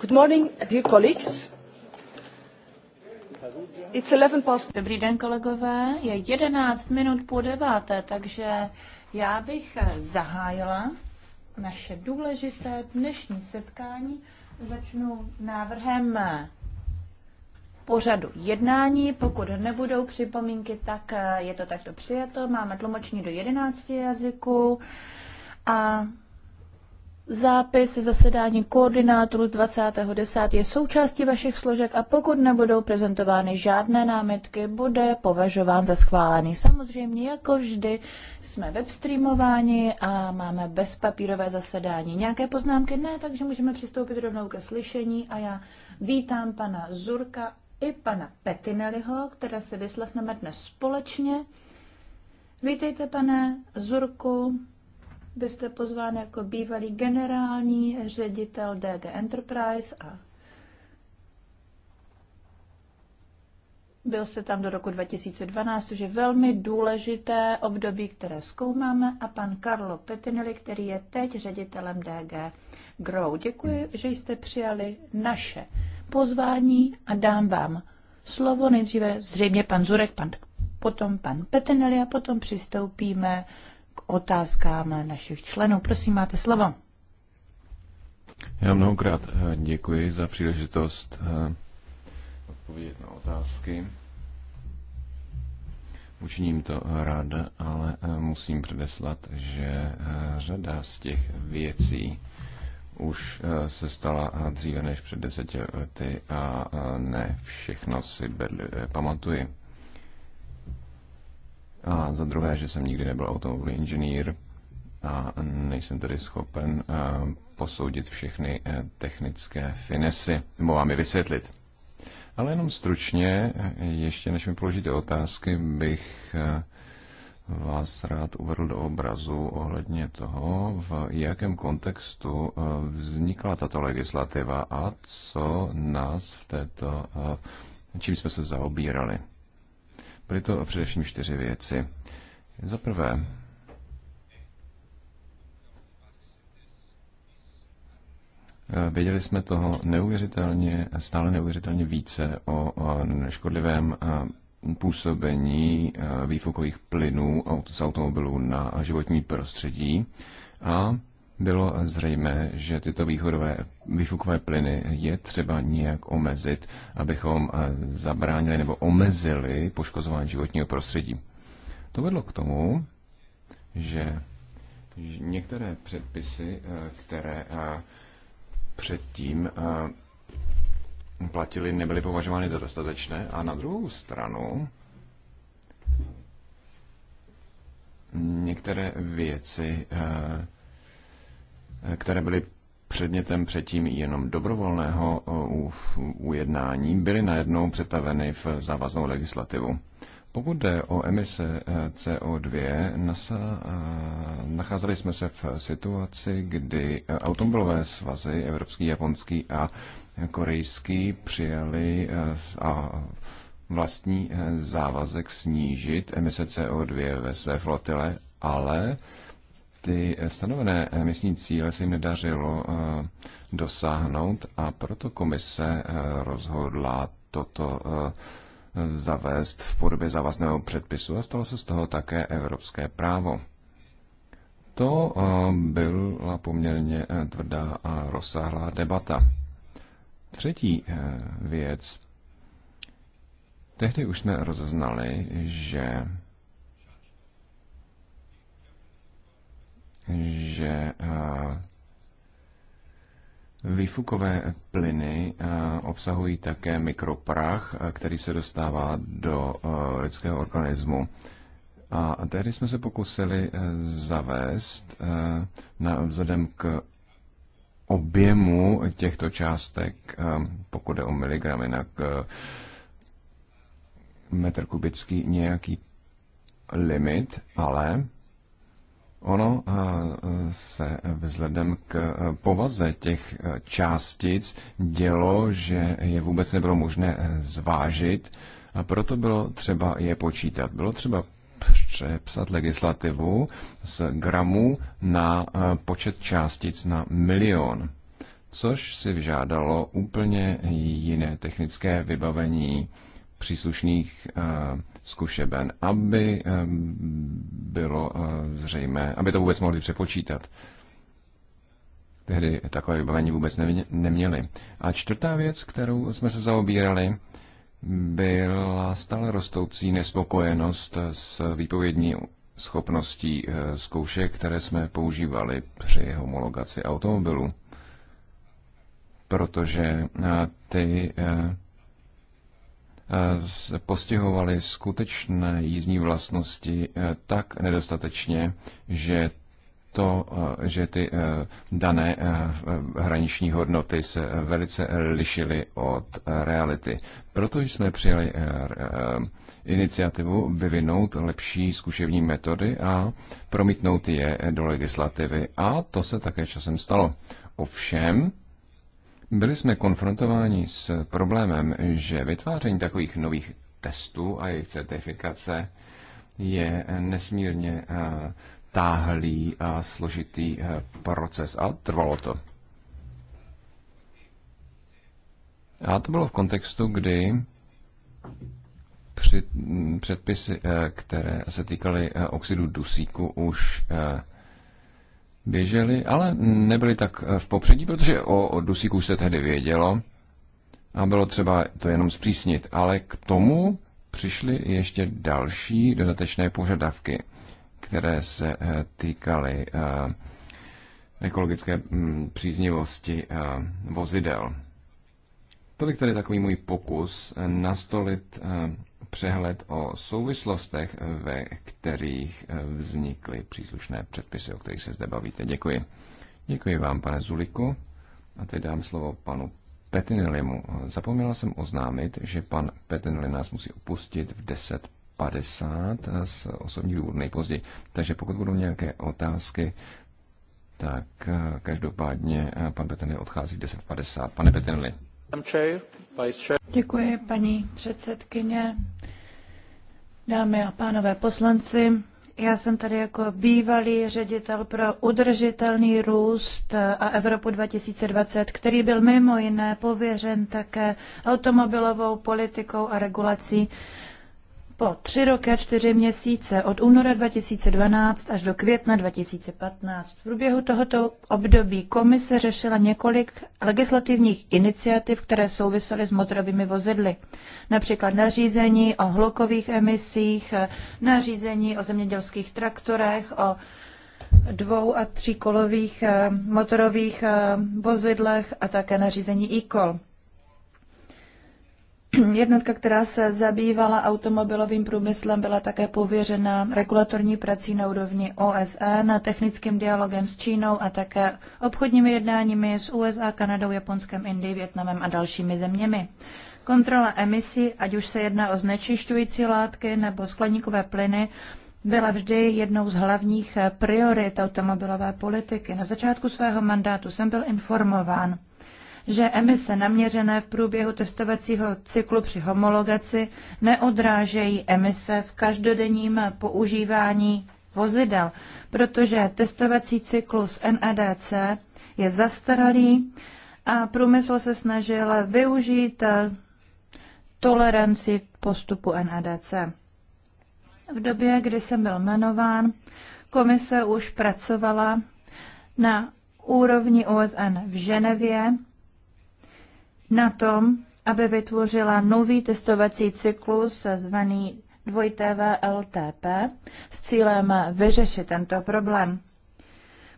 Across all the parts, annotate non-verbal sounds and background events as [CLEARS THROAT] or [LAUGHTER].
Good morning, dear colleagues. It's 11 past... Dobrý den, kolegové. Je 11 minut po deváté, takže já bych zahájila naše důležité dnešní setkání. Začnu návrhem pořadu jednání. Pokud nebudou připomínky, tak eh, je to takto přijato. Máme tlumoční do 11 jazyků a zápis zasedání koordinátorů z 20.10. je součástí vašich složek a pokud nebudou prezentovány žádné námitky, bude považován za schválený. Samozřejmě, jako vždy, jsme webstreamováni a máme bezpapírové zasedání. Nějaké poznámky ne, takže můžeme přistoupit rovnou ke slyšení a já Vítám pana Zurka i pana Petinelliho, které si vyslechneme dnes společně. Vítejte, pane Zurku, vy jste pozván jako bývalý generální ředitel DD Enterprise a byl jste tam do roku 2012, což je velmi důležité období, které zkoumáme, a pan Carlo Petinelli, který je teď ředitelem DG Grow. Děkuji, že jste přijali naše pozvání a dám vám slovo. Nejdříve zřejmě pan Zurek, pan, potom pan Petenelli a potom přistoupíme k otázkám našich členů. Prosím, máte slovo. Já mnohokrát eh, děkuji za příležitost eh, odpovědět na otázky. Učiním to rád, ale eh, musím předeslat, že řada z těch věcí, už eh, se stala eh, dříve než před deseti lety a eh, ne všechno si bedli, pamatuji. A za druhé, že jsem nikdy nebyl automobilový inženýr a nejsem tedy schopen posoudit všechny technické finesy, nebo vám je vysvětlit. Ale jenom stručně, ještě než mi položíte otázky, bych vás rád uvedl do obrazu ohledně toho, v jakém kontextu eh, vznikla tato legislativa a co nás v této, eh, čím jsme se zaobírali. Byly to především čtyři věci. Za prvé, eh, Věděli jsme toho neuvěřitelně, stále neuvěřitelně více o škodlivém působení eh, výfukových plynů z automobilů na životní prostředí a bylo zřejmé, že tyto výhodové výfukové plyny je třeba nějak omezit, abychom eh, zabránili nebo omezili poškozování životního prostředí. To vedlo k tomu, že některé předpisy, eh, které předtím platili, nebyly považovány za dostatečné. A na druhou stranu některé věci, eh, které byly předmětem předtím jenom dobrovolného eh, ujednání, byly najednou přetaveny v závaznou legislativu. Pokud jde o emise eh, CO2, NASA, nacházeli jsme se v situaci, kdy automobilové svazy, evropský, japonský a korejský přijali eh, a vlastní eh, závazek snížit emise CO2 ve své flotile, ale ty stanovené emisní cíle se jim nedařilo eh, dosáhnout a proto komise rozhodla toto zavést v podobě závazného předpisu a stalo se z toho také evropské právo. To byla poměrně tvrdá a rozsáhlá debata. Třetí eh, věc. Tehdy už jsme rozeznali, že že eh, Výfukové plyny eh, obsahují také mikroprach, který se dostává do lidského organismu. A tehdy jsme se pokusili zavést na, vzhledem k objemu těchto částek, eh, pokud je o miligramy na eh, metr kubický, nějaký limit, ale Ono eh, se vzhledem k povaze těch částic dělo, že je vůbec nebylo možné zvážit a proto bylo třeba je počítat. Bylo třeba přepsat legislativu z gramů na eh, počet částic na milion, což si vyžádalo úplně jiné technické vybavení příslušných eh, zkušeben, aby eh, bylo zřejmé, aby to vůbec mohli přepočítat. Tehdy takové vybavení vůbec neměli. A čtvrtá věc, kterou jsme se zaobírali, byla stále rostoucí nespokojenost s výpovědní schopností eh, zkoušek, které jsme používali při homologaci automobilů. Protože eh, ty eh, postihovaly skutečné jízdní vlastnosti tak nedostatečně, že to, eh, že ty eh, dané eh, hraniční hodnoty se velice lišily od reality. Proto jsme přijali iniciativu vyvinout lepší zkušební metody a promítnout je do legislativy. A to se také časem stalo. Ovšem, byli jsme konfrontováni s problémem, že vytváření takových nových testů a jejich certifikace je nesmírně táhlý a složitý e, proces a trvalo to. A to bylo v kontextu, kdy při, předpisy, e, které se týkaly e, oxidu dusíku, už běžely, ale nebyly tak v popředí, protože o, o dusíku se tehdy vědělo a bylo třeba to jenom zpřísnit. Ale k tomu přišly ještě další dodatečné požadavky které se eh, týkaly eh, ekologické mm, příznivosti eh, vozidel. Tolik tedy takový můj pokus nastolit přehled o souvislostech, ve kterých vznikly příslušné předpisy, o kterých se zde bavíte. Děkuji. Děkuji vám, pane Zuliku. A teď dám slovo panu Petinilimu. Zapomněla jsem oznámit, že pan Petineli nás musí opustit v 10 50 z osobních důvodů nejpozději. Takže pokud budou nějaké otázky, tak eh, každopádně eh, pan Petrny odchází 10.50. Pane Petrny. Děkuji, paní předsedkyně. Dámy a pánové poslanci, já jsem tady jako bývalý ředitel pro udržitelný růst a Evropu 2020, který byl mimo jiné pověřen také automobilovou politikou a regulací po tři roky a čtyři měsíce od února 2012 až do května 2015. V průběhu tohoto období komise řešila několik legislativních iniciativ, které souvisely s motorovými vozidly. Například nařízení o hlukových emisích, nařízení o zemědělských traktorech, o dvou a tříkolových eh, motorových eh, vozidlech a také nařízení e-call. Jednotka, která se zabývala automobilovým průmyslem, byla také pověřena regulatorní prací na úrovni OSN, technickým dialogem s Čínou a také obchodními jednáními s USA, Kanadou, Japonskem, Indií, Větnamem a dalšími zeměmi. Kontrola emisí, ať už se jedná o znečišťující látky nebo skleníkové plyny, byla vždy jednou z hlavních priorit automobilové politiky. Na začátku svého mandátu jsem byl informován že emise naměřené v průběhu testovacího cyklu při homologaci neodrážejí emise v každodenním používání vozidel, protože testovací cyklus NEDC je zastaralý a průmysl se snažil využít eh, toleranci postupu NEDC. V době, kdy jsem byl jmenován, komise už pracovala na úrovni OSN v Ženevě na tom, aby vytvořila nový testovací cyklus zvaný 2TV s cílem vyřešit tento problém.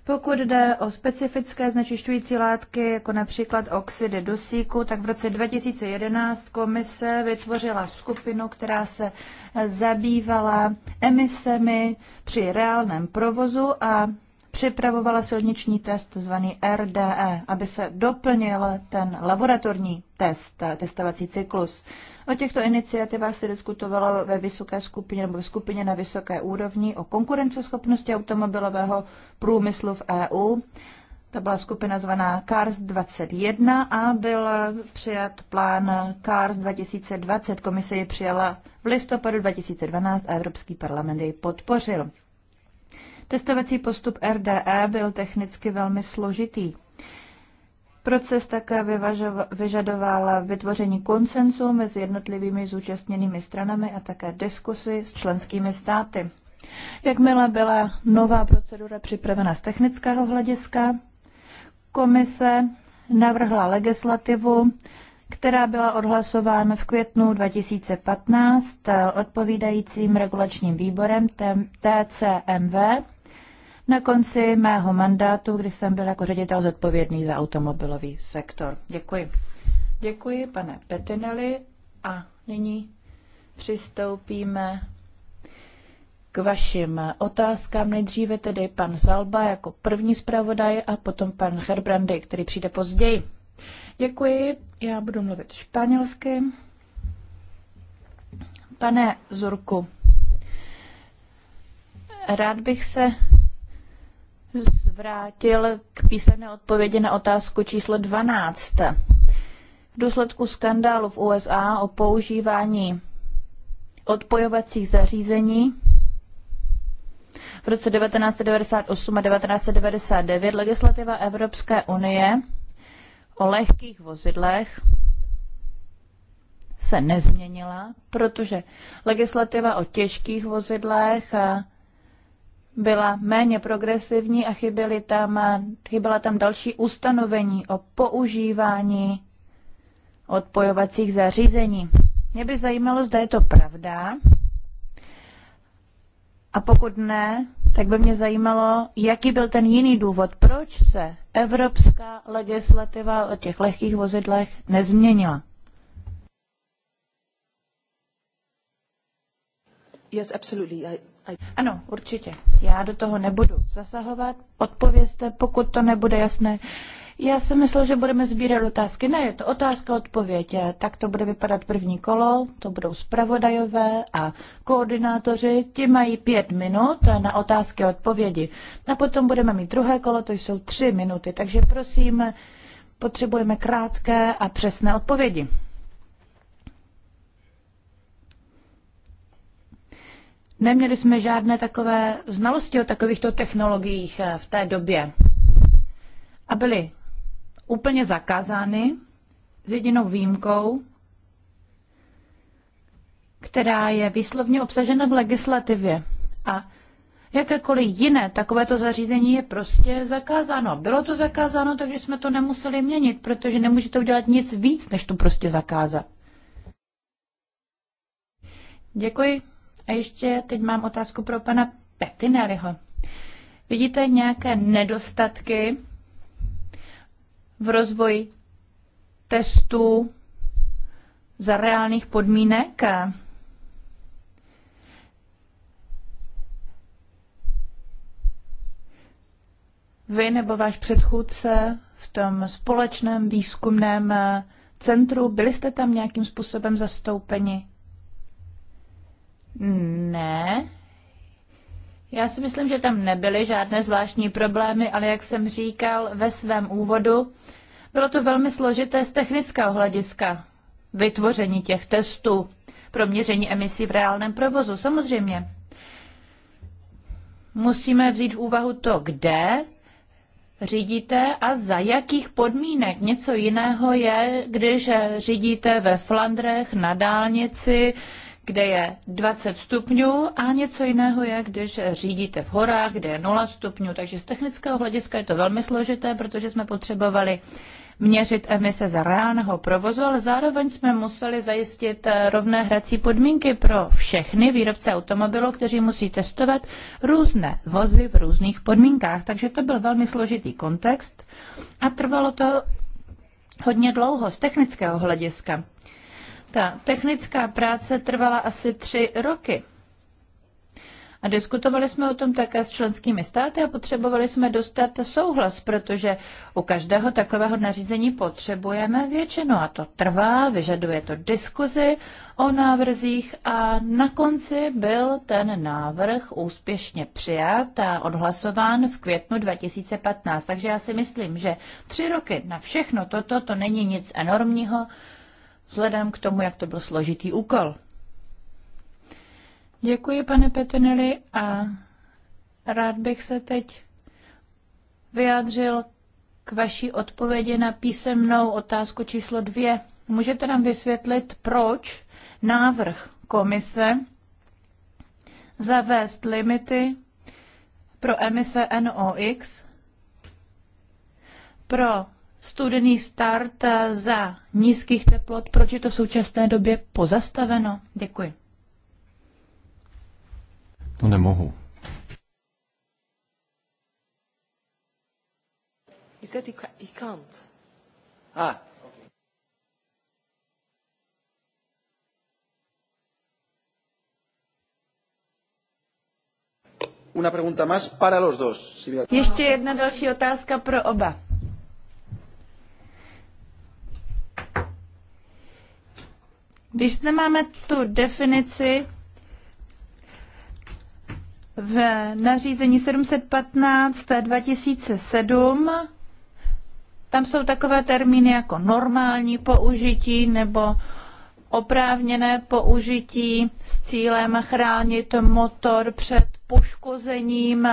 Pokud jde o specifické znečišťující látky, jako například oxidy dusíku, tak v roce 2011 komise vytvořila skupinu, která se zabývala emisemi při reálném provozu a připravovala silniční test zvaný RDE, aby se doplnil ten laboratorní test, eh, testovací cyklus. O těchto iniciativách se diskutovalo ve vysoké skupině nebo v skupině na vysoké úrovni o konkurenceschopnosti automobilového průmyslu v EU. To byla skupina zvaná CARS 21 a byl přijat plán CARS 2020. Komise ji přijala v listopadu 2012 a Evropský parlament jej podpořil. Testovací postup RDE byl technicky velmi složitý. Proces také vyžadoval vytvoření koncensu mezi jednotlivými zúčastněnými stranami a také diskusy s členskými státy. Jakmile byla nová procedura připravena z technického hlediska, komise navrhla legislativu, která byla odhlasována v květnu 2015 odpovídajícím regulačním výborem TCMV na konci mého mandátu, kdy jsem byl jako ředitel zodpovědný za automobilový sektor. Děkuji. Děkuji, pane Petinelli. A nyní přistoupíme k vašim otázkám. Nejdříve tedy pan Zalba jako první zpravodaj a potom pan Herbrandy, který přijde později. Děkuji, já budu mluvit španělsky. Pane Zurku, rád bych se zvrátil k písemné odpovědi na otázku číslo 12. V důsledku skandálu v USA o používání odpojovacích zařízení v roce 1998 a 1999 legislativa Evropské unie o lehkých vozidlech se nezměnila, protože legislativa o těžkých vozidlech a byla méně progresivní a chyběly tam, chyběla tam další ustanovení o používání odpojovacích zařízení. Mě by zajímalo, zda je to pravda. A pokud ne, tak by mě zajímalo, jaký byl ten jiný důvod, proč se evropská legislativa o těch lehkých vozidlech nezměnila. Yes, absolutely. I... Ano, určitě. Já do toho nebudu zasahovat. Odpovězte, pokud to nebude jasné. Já jsem myslel, že budeme sbírat otázky. Ne, je to otázka odpověď. Tak to bude vypadat první kolo, to budou zpravodajové a koordinátoři. Ti mají pět minut na otázky a odpovědi. A potom budeme mít druhé kolo, to jsou tři minuty. Takže prosím, potřebujeme krátké a přesné odpovědi. Neměli jsme žádné takové znalosti o takovýchto technologiích eh, v té době. A byly úplně zakázány s jedinou výjimkou, která je výslovně obsažena v legislativě. A jakékoliv jiné takovéto zařízení je prostě zakázáno. Bylo to zakázáno, takže jsme to nemuseli měnit, protože nemůžete udělat nic víc, než to prostě zakázat. Děkuji. A ještě teď mám otázku pro pana Petinelliho. Vidíte nějaké nedostatky v rozvoji testů za reálných podmínek? Vy nebo váš předchůdce v tom společném výzkumném centru, byli jste tam nějakým způsobem zastoupeni? Ne. Já si myslím, že tam nebyly žádné zvláštní problémy, ale jak jsem říkal ve svém úvodu, bylo to velmi složité z technického hlediska vytvoření těch testů pro měření emisí v reálném provozu. Samozřejmě musíme vzít v úvahu to, kde řídíte a za jakých podmínek. Něco jiného je, když řídíte ve Flandrech na dálnici, kde je 20 stupňů a něco jiného je, když řídíte v horách, kde je 0 stupňů. Takže z technického hlediska je to velmi složité, protože jsme potřebovali měřit emise za reálného provozu, ale zároveň jsme museli zajistit eh, rovné hrací podmínky pro všechny výrobce automobilů, kteří musí testovat různé vozy v různých podmínkách. Takže to byl velmi složitý kontext a trvalo to hodně dlouho z technického hlediska. Ta technická práce trvala asi tři roky. A diskutovali jsme o tom také s členskými státy a potřebovali jsme dostat souhlas, protože u každého takového nařízení potřebujeme většinu a to trvá, vyžaduje to diskuzi o návrzích a na konci byl ten návrh úspěšně přijat a odhlasován v květnu 2015. Takže já si myslím, že tři roky na všechno toto, to není nic enormního, vzhledem k tomu, jak to byl složitý úkol. Děkuji, pane Petrnili, a rád bych se teď vyjádřil k vaší odpovědi na písemnou otázku číslo dvě. Můžete nám vysvětlit, proč návrh komise zavést limity pro emise NOx pro studený start eh, za nízkých teplot, proč je to v současné době pozastaveno? Děkuji. To nemohu. He said he, he can't. Ah, Ještě jedna další otázka pro oba. Když zde máme tu definici v nařízení 715 2007, tam jsou takové termíny jako normální použití nebo oprávněné použití s cílem chránit motor před poškozením.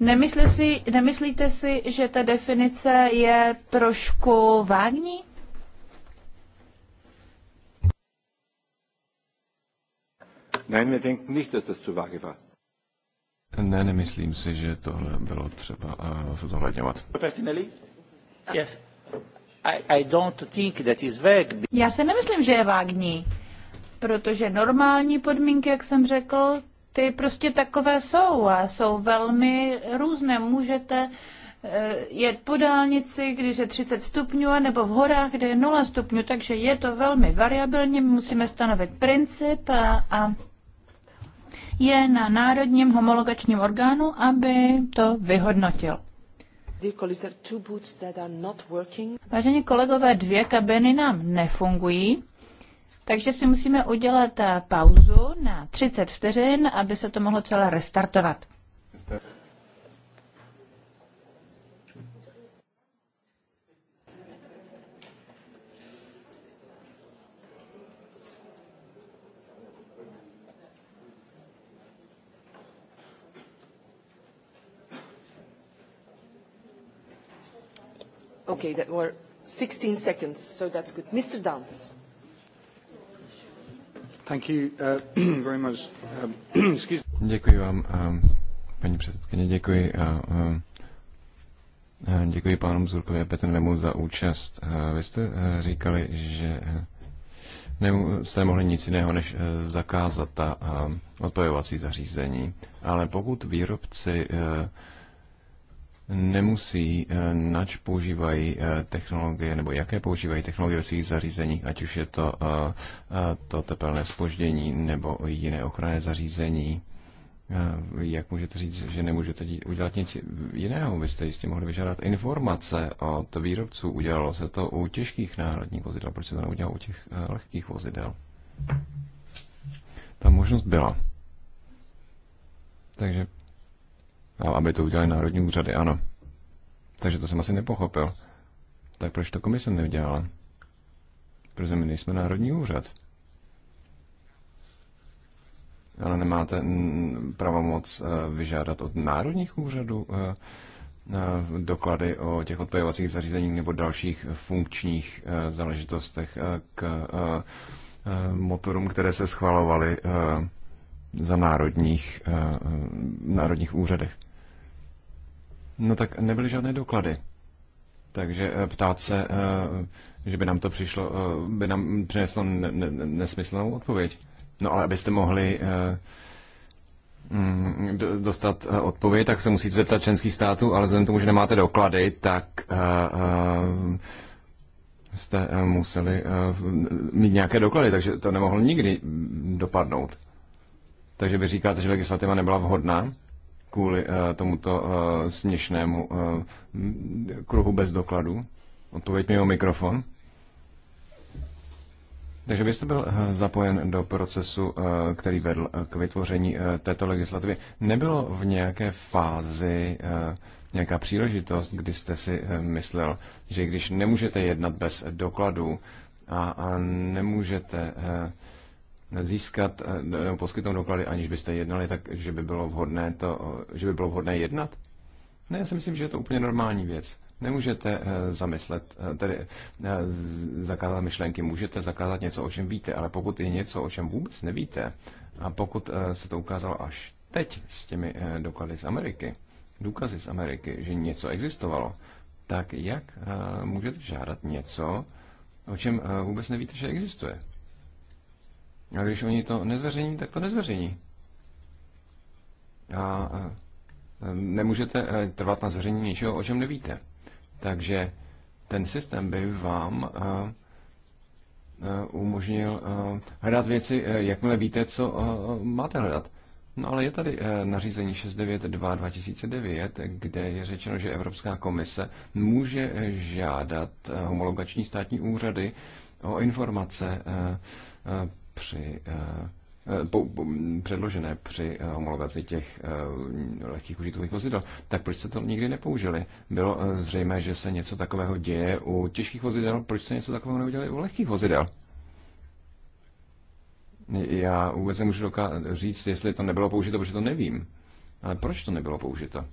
Nemyslí si, nemyslíte si, že ta definice je trošku vágní? Nein, wir denken nicht, dass das zu vage war. Ne, nemyslím si, že tohle bylo třeba uh, zohledňovat. Yes. I, I don't think that is vague. Já se nemyslím, že je vágní, protože normální podmínky, jak jsem řekl, ty prostě takové jsou a jsou velmi různé. Můžete eh, jet po dálnici, když je 30 stupňů, nebo v horách, kde je 0 stupňů, takže je to velmi variabilní. Musíme stanovit princip a, a je na národním homologačním orgánu, aby to vyhodnotil. Vážení kolegové, dvě kabiny nám nefungují, takže si musíme udělat pauzu na 30 vteřin, aby se to mohlo celé restartovat. Okay, that were 16 seconds, so that's good. Mr. Dance. Thank you uh, [CLEARS THROAT] very much. Um, [CLEARS THROAT] excuse Děkuji vám, um, paní předsedkyně, děkuji. Uh, um, uh, Děkuji pánu Bzurkovi a Petrnemu za účast. Uh, vy jste uh, říkali, že jste mohli nic jiného, než zakázat ta um, odpojovací zařízení. Ale pokud výrobci nemusí, eh, nač používají eh, technologie, nebo jaké používají technologie ve svých zařízeních, ať už je to eh, to tepelné spoždění nebo jiné ochranné zařízení. Jak můžete říct, že nemůžete udělat nic jiného? Vy jste jistě mohli vyžádat informace od výrobců. Udělalo se to u těžkých náhradních vozidel. Proč se to neudělalo u těch lehkých vozidel? Ta možnost byla. Takže aby to udělali národní úřady, ano. Takže to jsem asi nepochopil. Tak proč to komise neudělala? Protože my nejsme národní úřad. Ale nemáte pravomoc eh, vyžádat od národních úřadů eh, eh, doklady o těch odpojovacích zařízeních nebo dalších funkčních záležitostech k motorům, které se schvalovaly za národních, národních úřadech. No tak nebyly žádné doklady. Takže eh, ptát se, eh, že by nám to přišlo, eh, by nám přineslo nesmyslnou odpověď. No ale abyste mohli mm, dostat odpověď, tak se musíte zeptat členských států, ale vzhledem tomu, že nemáte doklady, tak jste museli mít nějaké doklady, takže to nemohlo nikdy dopadnout. Takže vy říkáte, že legislativa nebyla vhodná? kvůli eh, tomuto eh, směšnému eh, kruhu bez dokladu? Odpověď mi o mikrofon. Takže vy jste byl zapojen do procesu, který vedl k vytvoření této legislativy. Nebylo v nějaké fázi nějaká příležitost, kdy jste si myslel, že když nemůžete jednat bez dokladů a nemůžete získat eh, nebo poskytnout doklady, aniž byste jednali, tak že by bylo vhodné, to, eh, že by bylo vhodné jednat? Ne, já si myslím, že je to úplně normální věc. Nemůžete eh, zamyslet, tedy zakázat myšlenky, můžete zakázat něco, o čem víte, ale pokud je něco, o čem vůbec nevíte, a pokud se to ukázalo až teď s těmi doklady z Ameriky, důkazy z Ameriky, že něco existovalo, tak jak můžete žádat něco, o čem vůbec nevíte, že existuje? A když oni to nezveřejní, tak to nezveřejní. A nemůžete eh, trvat na zveřejnění něčeho, o čem nevíte. Takže ten systém by vám eh, eh, umožnil hledat věci, jakmile víte, co máte hledat. No ale je tady nařízení 692 2009, kde je řečeno, že Evropská komise může žádat homologační státní úřady o informace při eh, eh, po, po, předložené při eh, homologaci těch uh, lehkých užitkových vozidel, tak proč se to nikdy nepoužili? Bylo uh, zřejmé, že se něco takového děje u těžkých vozidel, proč se něco takového neudělali u lehkých vozidel? Já vůbec nemůžu doká- říct, jestli to nebylo použito, protože to nevím. Ale proč to nebylo použito?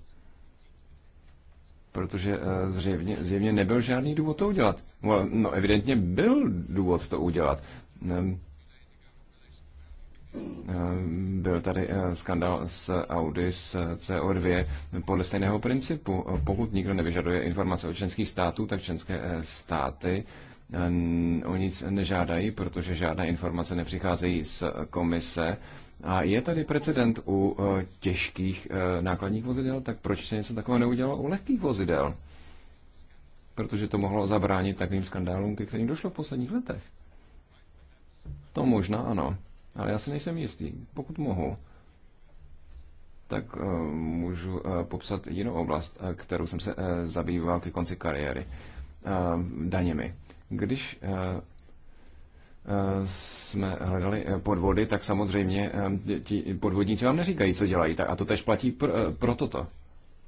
Protože uh, zřejmě, zjevně nebyl žádný důvod to udělat. No, evidentně byl důvod to udělat. Um, Eh, byl tady eh, skandal s Audi s eh, CO2 podle stejného principu. Pokud nikdo nevyžaduje informace o členských států, tak členské státy o nic nežádají, protože žádné informace nepřicházejí z komise. A je tady precedent u těžkých nákladních vozidel, tak proč se něco takového neudělalo u lehkých vozidel? Protože to mohlo zabránit takovým skandálům, ke kterým došlo v posledních letech. To možná ano. Ale já si nejsem jistý. Pokud mohu, tak eh, můžu eh, popsat jinou oblast, eh, kterou jsem se zabýval ke konci kariéry. Daněmi. Když jsme hledali podvody, tak samozřejmě ti podvodníci vám neříkají, co dělají. A to tež platí pr- pro toto.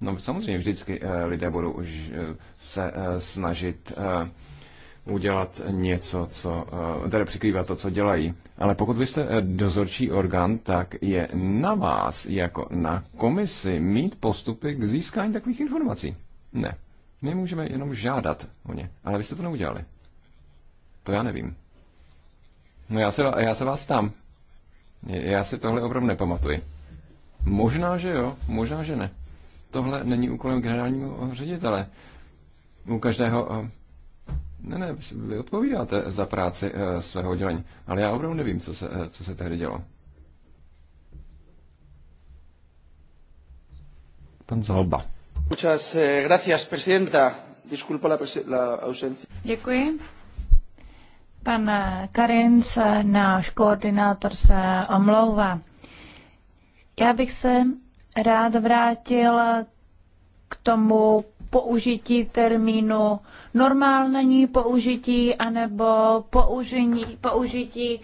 No samozřejmě vždycky lidé budou už se snažit udělat něco, co, eh, tedy přikrývat to, co dělají. Ale pokud vy jste eh, dozorčí orgán, tak je na vás, jako na komisi, mít postupy k získání takových informací. Ne. My můžeme jenom žádat o ně, ale vy jste to neudělali. To já nevím. No já se, já se vás tam. Já si tohle opravdu nepamatuji. Možná, že jo, možná, že ne. Tohle není úkolem generálního ředitele. U každého eh, ne, ne, vy odpovídáte za práci eh, svého oddělení, ale já opravdu nevím, co se, eh, co se tehdy dělo. Pan Zalba. Muchas eh, gracias, presidenta. Disculpa la, la ausencia. Děkuji. Pan Karins, náš koordinátor, se omlouvá. Já bych se rád vrátil k tomu použití termínu normální použití anebo použení, použití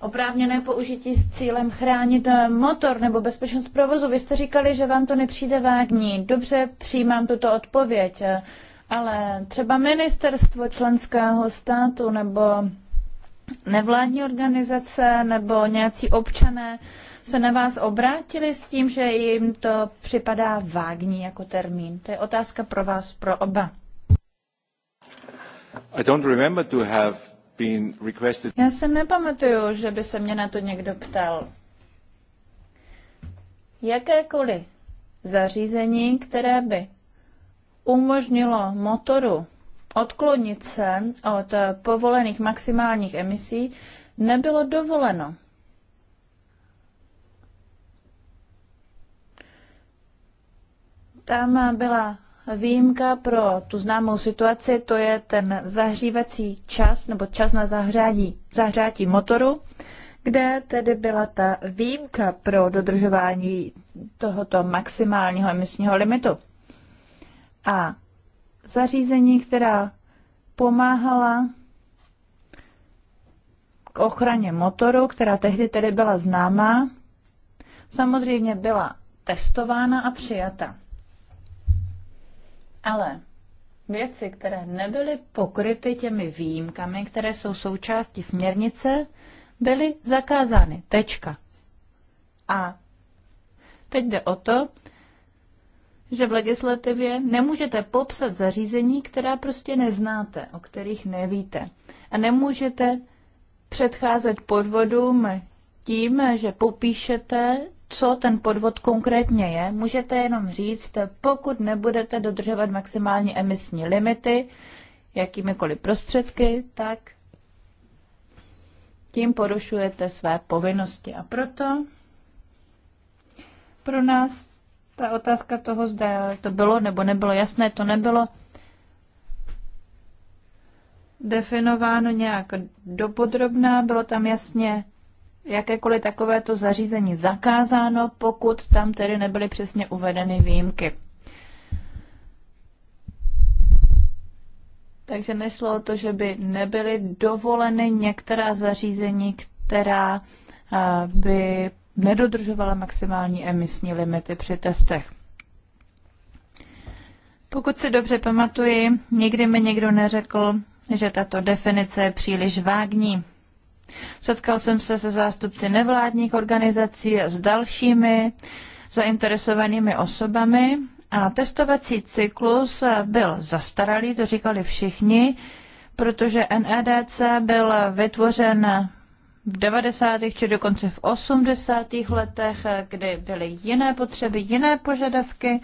oprávněné použití s cílem chránit motor nebo bezpečnost provozu. Vy jste říkali, že vám to nepřijde vágní. Dobře, přijímám tuto odpověď, ale třeba ministerstvo členského státu nebo nevládní organizace nebo nějací občané se na vás obrátili s tím, že jim to připadá vágní jako termín? To je otázka pro vás, pro oba. I don't remember to have been requested. Já se nepamatuju, že by se mě na to někdo ptal. Jakékoliv zařízení, které by umožnilo motoru odklonit se od povolených maximálních emisí, nebylo dovoleno. Tam byla výjimka pro tu známou situaci, to je ten zahřívací čas nebo čas na zahřátí, zahřátí motoru, kde tedy byla ta výjimka pro dodržování tohoto maximálního emisního limitu. A zařízení, která pomáhala k ochraně motoru, která tehdy tedy byla známá, samozřejmě byla testována a přijata. Ale věci, které nebyly pokryty těmi výjimkami, které jsou součástí směrnice, byly zakázány. Tečka. A teď jde o to, že v legislativě nemůžete popsat zařízení, která prostě neznáte, o kterých nevíte. A nemůžete předcházet podvodům tím, že popíšete, co ten podvod konkrétně je, můžete jenom říct, pokud nebudete dodržovat maximální emisní limity jakýmikoliv prostředky, tak tím porušujete své povinnosti. A proto pro nás ta otázka toho, zda to bylo nebo nebylo jasné, to nebylo definováno nějak dopodrobná, bylo tam jasně jakékoliv takovéto zařízení zakázáno, pokud tam tedy nebyly přesně uvedeny výjimky. Takže nešlo o to, že by nebyly dovoleny některá zařízení, která by nedodržovala maximální emisní limity při testech. Pokud si dobře pamatuji, nikdy mi někdo neřekl, že tato definice je příliš vágní. Setkal jsem se se zástupci nevládních organizací a s dalšími zainteresovanými osobami a testovací cyklus byl zastaralý, to říkali všichni, protože NEDC byl vytvořen v 90. či dokonce v 80. letech, kdy byly jiné potřeby, jiné požadavky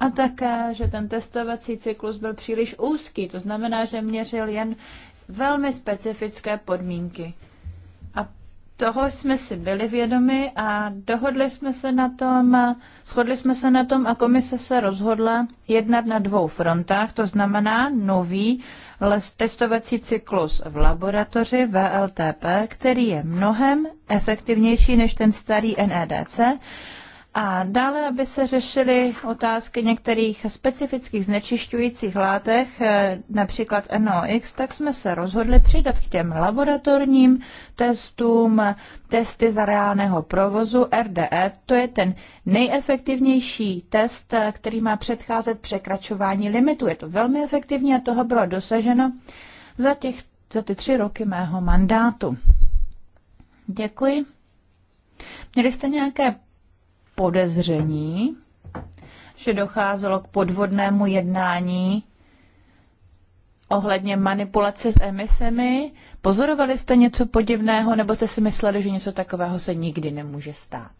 a také, že ten testovací cyklus byl příliš úzký, to znamená, že měřil jen velmi specifické podmínky toho jsme si byli vědomi a dohodli jsme se na tom, shodli jsme se na tom a komise se rozhodla jednat na dvou frontách, to znamená nový testovací cyklus v laboratoři VLTP, který je mnohem efektivnější než ten starý NEDC a dále, aby se řešily otázky některých specifických znečišťujících látek, eh, například NOx, tak jsme se rozhodli přidat k těm laboratorním testům testy za reálného provozu RDE. To je ten nejefektivnější test, eh, který má předcházet překračování limitu. Je to velmi efektivní a toho bylo dosaženo za, těch, za ty tři roky mého mandátu. Děkuji. Měli jste nějaké podezření, že docházelo k podvodnému jednání ohledně manipulace s emisemi. Pozorovali jste něco podivného, nebo jste si mysleli, že něco takového se nikdy nemůže stát?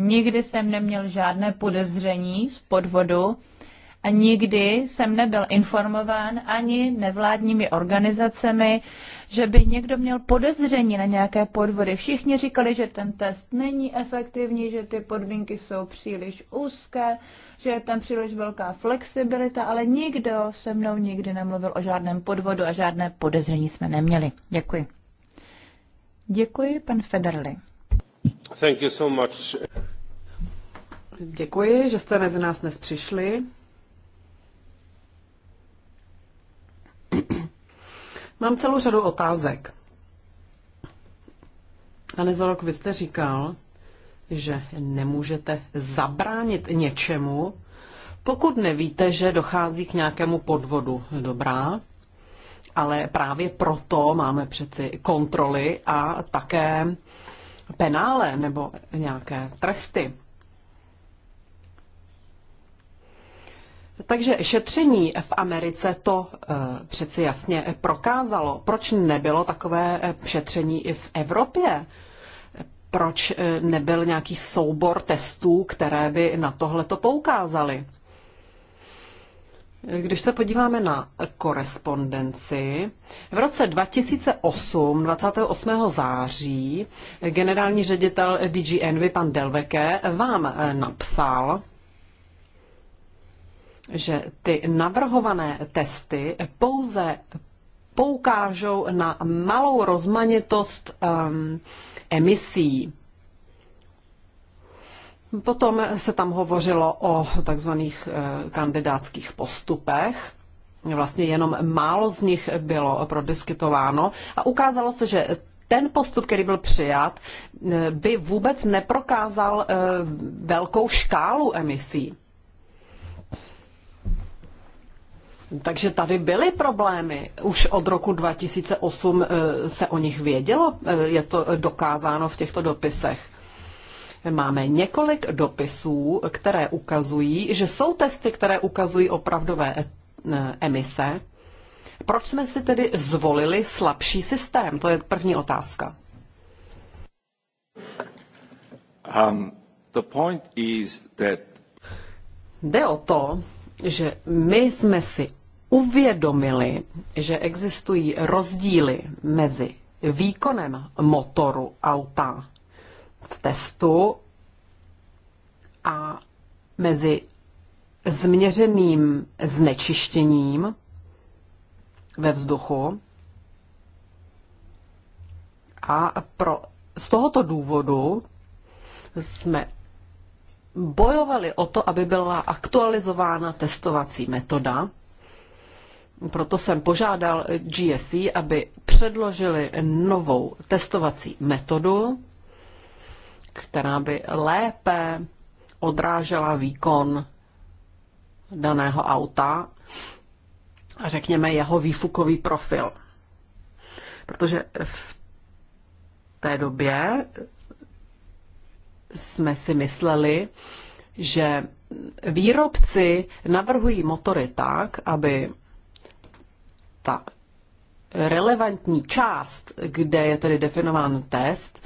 Nikdy jsem neměl žádné podezření z podvodu nikdy jsem nebyl informován ani nevládními organizacemi, že by někdo měl podezření na nějaké podvody. Všichni říkali, že ten test není efektivní, že ty podmínky jsou příliš úzké, že je tam příliš velká flexibilita, ale nikdo se mnou nikdy nemluvil o žádném podvodu a žádné podezření jsme neměli. Děkuji. Děkuji, pan Federli. Thank you so much. Děkuji, že jste mezi nás dnes přišli. [CLEARS THROAT] Mám celou řadu otázek. A nezorok, vy jste říkal, že nemůžete zabránit něčemu, pokud nevíte, že dochází k nějakému podvodu. Dobrá, ale právě proto máme přeci kontroly a také penále nebo nějaké tresty. Takže šetření v Americe to eh, přeci jasně eh, prokázalo. Proč nebylo takové eh, šetření i v Evropě? Proč nebyl nějaký soubor testů, které by na tohle to poukázaly? Když se podíváme na korespondenci, v roce 2008, 28. září, generální ředitel DGNV, pan Delveke, vám napsal, že ty navrhované testy pouze poukážou na malou rozmanitost um, emisí. Potom se tam hovořilo o takzvaných eh, kandidátských postupech. Vlastně jenom málo z nich bylo prodiskutováno a ukázalo se, že ten postup, který byl přijat, eh, by vůbec neprokázal eh, velkou škálu emisí. Takže tady byly problémy. Už od roku 2008 eh, se o nich vědělo, eh, je to dokázáno v těchto dopisech. Máme několik dopisů, které ukazují, že jsou testy, které ukazují opravdové eh, emise. Proč jsme si tedy zvolili slabší systém? To je první otázka. Um, the point is that... Jde o to, že my jsme si uvědomili, že existují rozdíly mezi výkonem motoru auta v testu a mezi změřeným znečištěním ve vzduchu. A pro, z tohoto důvodu jsme bojovali o to, aby byla aktualizována testovací metoda, proto jsem požádal GSE, aby předložili novou testovací metodu, která by lépe odrážela výkon daného auta a řekněme jeho výfukový profil. Protože v té době jsme si mysleli, že výrobci navrhují motory tak, aby ta relevantní část, kde je tedy definován test,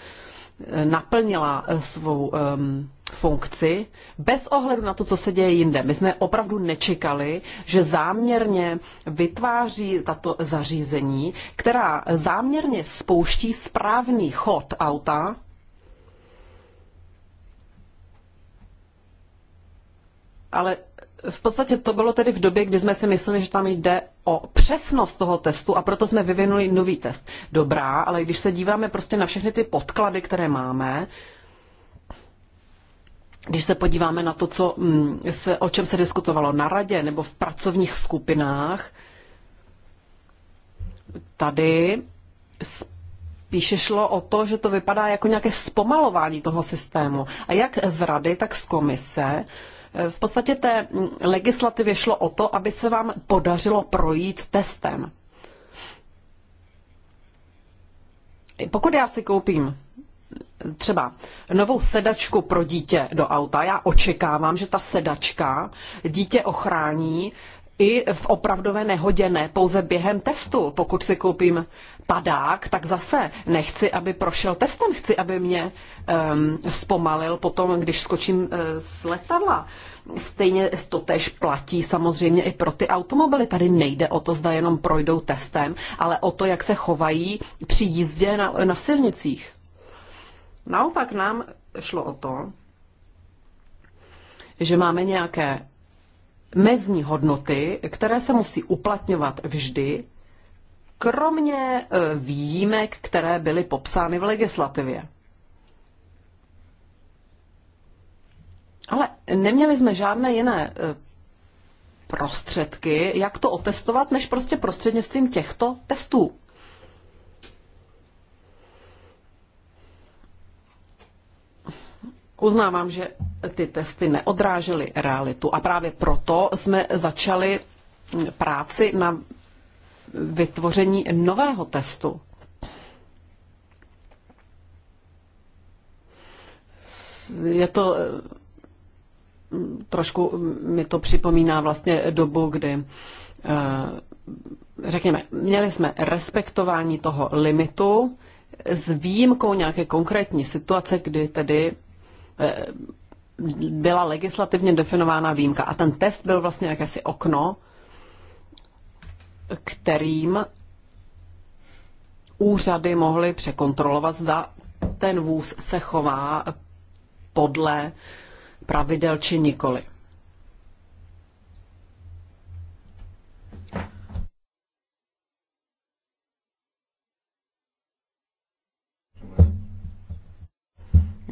naplnila eh, svou um, funkci bez ohledu na to, co se děje jinde. My jsme opravdu nečekali, že záměrně vytváří tato zařízení, která záměrně spouští správný chod auta, ale v podstatě to bylo tedy v době, kdy jsme si mysleli, že tam jde o přesnost toho testu a proto jsme vyvinuli nový test. Dobrá, ale když se díváme prostě na všechny ty podklady, které máme, když se podíváme na to, co, mm, se, o čem se diskutovalo na radě nebo v pracovních skupinách, tady spíše šlo o to, že to vypadá jako nějaké zpomalování toho systému. A jak z rady, tak z komise v podstatě té legislativě šlo o to, aby se vám podařilo projít testem. Pokud já si koupím třeba novou sedačku pro dítě do auta, já očekávám, že ta sedačka dítě ochrání i v opravdové nehodě, ne pouze během testu. Pokud si koupím padák, tak zase nechci, aby prošel testem, chci, aby mě um, zpomalil potom, když skočím uh, z letadla. Stejně to tež platí samozřejmě i pro ty automobily. Tady nejde o to, zda jenom projdou testem, ale o to, jak se chovají při jízdě na, na silnicích. Naopak nám šlo o to, že máme nějaké mezní hodnoty, které se musí uplatňovat vždy, kromě e, výjimek, které byly popsány v legislativě. Ale neměli jsme žádné jiné e, prostředky, jak to otestovat, než prostě prostřednictvím těchto testů. Uznávám, že ty testy neodrážely realitu a právě proto jsme začali práci na vytvoření nového testu. Je to trošku mi to připomíná vlastně dobu, kdy eh, řekněme, měli jsme respektování toho limitu s výjimkou nějaké konkrétní situace, kdy tedy Eh, byla legislativně definována výjimka. A ten test byl vlastně jakési okno, kterým úřady mohly překontrolovat, zda ten vůz se chová podle pravidel či nikoli.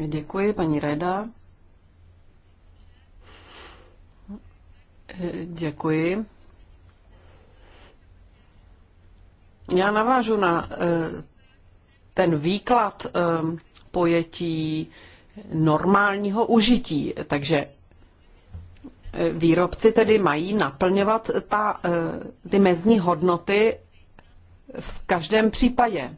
Děkuji, paní Reda. Děkuji. Já navážu na eh, ten výklad eh, pojetí normálního užití. Takže eh, výrobci tedy mají naplňovat ta, ty mezní hodnoty v každém případě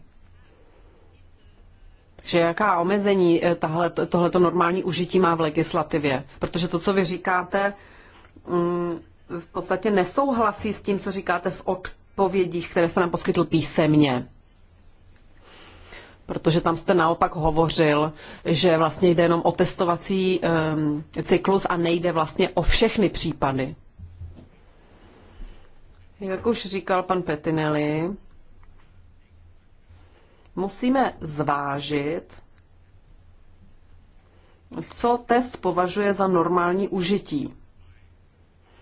že jaká omezení eh, tahle, tohleto normální užití má v legislativě. Protože to, co vy říkáte, mm, v podstatě nesouhlasí s tím, co říkáte v odpovědích, které se nám poskytl písemně. Protože tam jste naopak hovořil, že vlastně jde jenom o testovací um, cyklus a nejde vlastně o všechny případy. Jak už říkal pan Petinelli, musíme zvážit, co test považuje za normální užití.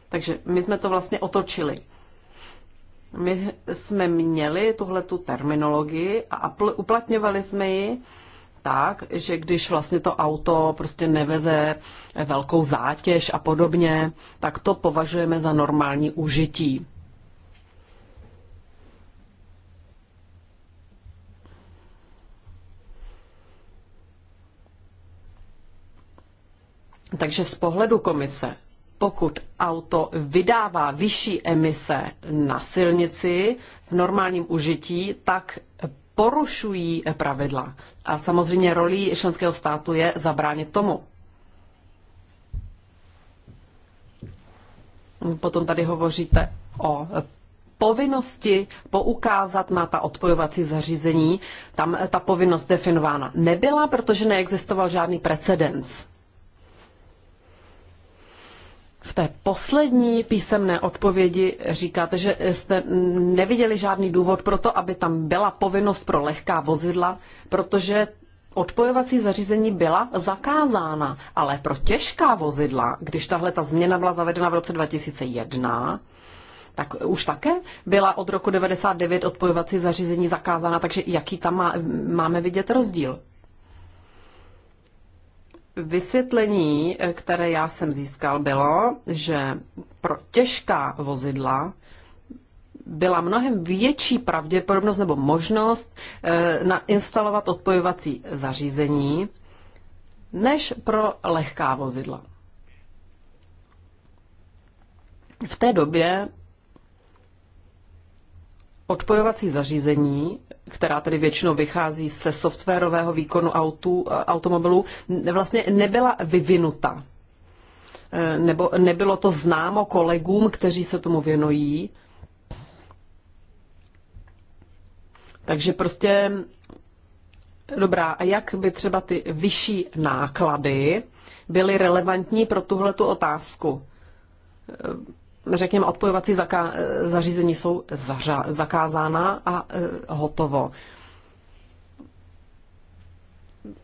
Takže my jsme to vlastně otočili. My jsme měli tuhle tu terminologii a uplatňovali jsme ji tak, že když vlastně to auto prostě neveze velkou zátěž a podobně, tak to považujeme za normální užití. Takže z pohledu komise, pokud auto vydává vyšší emise na silnici v normálním užití, tak porušují pravidla. A samozřejmě rolí členského státu je zabránit tomu. Potom tady hovoříte o povinnosti poukázat na ta odpojovací zařízení. Tam ta povinnost definována nebyla, protože neexistoval žádný precedens v té poslední písemné odpovědi říkáte, že jste neviděli žádný důvod pro to, aby tam byla povinnost pro lehká vozidla, protože odpojovací zařízení byla zakázána. Ale pro těžká vozidla, když tahle ta změna byla zavedena v roce 2001, tak už také byla od roku 99 odpojovací zařízení zakázána, takže jaký tam má, máme vidět rozdíl? Vysvětlení, které já jsem získal, bylo, že pro těžká vozidla byla mnohem větší pravděpodobnost nebo možnost eh, nainstalovat odpojovací zařízení než pro lehká vozidla. V té době odpojovací zařízení, která tedy většinou vychází se softwarového výkonu autu, automobilů, vlastně nebyla vyvinuta. Eh, nebo nebylo to známo kolegům, kteří se tomu věnují. Takže prostě Dobrá, a jak by třeba ty vyšší náklady byly relevantní pro tuhle tu otázku? Eh, řekněme, odpojovací zaka- zařízení jsou zařa- zakázána a e, hotovo.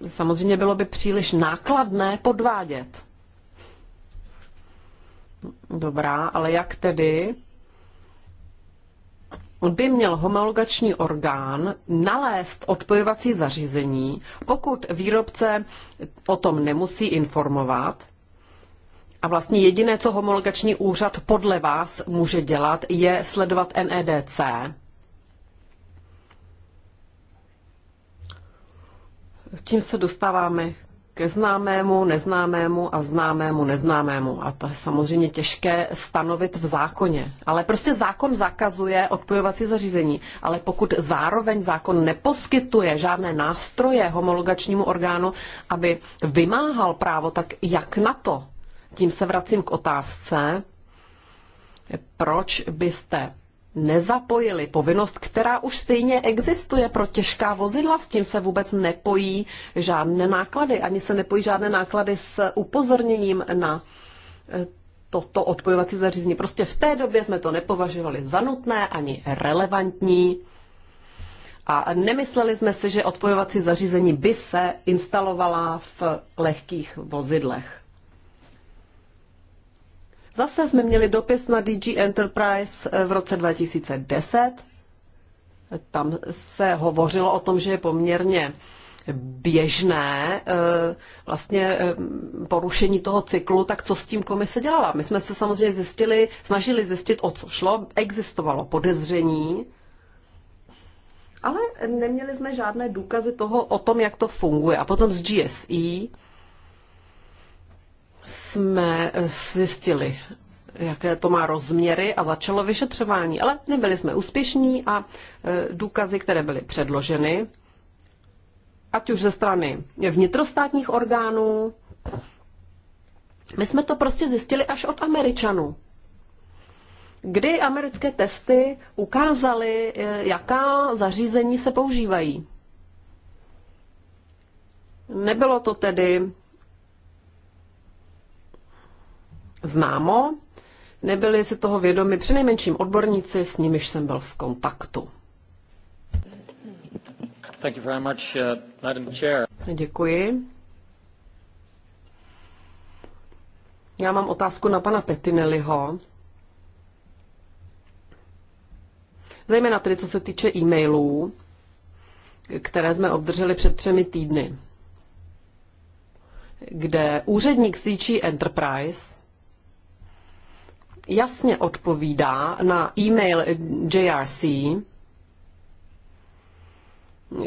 Samozřejmě bylo by příliš nákladné podvádět. Dobrá, ale jak tedy by měl homologační orgán nalézt odpojovací zařízení, pokud výrobce o tom nemusí informovat, a vlastně jediné, co homologační úřad podle vás může dělat, je sledovat NEDC. Tím se dostáváme ke známému, neznámému a známému, neznámému. A to je samozřejmě těžké stanovit v zákoně. Ale prostě zákon zakazuje odpojovací zařízení. Ale pokud zároveň zákon neposkytuje žádné nástroje homologačnímu orgánu, aby vymáhal právo, tak jak na to? Tím se vracím k otázce, proč byste nezapojili povinnost, která už stejně existuje pro těžká vozidla, s tím se vůbec nepojí žádné náklady, ani se nepojí žádné náklady s upozorněním na eh, toto odpojovací zařízení. Prostě v té době jsme to nepovažovali za nutné ani relevantní a nemysleli jsme si, že odpojovací zařízení by se instalovala v lehkých vozidlech. Zase jsme měli dopis na DG Enterprise eh, v roce 2010. Tam se hovořilo o tom, že je poměrně běžné eh, vlastně eh, porušení toho cyklu, tak co s tím komise dělala? My jsme se samozřejmě zjistili, snažili zjistit, o co šlo. Existovalo podezření, ale neměli jsme žádné důkazy toho o tom, jak to funguje. A potom z GSI jsme eh, zjistili, jaké to má rozměry a začalo vyšetřování, ale nebyli jsme úspěšní a eh, důkazy, které byly předloženy, ať už ze strany vnitrostátních orgánů, my jsme to prostě zjistili až od Američanů. Kdy americké testy ukázaly, eh, jaká zařízení se používají. Nebylo to tedy známo. Nebyli si toho vědomi přinejmenším odborníci, s nimiž jsem byl v kontaktu. Thank you very much, uh, Madam Chair. Děkuji. Já mám otázku na pana Petinelliho. Zajména tedy, co se týče e-mailů, které jsme obdrželi před třemi týdny, kde úředník CG Enterprise jasně odpovídá na e-mail JRC,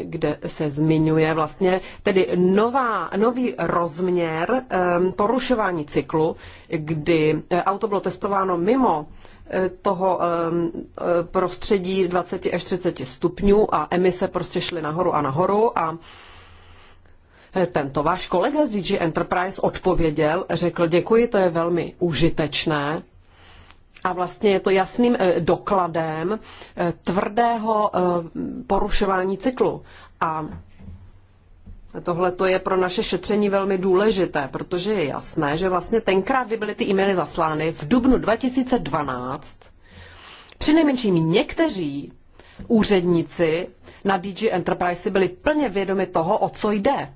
kde se zmiňuje vlastně tedy nová, nový rozměr um, porušování cyklu, kdy eh, auto bylo testováno mimo eh, toho um, prostředí 20 až 30 stupňů a emise prostě šly nahoru a nahoru a tento váš kolega z DG Enterprise odpověděl, řekl, děkuji, to je velmi užitečné, a vlastně je to jasným eh, dokladem eh, tvrdého eh, porušování cyklu. A Tohle je pro naše šetření velmi důležité, protože je jasné, že vlastně tenkrát, kdy byly ty e-maily zaslány v dubnu 2012, přinejmenším někteří úředníci na DG Enterprise byli plně vědomi toho, o co jde.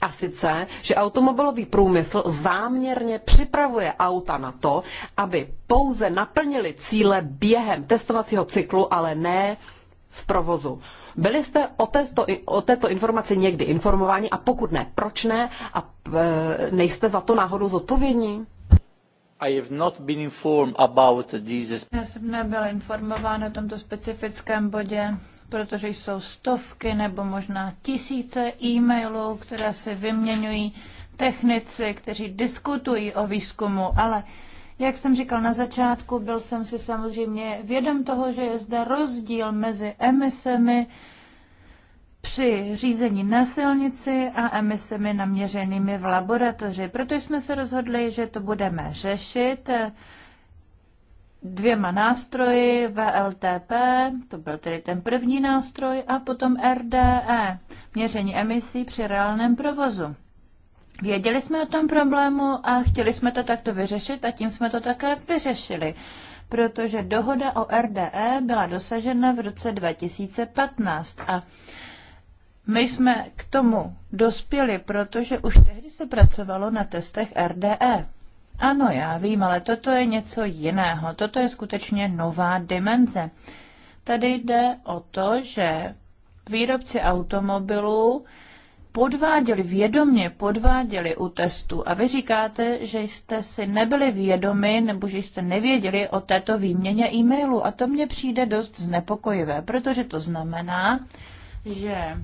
A sice, že automobilový průmysl záměrně připravuje auta na to, aby pouze naplnili cíle během testovacího cyklu, ale ne v provozu. Byli jste o této, o této informaci někdy informováni a pokud ne, proč ne a e, nejste za to náhodou zodpovědní? I have not been informed about Já jsem nebyla informována o tomto specifickém bodě protože jsou stovky nebo možná tisíce e-mailů, které se vyměňují technici, kteří diskutují o výzkumu, ale jak jsem říkal na začátku, byl jsem si samozřejmě vědom toho, že je zde rozdíl mezi emisemi při řízení na silnici a emisemi naměřenými v laboratoři. Proto jsme se rozhodli, že to budeme řešit dvěma nástroji, VLTP, to byl tedy ten první nástroj, a potom RDE, měření emisí při reálném provozu. Věděli jsme o tom problému a chtěli jsme to takto vyřešit a tím jsme to také vyřešili, protože dohoda o RDE byla dosažena v roce 2015 a my jsme k tomu dospěli, protože už tehdy se pracovalo na testech RDE. Ano, já vím, ale toto je něco jiného. Toto je skutečně nová dimenze. Tady jde o to, že výrobci automobilů podváděli, vědomě podváděli u testu a vy říkáte, že jste si nebyli vědomi nebo že jste nevěděli o této výměně e-mailu a to mně přijde dost znepokojivé, protože to znamená, že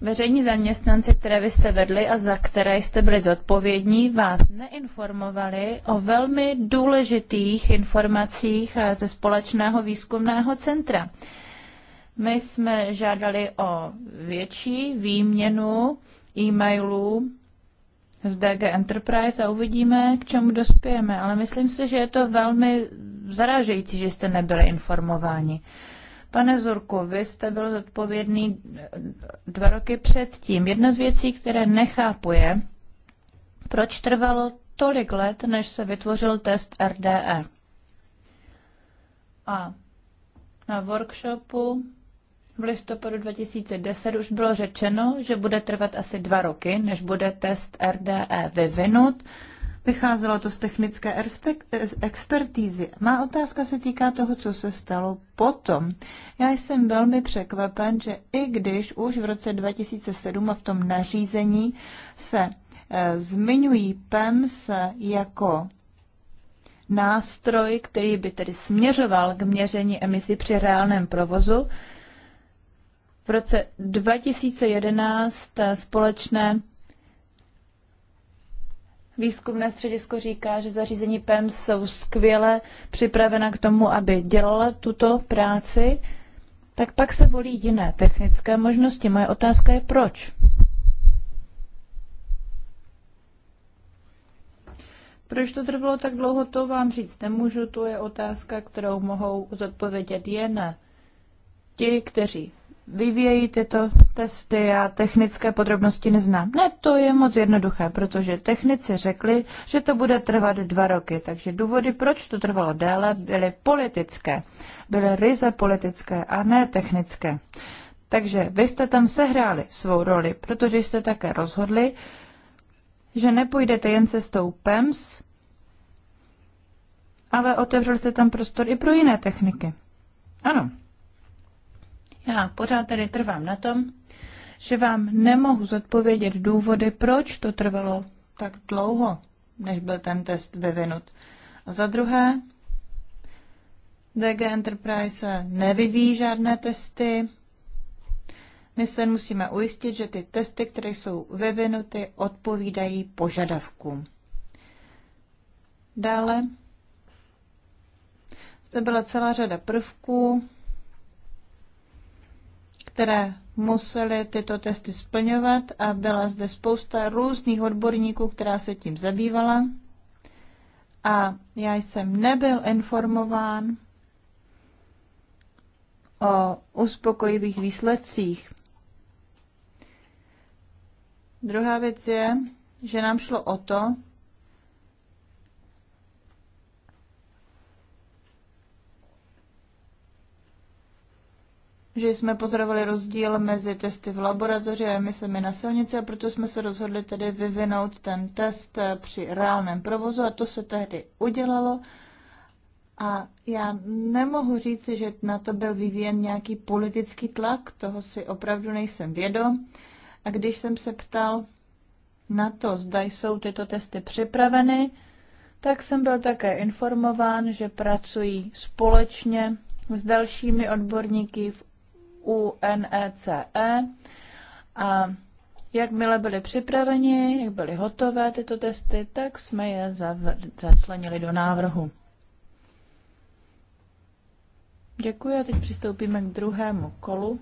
Veřejní zaměstnanci, které vy jste vedli a za které jste byli zodpovědní, vás neinformovali o velmi důležitých informacích eh, ze společného výzkumného centra. My jsme žádali o větší výměnu e-mailů z DG Enterprise a uvidíme, k čemu dospějeme. Ale myslím si, že je to velmi zarážející, že jste nebyli informováni. Pane Zurku, vy jste byl zodpovědný eh, dva roky předtím. Jedna z věcí, které nechápu, je, proč trvalo tolik let, než se vytvořil test RDE. A na workshopu v listopadu 2010 už bylo řečeno, že bude trvat asi dva roky, než bude test RDE vyvinut Vycházelo to z technické eh, expertízy. Má otázka se týká toho, co se stalo potom. Já jsem velmi překvapen, že i když už v roce 2007 a v tom nařízení se eh, zmiňují PEMS jako nástroj, který by tedy směřoval k měření emisí při reálném provozu. V roce 2011 eh, společné Výzkumné středisko říká, že zařízení PEMS jsou skvěle připravena k tomu, aby dělala tuto práci, tak pak se volí jiné technické možnosti. Moje otázka je proč? Proč to trvalo tak dlouho, to vám říct nemůžu. To je otázka, kterou mohou zodpovědět jen ti, kteří vyvíjejí tyto testy a technické podrobnosti neznám. Ne, to je moc jednoduché, protože technici řekli, že to bude trvat dva roky, takže důvody, proč to trvalo déle, byly politické. Byly ryze politické a ne technické. Takže vy jste tam sehráli svou roli, protože jste také rozhodli, že nepůjdete jen cestou PEMS, ale otevřel se tam prostor i pro jiné techniky. Ano, já pořád tedy trvám na tom, že vám nemohu zodpovědět důvody, proč to trvalo tak dlouho, než byl ten test vyvinut. A za druhé, DG Enterprise nevyvíjí žádné testy. My se musíme ujistit, že ty testy, které jsou vyvinuty, odpovídají požadavkům. Dále zde byla celá řada prvků, které museli tyto testy splňovat a byla zde spousta různých odborníků, která se tím zabývala. A já jsem nebyl informován o uspokojivých výsledcích. Druhá věc je, že nám šlo o to, že jsme pozorovali rozdíl mezi testy v laboratoři a emisemi na silnici a proto jsme se rozhodli tedy vyvinout ten test eh, při reálném provozu a to se tehdy udělalo. A já nemohu říci, že na to byl vyvíjen nějaký politický tlak, toho si opravdu nejsem vědom. A když jsem se ptal na to, zda jsou tyto testy připraveny, tak jsem byl také informován, že pracují společně s dalšími odborníky v UNECE e. a jakmile byly připraveni, jak byly hotové tyto testy, tak jsme je začlenili do návrhu. Děkuji a teď přistoupíme k druhému kolu.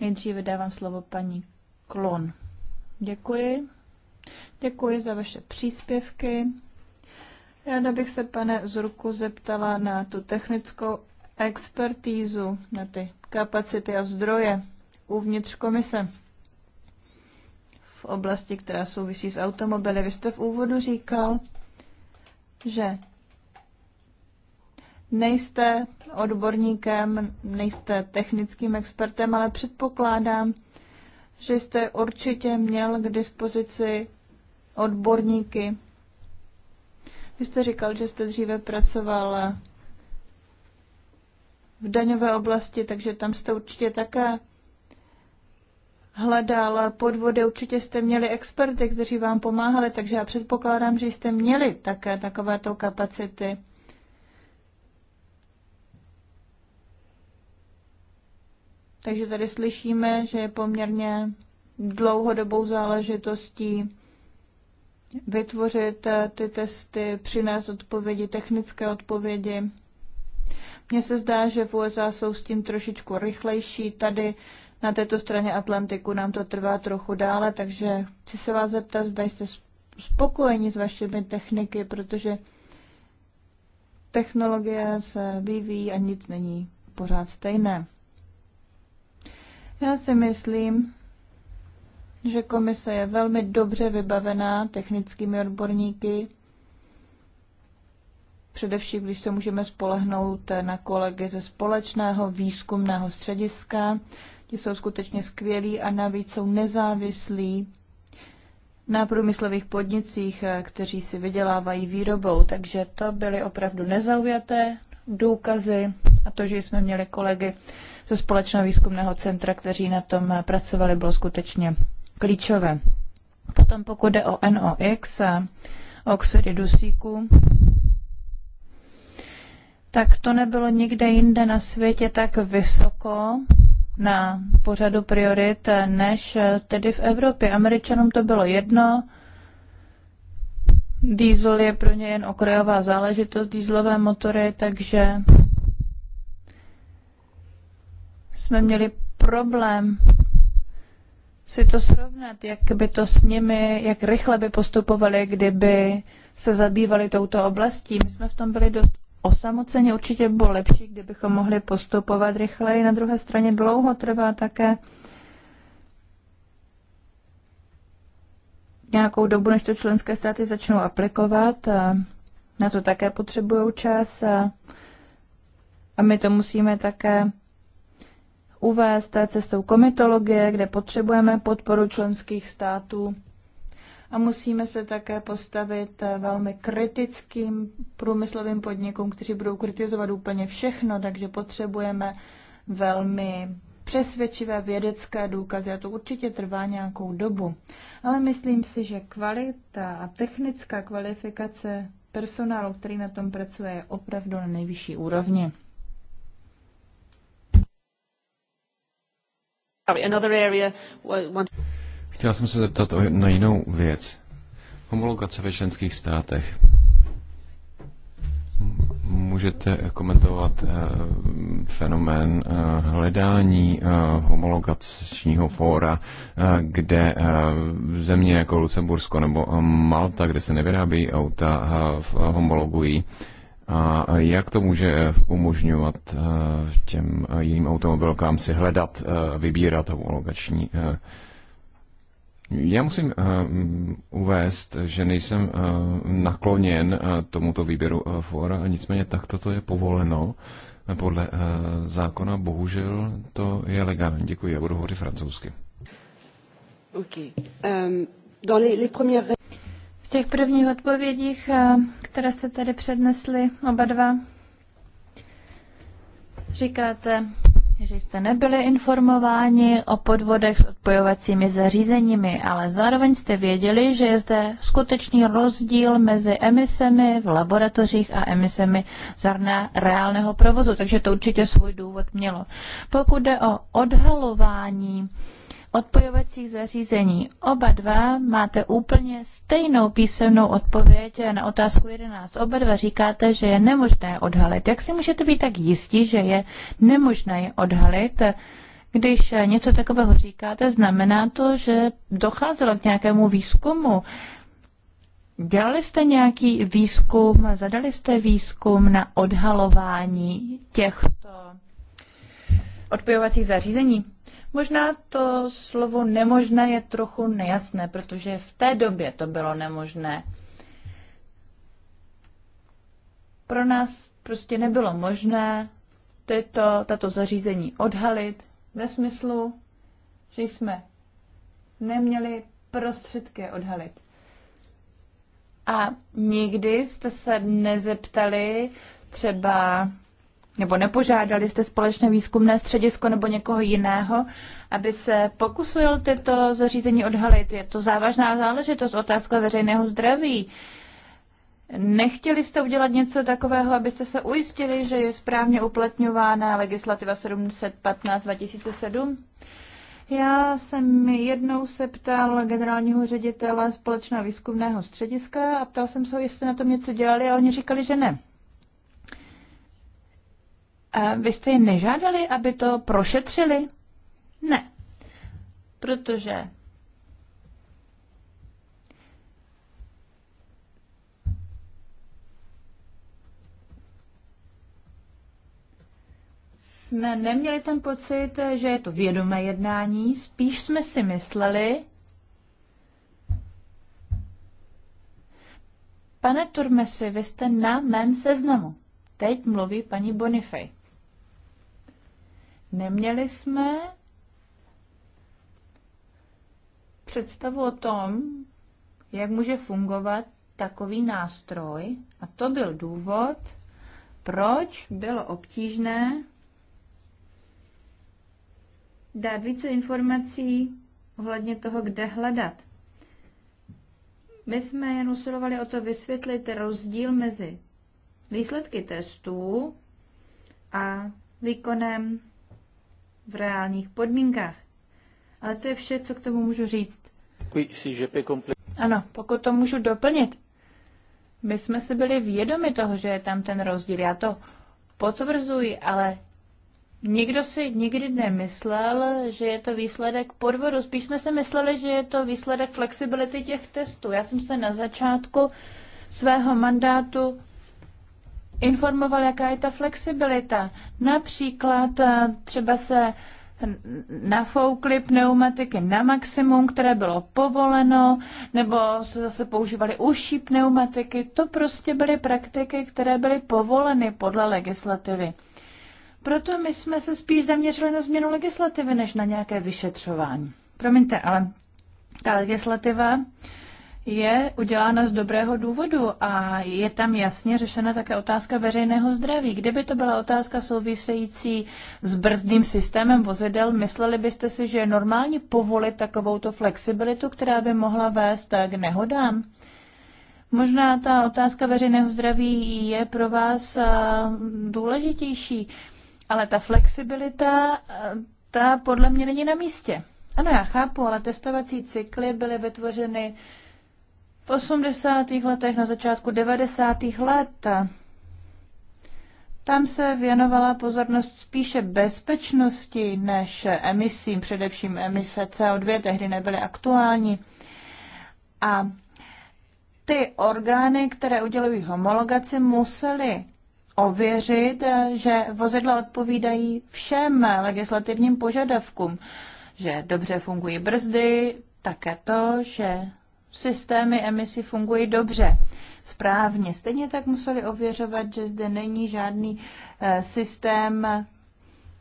Nejdříve dávám slovo paní Klon. Děkuji. Děkuji za vaše příspěvky. Ráda bych se, pane Zurku, zeptala na tu technickou expertízu, na ty kapacity a zdroje uvnitř komise v oblasti, která souvisí s automobily. Vy jste v úvodu říkal, že nejste odborníkem, nejste technickým expertem, ale předpokládám, že jste určitě měl k dispozici odborníky. Vy jste říkal, že jste dříve pracoval v daňové oblasti, takže tam jste určitě také hledal podvody. Určitě jste měli experty, kteří vám pomáhali, takže já předpokládám, že jste měli také takovéto kapacity. Takže tady slyšíme, že je poměrně dlouhodobou záležitostí vytvořit ty testy, přinést odpovědi, technické odpovědi. Mně se zdá, že v USA jsou s tím trošičku rychlejší. Tady na této straně Atlantiku nám to trvá trochu dále, takže chci se vás zeptat, zda jste spokojeni s vašimi techniky, protože technologie se vyvíjí a nic není pořád stejné. Já si myslím, že komise je velmi dobře vybavená technickými odborníky, především když se můžeme spolehnout na kolegy ze společného výzkumného střediska. Ti jsou skutečně skvělí a navíc jsou nezávislí na průmyslových podnicích, kteří si vydělávají výrobou. Takže to byly opravdu nezaujaté důkazy a to, že jsme měli kolegy ze Společného výzkumného centra, kteří na tom pracovali, bylo skutečně klíčové. Potom pokud jde o NOx, oxidy dusíku, tak to nebylo nikde jinde na světě tak vysoko na pořadu priorit, eh, než eh, tedy v Evropě. Američanům to bylo jedno, Diesel je pro ně jen okrajová záležitost, dieselové motory, takže jsme měli problém si to srovnat, jak by to s nimi, jak rychle by postupovali, kdyby se zabývali touto oblastí. My jsme v tom byli dost osamoceně určitě bylo lepší, kdybychom mohli postupovat rychleji. Na druhé straně dlouho trvá také nějakou dobu, než to členské státy začnou aplikovat. A na to také potřebují čas a, a my to musíme také uvést cestou komitologie, kde potřebujeme podporu členských států a musíme se také postavit eh, velmi kritickým průmyslovým podnikům, kteří budou kritizovat úplně všechno, takže potřebujeme velmi přesvědčivé vědecké důkazy a to určitě trvá nějakou dobu. Ale myslím si, že kvalita a technická kvalifikace personálu, který na tom pracuje, je opravdu na nejvyšší úrovni. Another area, Chtěl jsem se zeptat na jinou věc. Homologace ve členských státech. Můžete komentovat eh, fenomén eh, hledání eh, homologačního fóra, kde země jako Lucembursko nebo Malta, kde se nevyrábí auta, homologují. A jak to může umožňovat těm jiným automobilkám si hledat, vybírat homologační já musím uh, uvést, že nejsem uh, nakloněn uh, tomuto výběru uh, fora, nicméně takto to je povoleno. Podle uh, zákona bohužel to je legální. Děkuji, já budu hovořit francouzsky. Okay. Um, dans les, les premières... V těch prvních odpovědích, které jste tady přednesli oba dva, říkáte, že jste nebyli informováni o podvodech s odpojovacími zařízeními, ale zároveň jste věděli, že je zde skutečný rozdíl mezi emisemi v laboratořích a emisemi z reálného provozu, takže to určitě svůj důvod mělo. Pokud jde o odhalování odpojovacích zařízení. Oba dva máte úplně stejnou písemnou odpověď na otázku 11. Oba dva říkáte, že je nemožné odhalit. Jak si můžete být tak jistí, že je nemožné odhalit? Když něco takového říkáte, znamená to, že docházelo k nějakému výzkumu. Dělali jste nějaký výzkum, zadali jste výzkum na odhalování těchto odpojovacích zařízení? Možná to slovo nemožné je trochu nejasné, protože v té době to bylo nemožné. Pro nás prostě nebylo možné tyto, tato zařízení odhalit ve smyslu, že jsme neměli prostředky odhalit. A nikdy jste se nezeptali třeba nebo nepožádali jste společné výzkumné středisko nebo někoho jiného, aby se pokusil tyto zařízení odhalit. Je to závažná záležitost, otázka veřejného zdraví. Nechtěli jste udělat něco takového, abyste se ujistili, že je správně uplatňována legislativa 715 2007? Já jsem jednou se ptal generálního ředitele společného výzkumného střediska a ptal jsem se, jestli na tom něco dělali a oni říkali, že ne. A vy jste je nežádali, aby to prošetřili? Ne. Protože jsme neměli ten pocit, že je to vědomé jednání, spíš jsme si mysleli, Pane Turmesi, vy jste na mém seznamu. Teď mluví paní Bonifej. Neměli jsme představu o tom, jak může fungovat takový nástroj a to byl důvod, proč bylo obtížné dát více informací ohledně toho, kde hledat. My jsme jen usilovali o to vysvětlit rozdíl mezi výsledky testů a výkonem v reálných podmínkách. Ale to je vše, co k tomu můžu říct. Ano, pokud to můžu doplnit. My jsme si byli vědomi toho, že je tam ten rozdíl. Já to potvrzuji, ale nikdo si nikdy nemyslel, že je to výsledek podvodu. Spíš jsme si mysleli, že je to výsledek flexibility těch testů. Já jsem se na začátku svého mandátu informoval, jaká je ta flexibilita. Například eh, třeba se nafoukly pneumatiky na maximum, které bylo povoleno, nebo se zase používaly užší pneumatiky. To prostě byly praktiky, které byly povoleny podle legislativy. Proto my jsme se spíš zaměřili na změnu legislativy, než na nějaké vyšetřování. Promiňte, ale ta legislativa je udělána z dobrého důvodu a je tam jasně řešena také otázka veřejného zdraví. Kdyby to byla otázka související s brzdným systémem vozidel, mysleli byste si, že je normálně povolit takovouto flexibilitu, která by mohla vést k nehodám? Možná ta otázka veřejného zdraví je pro vás eh, důležitější, ale ta flexibilita, eh, ta podle mě není na místě. Ano, já chápu, ale testovací cykly byly vytvořeny v 80. letech, na začátku 90. let. Tam se věnovala pozornost spíše bezpečnosti než emisím, především emise CO2, tehdy nebyly aktuální. A ty orgány, které udělují homologaci, musely ověřit, že vozidla odpovídají všem legislativním požadavkům, že dobře fungují brzdy, také to, že systémy emisí fungují dobře, správně. Stejně tak museli ověřovat, že zde není žádný eh, systém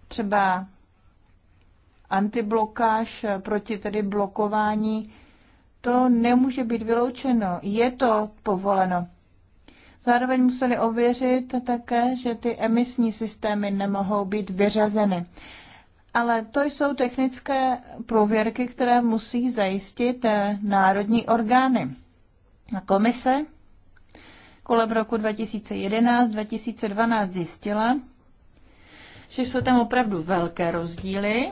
třeba antiblokáž eh, proti tedy blokování. To nemůže být vyloučeno. Je to povoleno. Zároveň museli ověřit také, že ty emisní systémy nemohou být vyřazeny ale to jsou technické prověrky, které musí zajistit eh, národní orgány. A komise kolem roku 2011-2012 zjistila, že jsou tam opravdu velké rozdíly,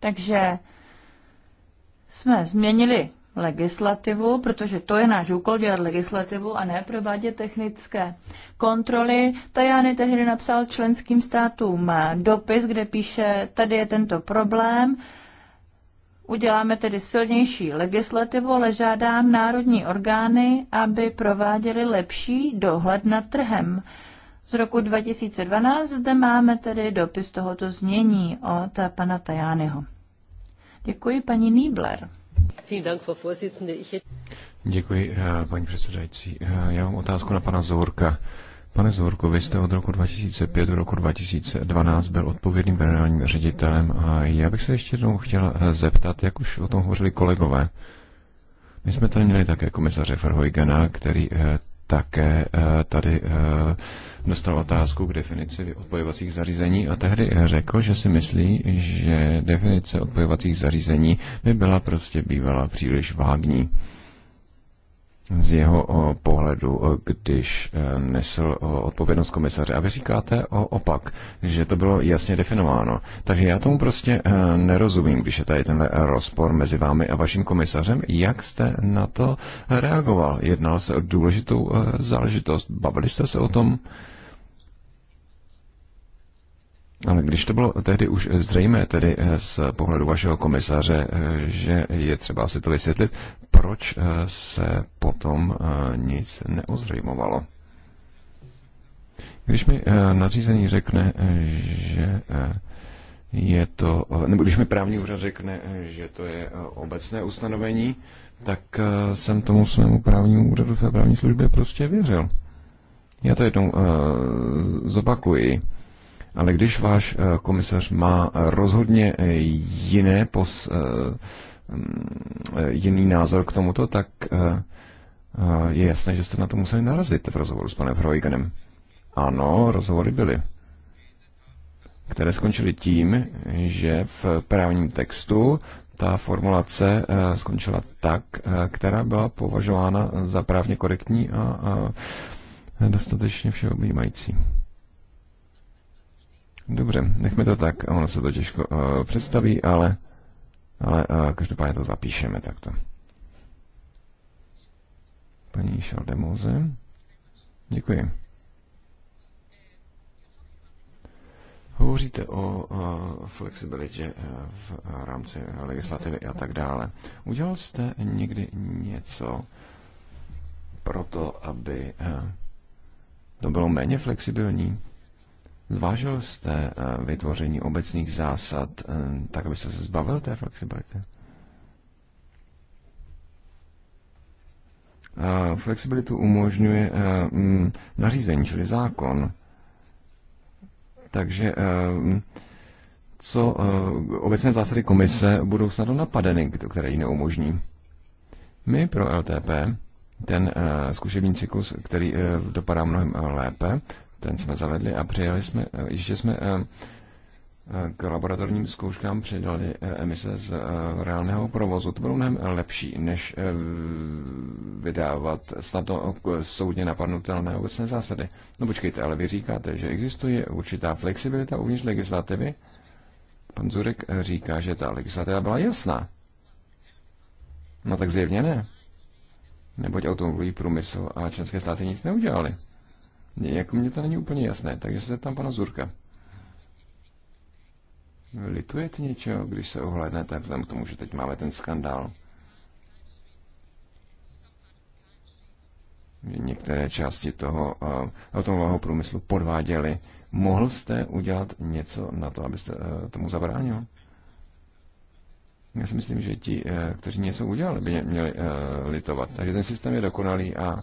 takže jsme změnili legislativu, protože to je náš úkol dělat legislativu a ne provádět technické kontroly. Tajány tehdy napsal členským státům dopis, kde píše, tady je tento problém, Uděláme tedy silnější legislativu, ale žádám národní orgány, aby prováděly lepší dohled nad trhem. Z roku 2012 zde máme tedy dopis tohoto znění od pana Tajányho. Děkuji paní Niebler. Děkuji, eh, paní předsedající. Eh, já mám otázku na pana Zorka. Pane Zorku, vy jste od roku 2005 do roku 2012 byl odpovědným generálním ředitelem a já bych se ještě jednou chtěl eh, zeptat, jak už o tom hovořili kolegové. My jsme tady měli také komisaře Verhoigena, který také eh, tady eh, dostal otázku k definici odpojovacích zařízení a tehdy řekl, že si myslí, že definice odpojovacích zařízení by byla prostě bývala příliš vágní z jeho pohledu, když e, nesl odpovědnost komisaře. A vy říkáte o opak, že to bylo jasně definováno. Takže já tomu prostě e, nerozumím, když je tady ten rozpor mezi vámi a vaším komisařem. Jak jste na to reagoval? Jednal se o důležitou e, záležitost. Bavili jste se o tom? Ale když to bylo tehdy už zřejmé, tedy eh, z pohledu vašeho komisaře, eh, že je třeba si to vysvětlit, proč eh, se potom nic neozřejmovalo? Když mi nařízení řekne, že je to, nebo když mi právní úřad řekne, že to je obecné ustanovení, tak jsem tomu svému právnímu úřadu v právní službě prostě věřil. Já to jednou zopakuji. Ale když váš eh, komisař má rozhodně eh, jiné pos, eh, mm, jiný názor k tomuto, tak je jasné, že jste na to museli narazit v rozhovoru s panem Freugenem. Ano, rozhovory byly, které skončily tím, že v právním textu ta formulace skončila tak, která byla považována za právně korektní a dostatečně všeobjímající. Dobře, nechme to tak, ono se to těžko uh, představí, ale, ale uh, každopádně to zapíšeme takto. Paní Šaldemoze, děkuji. Hovoříte o uh, flexibilitě v rámci legislativy a tak dále. Udělal jste někdy něco pro to, aby uh, to bylo méně flexibilní? Zvážil jste eh, vytvoření obecných zásad, eh, tak aby se zbavil té flexibility? Eh, flexibilitu umožňuje mm, nařízení, čili zákon. Takže mm, co obecné zásady komise budou snadno napadeny, které ji neumožní. My pro LTP ten zkušební cyklus, který dopadá mnohem lépe, ten jsme zavedli a přijeli jsme, ještě jsme eh, eh, k laboratorním zkouškám přidali eh, emise z reálného provozu. To bylo mnohem lepší, než vydávat snad soudně napadnutelné obecné zásady. No počkejte, ale vy říkáte, že existuje určitá flexibilita uvnitř legislativy. Pan Zurek říká, že ta legislativa byla jasná. No tak zjevně ne. Neboť automobilový průmysl a členské státy nic neudělali. Jako mně to není úplně jasné, takže se tam pana Zurka. Litujete něčeho, když se ohlédnete, vzhledem k tomu, že teď máme ten skandál? některé části toho uh, automobilového průmyslu podváděly. Mohl jste udělat něco na to, abyste uh, tomu zabránil? Já si myslím, že ti, eh, kteří něco udělali, by měli litovat. Takže ten systém je dokonalý a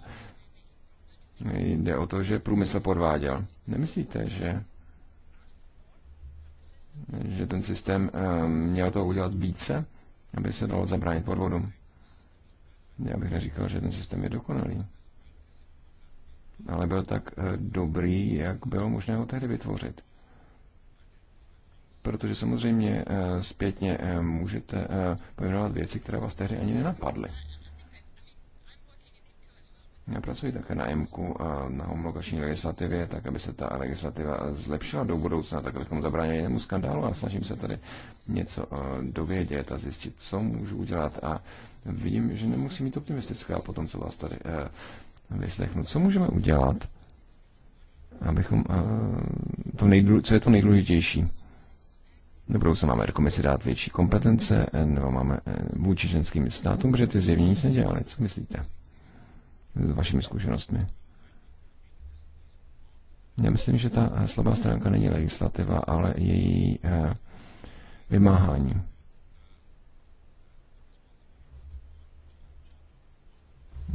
Jde o to, že průmysl podváděl. Nemyslíte, že že ten systém eh, měl to udělat více, aby se dalo zabránit podvodům. Já bych neříkal, že ten systém je dokonalý. Ale byl tak eh, dobrý, jak bylo možné ho tehdy vytvořit. Protože samozřejmě eh, zpětně můžete pojmenovat věci, které vás tehdy ani nenapadly. Pracuji také na a na homologační legislativě, tak aby se ta legislativa zlepšila do budoucna, tak abychom zabránili jinému skandálu a snažím se tady něco eh, dovědět a zjistit, co můžu udělat a vidím, že nemusím mít optimistická a potom co vás tady eh, vyslechnu. Co můžeme udělat, abychom eh, to nejdru, co je to nejdůležitější? Do budoucna máme komisi dát větší kompetence, nebo máme vůči ženským státům, protože ty zjevně nic nedělali. Co myslíte? s vašimi zkušenostmi. Já myslím, že ta slabá stránka není legislativa, ale její eh, vymáhání.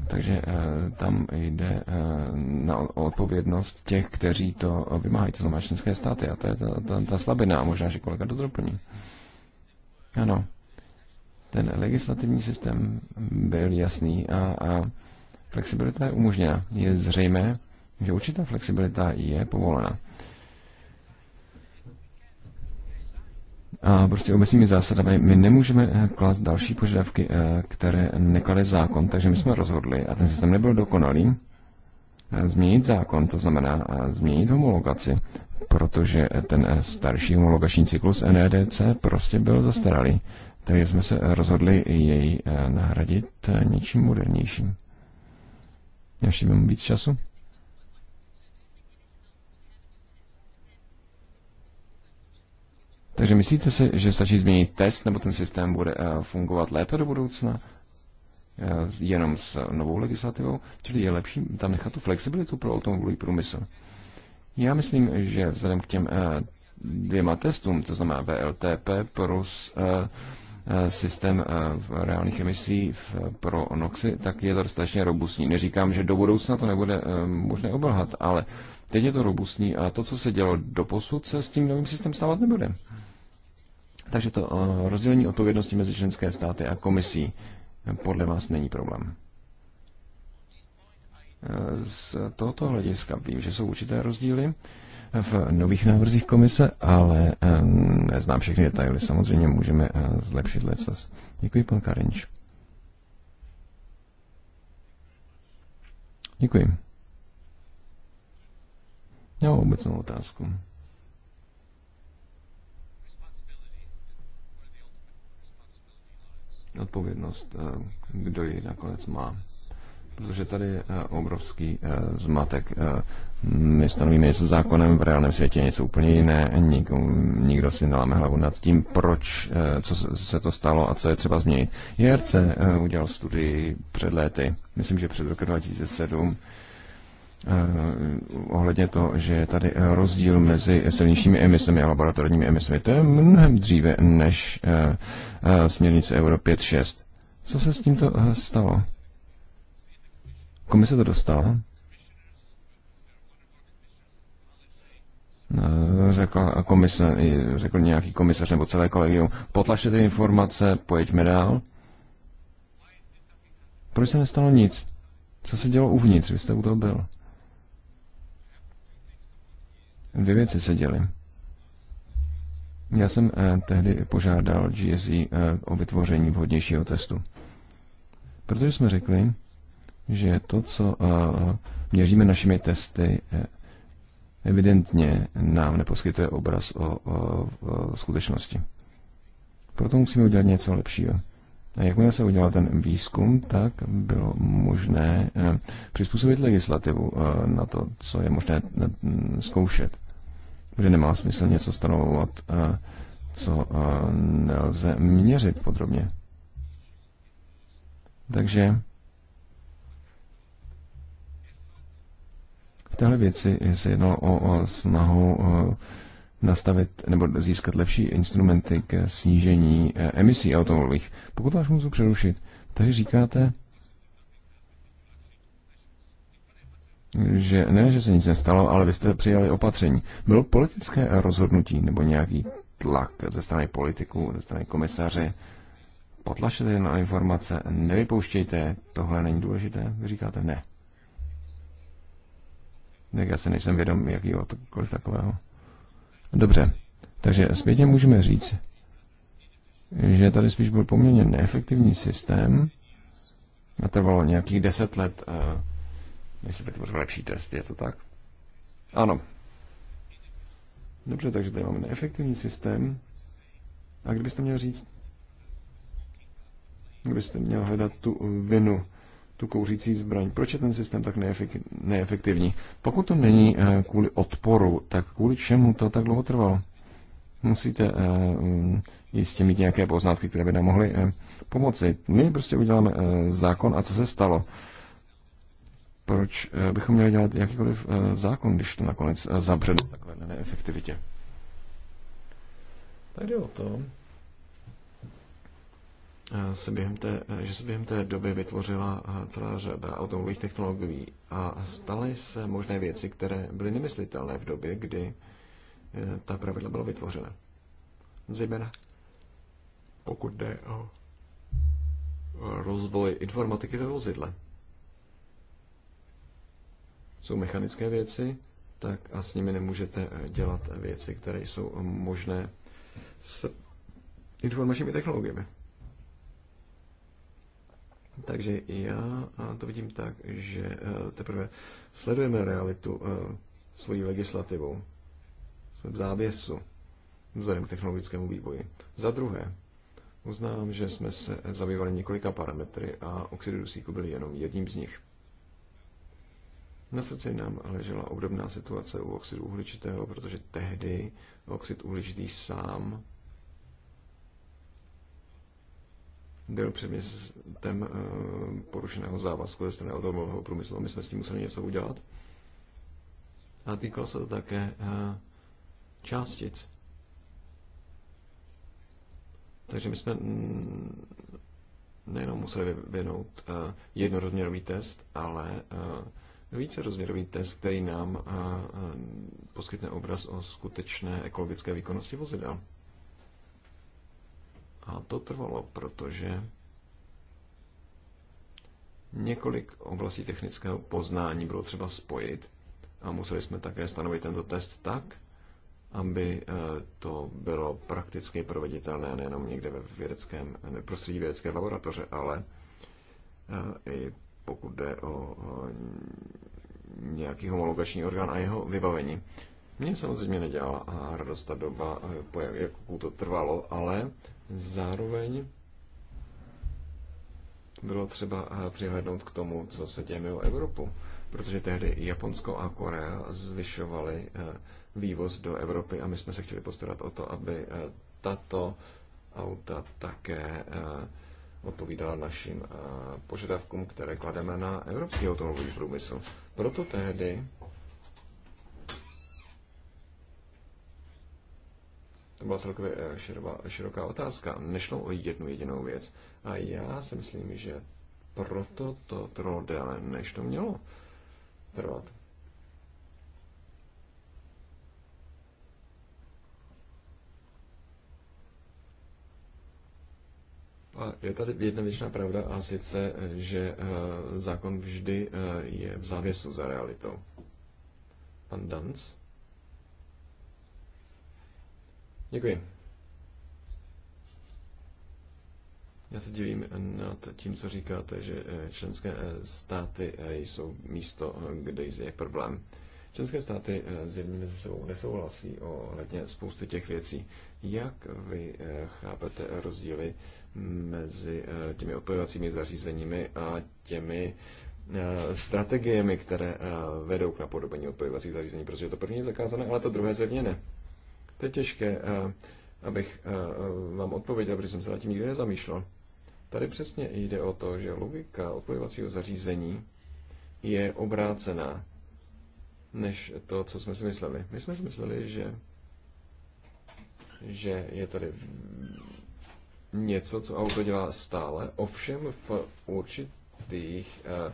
Takže eh, tam jde eh, na odpovědnost těch, kteří to vymáhají, to znamená členské státy. A to je ta, ta, ta slabina, a možná, že kolega to doplní. Ano, ten legislativní systém byl jasný a, a Flexibilita je umožněna. Je zřejmé, že určitá flexibilita je povolena. A prostě obecnými zásadami my nemůžeme eh, klást další požadavky, eh, které neklade zákon, takže my jsme rozhodli, a ten systém nebyl dokonalý, eh, změnit zákon, to znamená změnit homologaci, protože ten starší homologační cyklus NEDC prostě byl zastaralý. Takže jsme se rozhodli jej nahradit něčím modernějším. Měl mu víc času? Takže myslíte si, že stačí změnit test, nebo ten systém bude eh, fungovat lépe do budoucna? Eh, jenom s novou legislativou, čili je lepší tam nechat tu flexibilitu pro automobilový průmysl. Já myslím, že vzhledem k těm eh, dvěma testům, to znamená VLTP plus Eh, systém eh, v reálných emisí pro NOXy, tak je to dostatečně robustní. Neříkám, že do budoucna to nebude eh, možné obelhat, ale teď je to robustní a to, co se dělo do posud, se s tím novým systémem stávat nebude. Takže to rozdělení odpovědnosti mezi členské státy a komisí podle vás není problém. Z tohoto hlediska vím, že jsou určité rozdíly v nových návrzích komise, ale eh, neznám všechny detaily. Samozřejmě můžeme eh, zlepšit lecos. Děkuji, pan Karinč. Děkuji. Já mám obecnou otázku. Odpovědnost, eh, kdo ji nakonec má protože tady je eh, obrovský eh, zmatek. Eh, my stanovíme něco zákonem, v reálném světě je něco úplně jiné, Nikdo nikdo si neláme hlavu nad tím, proč, co se to stalo a co je třeba změnit. JRC udělal studii před léty, myslím, že před rokem 2007, ohledně toho, že je tady rozdíl mezi silničními emisemi a laboratorními emisemi. To je mnohem dříve než směrnice Euro 5.6. Co se s tímto stalo? se to dostala. Eh, řekla komise, řekl nějaký komisař nebo celé kolegium, potlačte ty informace, pojďme dál. Proč se nestalo nic? Co se dělo uvnitř? Vy jste u toho byl. Dvě věci se děly. Já jsem eh, tehdy požádal GSE eh, o vytvoření vhodnějšího testu. Protože jsme řekli, že to, co eh, měříme našimi testy, eh, evidentně nám neposkytuje obraz o, o, o skutečnosti. Proto musíme udělat něco lepšího. A jakmile se udělal ten výzkum, tak bylo možné eh, přizpůsobit legislativu na to, co je možné zkoušet. Protože nemá smysl něco stanovovat, co nelze měřit podrobně. Takže V téhle věci se jednalo o, o snahu o nastavit nebo získat lepší instrumenty k snížení e, emisí automobilových. Pokud vás můžu přerušit, takže říkáte, že ne, že se nic nestalo, ale vy jste přijali opatření. Bylo politické rozhodnutí nebo nějaký tlak ze strany politiků, ze strany komisaře? Potlačte na informace, nevypouštějte, tohle není důležité? Vy říkáte ne tak já se nejsem vědom jakýho cokoliv takového. Dobře, takže zpětně můžeme říct, že tady spíš byl poměrně neefektivní systém a trvalo nějakých deset let, eh, než se vytvořil lepší test, je to tak? Ano. Dobře, takže tady máme neefektivní systém. A kdybyste měl říct, kdybyste měl hledat tu vinu tu kouřící zbraň. Proč je ten systém tak neefektivní? Pokud to není eh, kvůli odporu, tak kvůli čemu to tak dlouho trvalo? Musíte eh, mm, jistě mít nějaké poznatky, které by nám mohly eh, pomoci. My prostě uděláme zákon a co se stalo? Proč bychom měli dělat jakýkoliv zákon, když to nakonec zabředne takové neefektivitě? Tady jde o to, Eh, se během té, eh, že se během té doby vytvořila eh, celá řada automobilových technologií a staly se možné věci, které byly nemyslitelné v době, kdy ta pravidla byla vytvořena. Zejména pokud jde o rozvoj informatiky ve vozidle. Jsou mechanické věci, tak a s nimi nemůžete dělat věci, které jsou možné s informačními technologiemi. Takže já to vidím tak, že e, teprve sledujeme realitu e, svojí legislativou, svým závěsu vzhledem k technologickému vývoji. Za druhé, uznávám, že jsme se zabývali několika parametry a oxidy dusíku byly jenom jedním z nich. Na srdci nám ležela obdobná situace u oxidu uhličitého, protože tehdy oxid uhličitý sám byl předmětem eh, porušeného závazku ze strany automobilového průmyslu. My jsme s tím museli něco udělat. A týkalo se to také eh, částic. Takže my jsme nejenom museli vyvinout eh, jednorozměrový test, ale více rozměrový test, který nám poskytne obraz o skutečné ekologické výkonnosti vozidel. A to trvalo, protože několik oblastí technického poznání bylo třeba spojit a museli jsme také stanovit tento test tak, aby eh, to bylo prakticky proveditelné nejenom někde ve vědeckém, prostředí vědecké laboratoře, ale eh, i pokud jde o eh, nějaký homologační orgán a jeho vybavení. Mně samozřejmě nedělala radost ta doba, eh, jak to trvalo, ale zároveň bylo třeba eh, přihlédnout k tomu, co se děje mimo Evropu. Protože tehdy Japonsko a Korea zvyšovaly eh, vývoz do Evropy a my jsme se chtěli postarat o to, aby tato auta také odpovídala našim požadavkům, které klademe na evropský automobilový průmysl. Proto tehdy To byla celkově eh, široká, široká otázka. Nešlo o jednu jedinou věc. A já si myslím, že proto to trvalo déle, než to mělo trvat. A je tady jedna věčná pravda a sice, že eh, zákon vždy eh, je v závěsu za realitou. Pan Danc? Děkuji. Já se divím nad tím, co říkáte, že eh, členské eh, státy eh, jsou místo, kde je problém. Členské státy zjevně mezi sebou nesouhlasí ohledně spousty těch věcí. Jak vy chápete rozdíly mezi těmi odpojovacími zařízeními a těmi strategiemi, které vedou k napodobení odpojovacích zařízení, protože to první je zakázané, ale to druhé zjevně ne. To je těžké, eh, abych eh, vám odpověděl, protože jsem se na tím nikdy nezamýšlel. Tady přesně jde o to, že logika odpojovacího zařízení je obrácená než to, co jsme si mysleli. My jsme si mysleli, že, že je tady něco, co auto dělá stále, ovšem v určitých uh,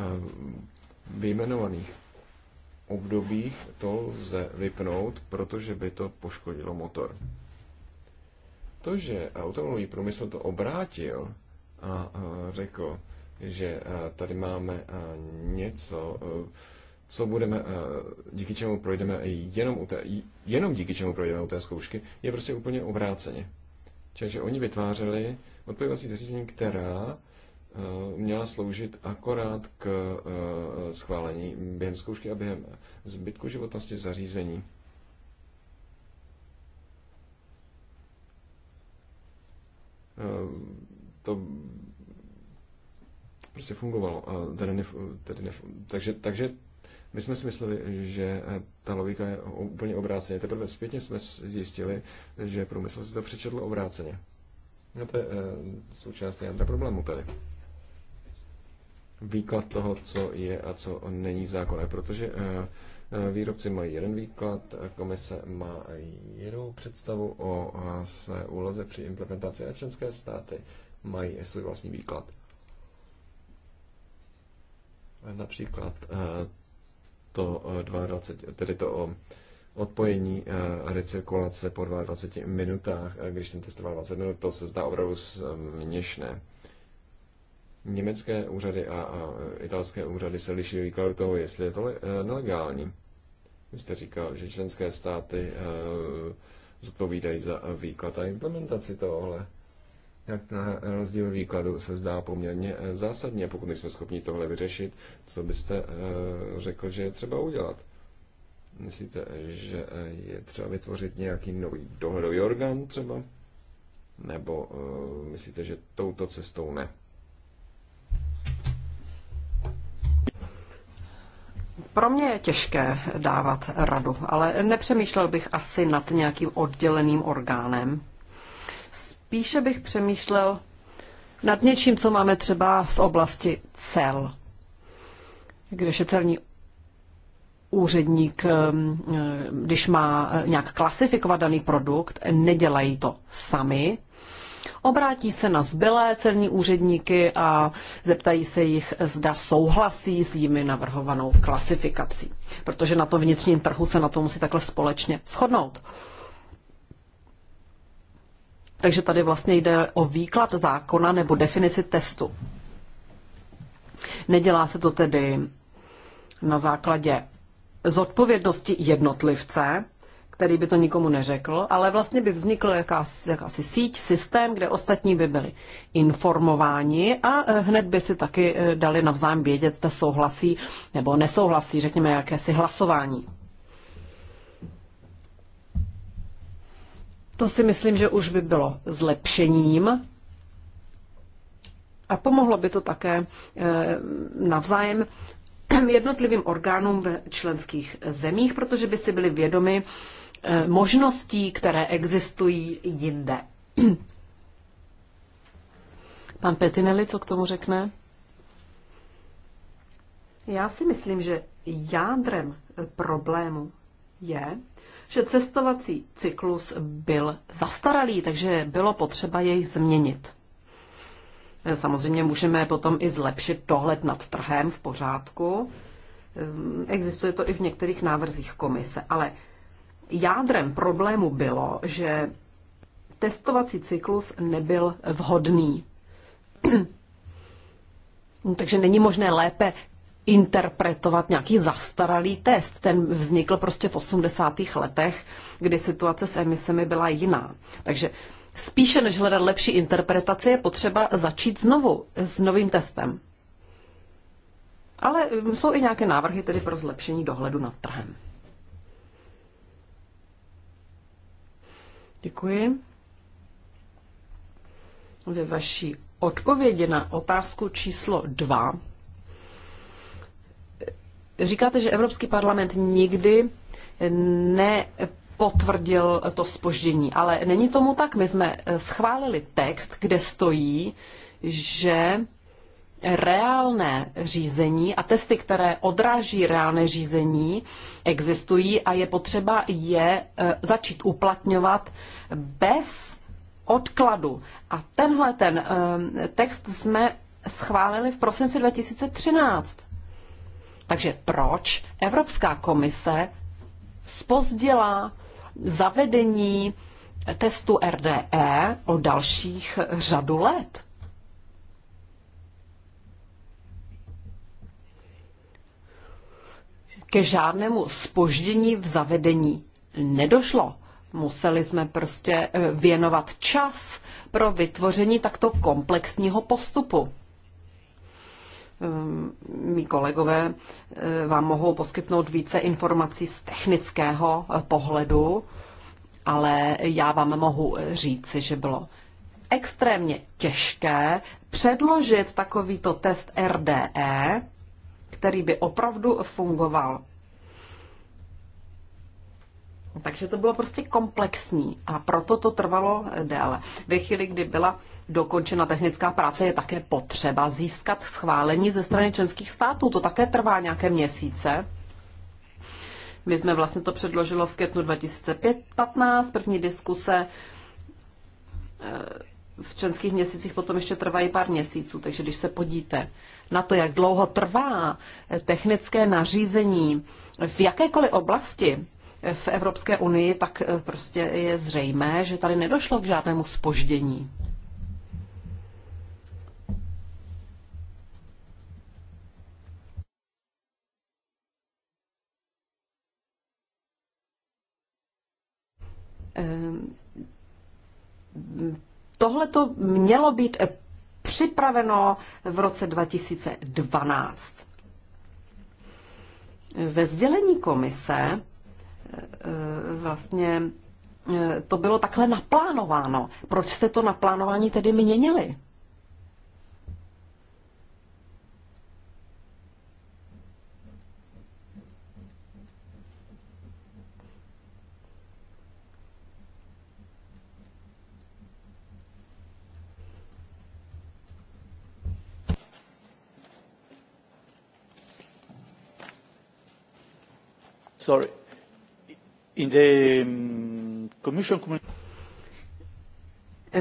uh, vyjmenovaných obdobích to lze vypnout, protože by to poškodilo motor. To, že automobilový průmysl to obrátil a řekl, že tady máme něco, co budeme, díky čemu projdeme jenom, u té, jenom díky čemu projdeme u té zkoušky, je prostě úplně obráceně. Takže oni vytvářeli odpojovací zařízení, která Eh, měla sloužit akorát k eh, schválení během zkoušky a během zbytku životnosti zařízení. Eh, to prostě fungovalo. Tady nef, tady nef, takže, takže my jsme si mysleli, že ta logika je úplně obráceně. Teprve zpětně jsme zjistili, že průmysl si to přečetl obráceně. No to je součást jádra problému tady výklad toho, co je a co není zákonné, protože eh, eh, výrobci mají jeden výklad, komise má jinou představu o eh, své úloze při implementaci a členské státy mají svůj vlastní výklad. Například to 22, tedy to o odpojení a recirkulace po 22 minutách, když ten test trvá 20 minut, to se zdá opravdu směšné. Německé úřady a, a italské úřady se liší výkladu toho, jestli je to le, eh, nelegální. Vy jste říkal, že členské státy eh, zodpovídají za výklad a implementaci tohohle. Jak na rozdíl výkladu se zdá poměrně eh, zásadně, pokud nejsme schopni tohle vyřešit, co byste řekl, že je třeba udělat? Myslíte, že je třeba vytvořit nějaký nový dohledový orgán třeba? Nebo myslíte, že touto cestou ne? Pro mě je těžké dávat radu, ale nepřemýšlel bych asi nad nějakým odděleným orgánem. Spíše bych přemýšlel nad něčím, co máme třeba v oblasti cel, když je celní úředník, když má nějak klasifikovat daný produkt, nedělají to sami, Obrátí se na zbylé celní úředníky a zeptají se jich, zda souhlasí s jimi navrhovanou klasifikací, protože na tom vnitřním trhu se na to musí takhle společně shodnout. Takže tady vlastně jde o výklad zákona nebo definici testu. Nedělá se to tedy na základě zodpovědnosti jednotlivce, který by to nikomu neřekl, ale vlastně by vznikl jakási, jakási síť, systém, kde ostatní by byli informováni a eh, hned by si taky eh, dali navzájem vědět, zda souhlasí nebo nesouhlasí, řekněme, jakési hlasování. To si myslím, že už by bylo zlepšením. A pomohlo by to také eh, navzájem jednotlivým orgánům ve členských zemích, protože by si byli vědomi Eh, možností, které existují jinde. [CLEARS THROAT] Pan Petinelli, co k tomu řekne? Já si myslím, že jádrem eh, problému je, že cestovací cyklus byl zastaralý, takže bylo potřeba jej změnit. Eh, samozřejmě můžeme potom i zlepšit dohled nad trhem v pořádku. Ehm, existuje to i v některých návrzích komise, ale jádrem problému bylo, že testovací cyklus nebyl vhodný. [CLEARS THROAT] Takže není možné lépe interpretovat nějaký zastaralý test. Ten vznikl prostě v 80. letech, kdy situace s emisemi byla jiná. Takže spíše než hledat lepší interpretaci, je potřeba začít znovu s novým testem. Ale jsou i nějaké návrhy tedy pro zlepšení dohledu nad trhem. Děkuji. Ve vaší odpovědi na otázku číslo dva říkáte, že Evropský parlament nikdy ne potvrdil to spoždění, ale není tomu tak. My jsme eh, schválili text, kde stojí, že reálné řízení a testy, které odráží reálné řízení, existují a je potřeba je eh, začít uplatňovat bez odkladu. A tenhle ten eh, text jsme schválili v prosinci 2013. Takže proč Evropská komise spozdila zavedení testu RDE o dalších řadu let? Ke žádnému spoždění v zavedení nedošlo. Museli jsme prostě eh, věnovat čas pro vytvoření takto komplexního postupu. Ehm, mí kolegové eh, vám mohou poskytnout více informací z technického eh, pohledu, ale já vám mohu říci, že bylo extrémně těžké předložit takovýto test RDE, který by opravdu fungoval takže to bylo prostě komplexní a proto to trvalo déle. Ve chvíli, kdy byla dokončena technická práce, je také potřeba získat schválení ze strany členských států. To také trvá nějaké měsíce. My jsme vlastně to předložilo v květnu 2015, první diskuse eh, v členských měsících potom ještě trvají pár měsíců, takže když se podíte na to, jak dlouho trvá technické nařízení v jakékoliv oblasti, v Evropské unii, tak eh, prostě je zřejmé, že tady nedošlo k žádnému spoždění. Eh, Tohle to mělo být eh, připraveno v roce 2012. Ve sdělení komise vlastně eh, to bylo takhle naplánováno. Proč jste to naplánování tedy měnili? Sorry. Mm,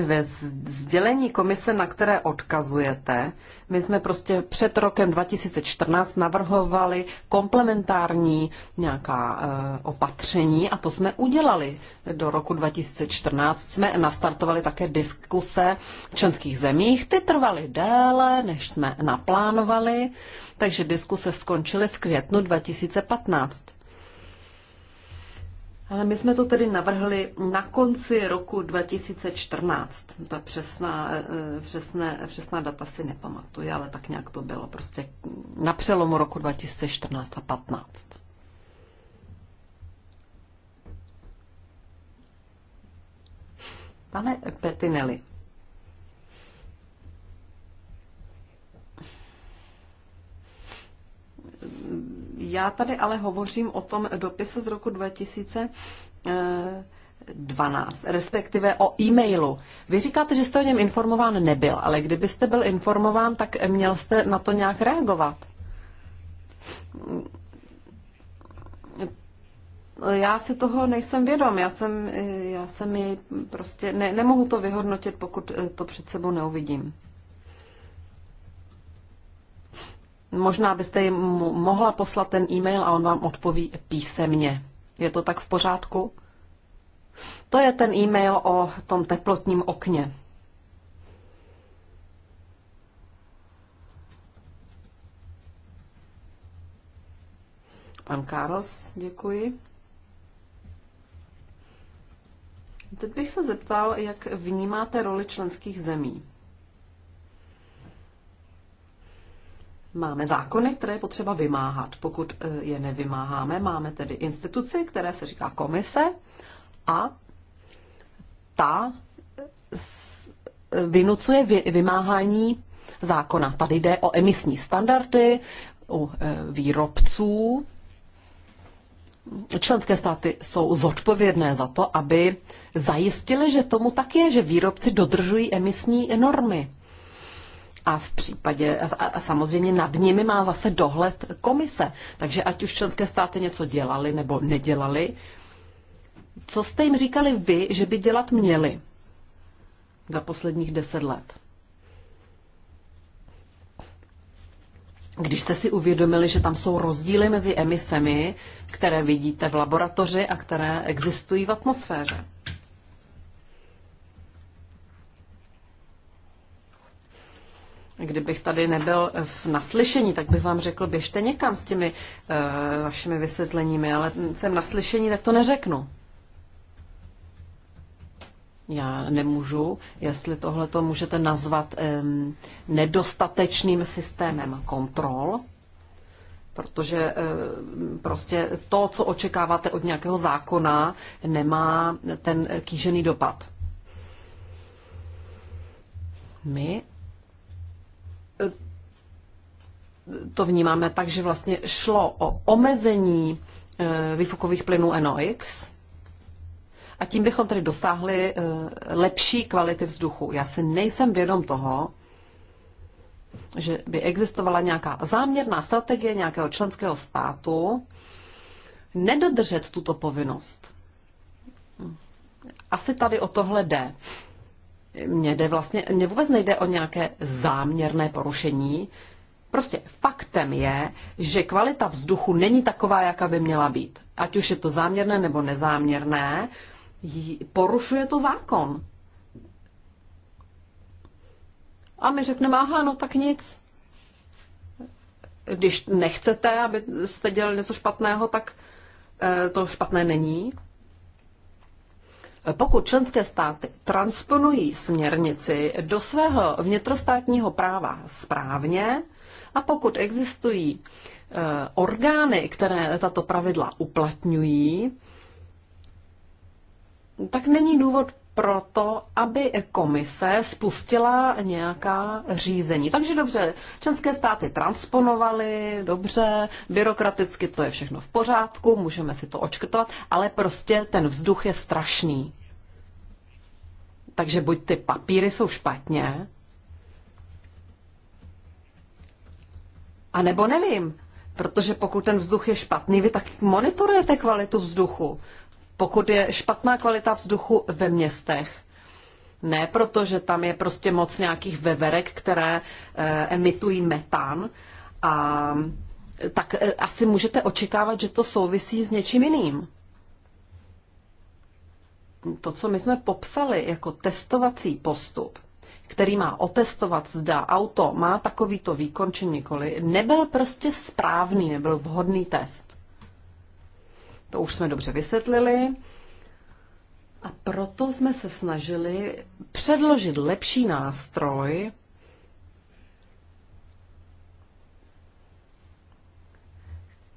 ve sdělení komise, na které odkazujete, my jsme prostě před rokem 2014 navrhovali komplementární nějaká e, opatření a to jsme udělali. Do roku 2014 jsme nastartovali také diskuse v členských zemích. Ty trvaly déle, než jsme naplánovali, takže diskuse skončily v květnu 2015. Ale my jsme to tedy navrhli na konci roku 2014. Ta přesná, eh, přesné, přesná data si nepamatuji, ale tak nějak to bylo prostě na přelomu roku 2014 a 15. Pane Petinelli, já tady ale hovořím o tom dopise z roku 2012, respektive o e-mailu. Vy říkáte, že jste o něm informován nebyl, ale kdybyste byl informován, tak měl jste na to nějak reagovat. Já si toho nejsem vědom, já jsem, já jsem ji prostě, ne, nemohu to vyhodnotit, pokud to před sebou neuvidím. Možná byste jim mohla poslat ten e-mail a on vám odpoví písemně. Je to tak v pořádku? To je ten e-mail o tom teplotním okně. Pan Carlos, děkuji. Teď bych se zeptal, jak vnímáte roli členských zemí. Máme zákony, které je potřeba vymáhat. Pokud eh, je nevymáháme, máme tedy instituci, které se říká komise a ta eh, eh, vynucuje vymáhání zákona. Tady jde o emisní standardy u výrobců. Členské státy jsou zodpovědné za to, aby zajistili, že tomu tak je, že výrobci dodržují emisní normy a v případě, a, a samozřejmě nad nimi má zase dohled komise. Takže ať už členské státy něco dělali nebo nedělali, co jste jim říkali vy, že by dělat měli za posledních deset let? Když jste si uvědomili, že tam jsou rozdíly mezi emisemi, které vidíte v laboratoři a které existují v atmosféře. Kdybych tady nebyl v naslyšení, tak bych vám řekl, běžte někam s těmi uh, vašimi vysvětleními, ale jsem naslyšení, tak to neřeknu. Já nemůžu, jestli tohle to můžete nazvat um, nedostatečným systémem kontrol, protože um, prostě to, co očekáváte od nějakého zákona, nemá ten kýžený dopad. My to vnímáme tak, že vlastně šlo o omezení eh, výfukových plynů NOx a tím bychom tedy dosáhli eh, lepší kvality vzduchu. Já si nejsem vědom toho, že by existovala nějaká záměrná strategie nějakého členského státu nedodržet tuto povinnost. Asi tady o tohle jde. Mně, jde vlastně, mně vůbec nejde o nějaké záměrné porušení, Prostě faktem je, že kvalita vzduchu není taková, jaká by měla být. Ať už je to záměrné nebo nezáměrné, porušuje to zákon. A my řekneme, aha, no tak nic. Když nechcete, aby jste dělali něco špatného, tak eh, to špatné není. Pokud členské státy transponují směrnici do svého vnitrostátního práva správně, a pokud existují eh, orgány, které tato pravidla uplatňují, tak není důvod pro to, aby komise spustila nějaká řízení. Takže dobře, české státy transponovaly, dobře, byrokraticky to je všechno v pořádku, můžeme si to očkrtovat, ale prostě ten vzduch je strašný. Takže buď ty papíry jsou špatně, A nebo nevím, protože pokud ten vzduch je špatný, vy tak monitorujete kvalitu vzduchu. Pokud je špatná kvalita vzduchu ve městech, ne protože tam je prostě moc nějakých veverek, které eh, emitují metan, a tak eh, asi můžete očekávat, že to souvisí s něčím jiným. To, co my jsme popsali jako testovací postup, který má otestovat, zda auto má takovýto výkon či nikoli, nebyl prostě správný, nebyl vhodný test. To už jsme dobře vysvětlili. A proto jsme se snažili předložit lepší nástroj,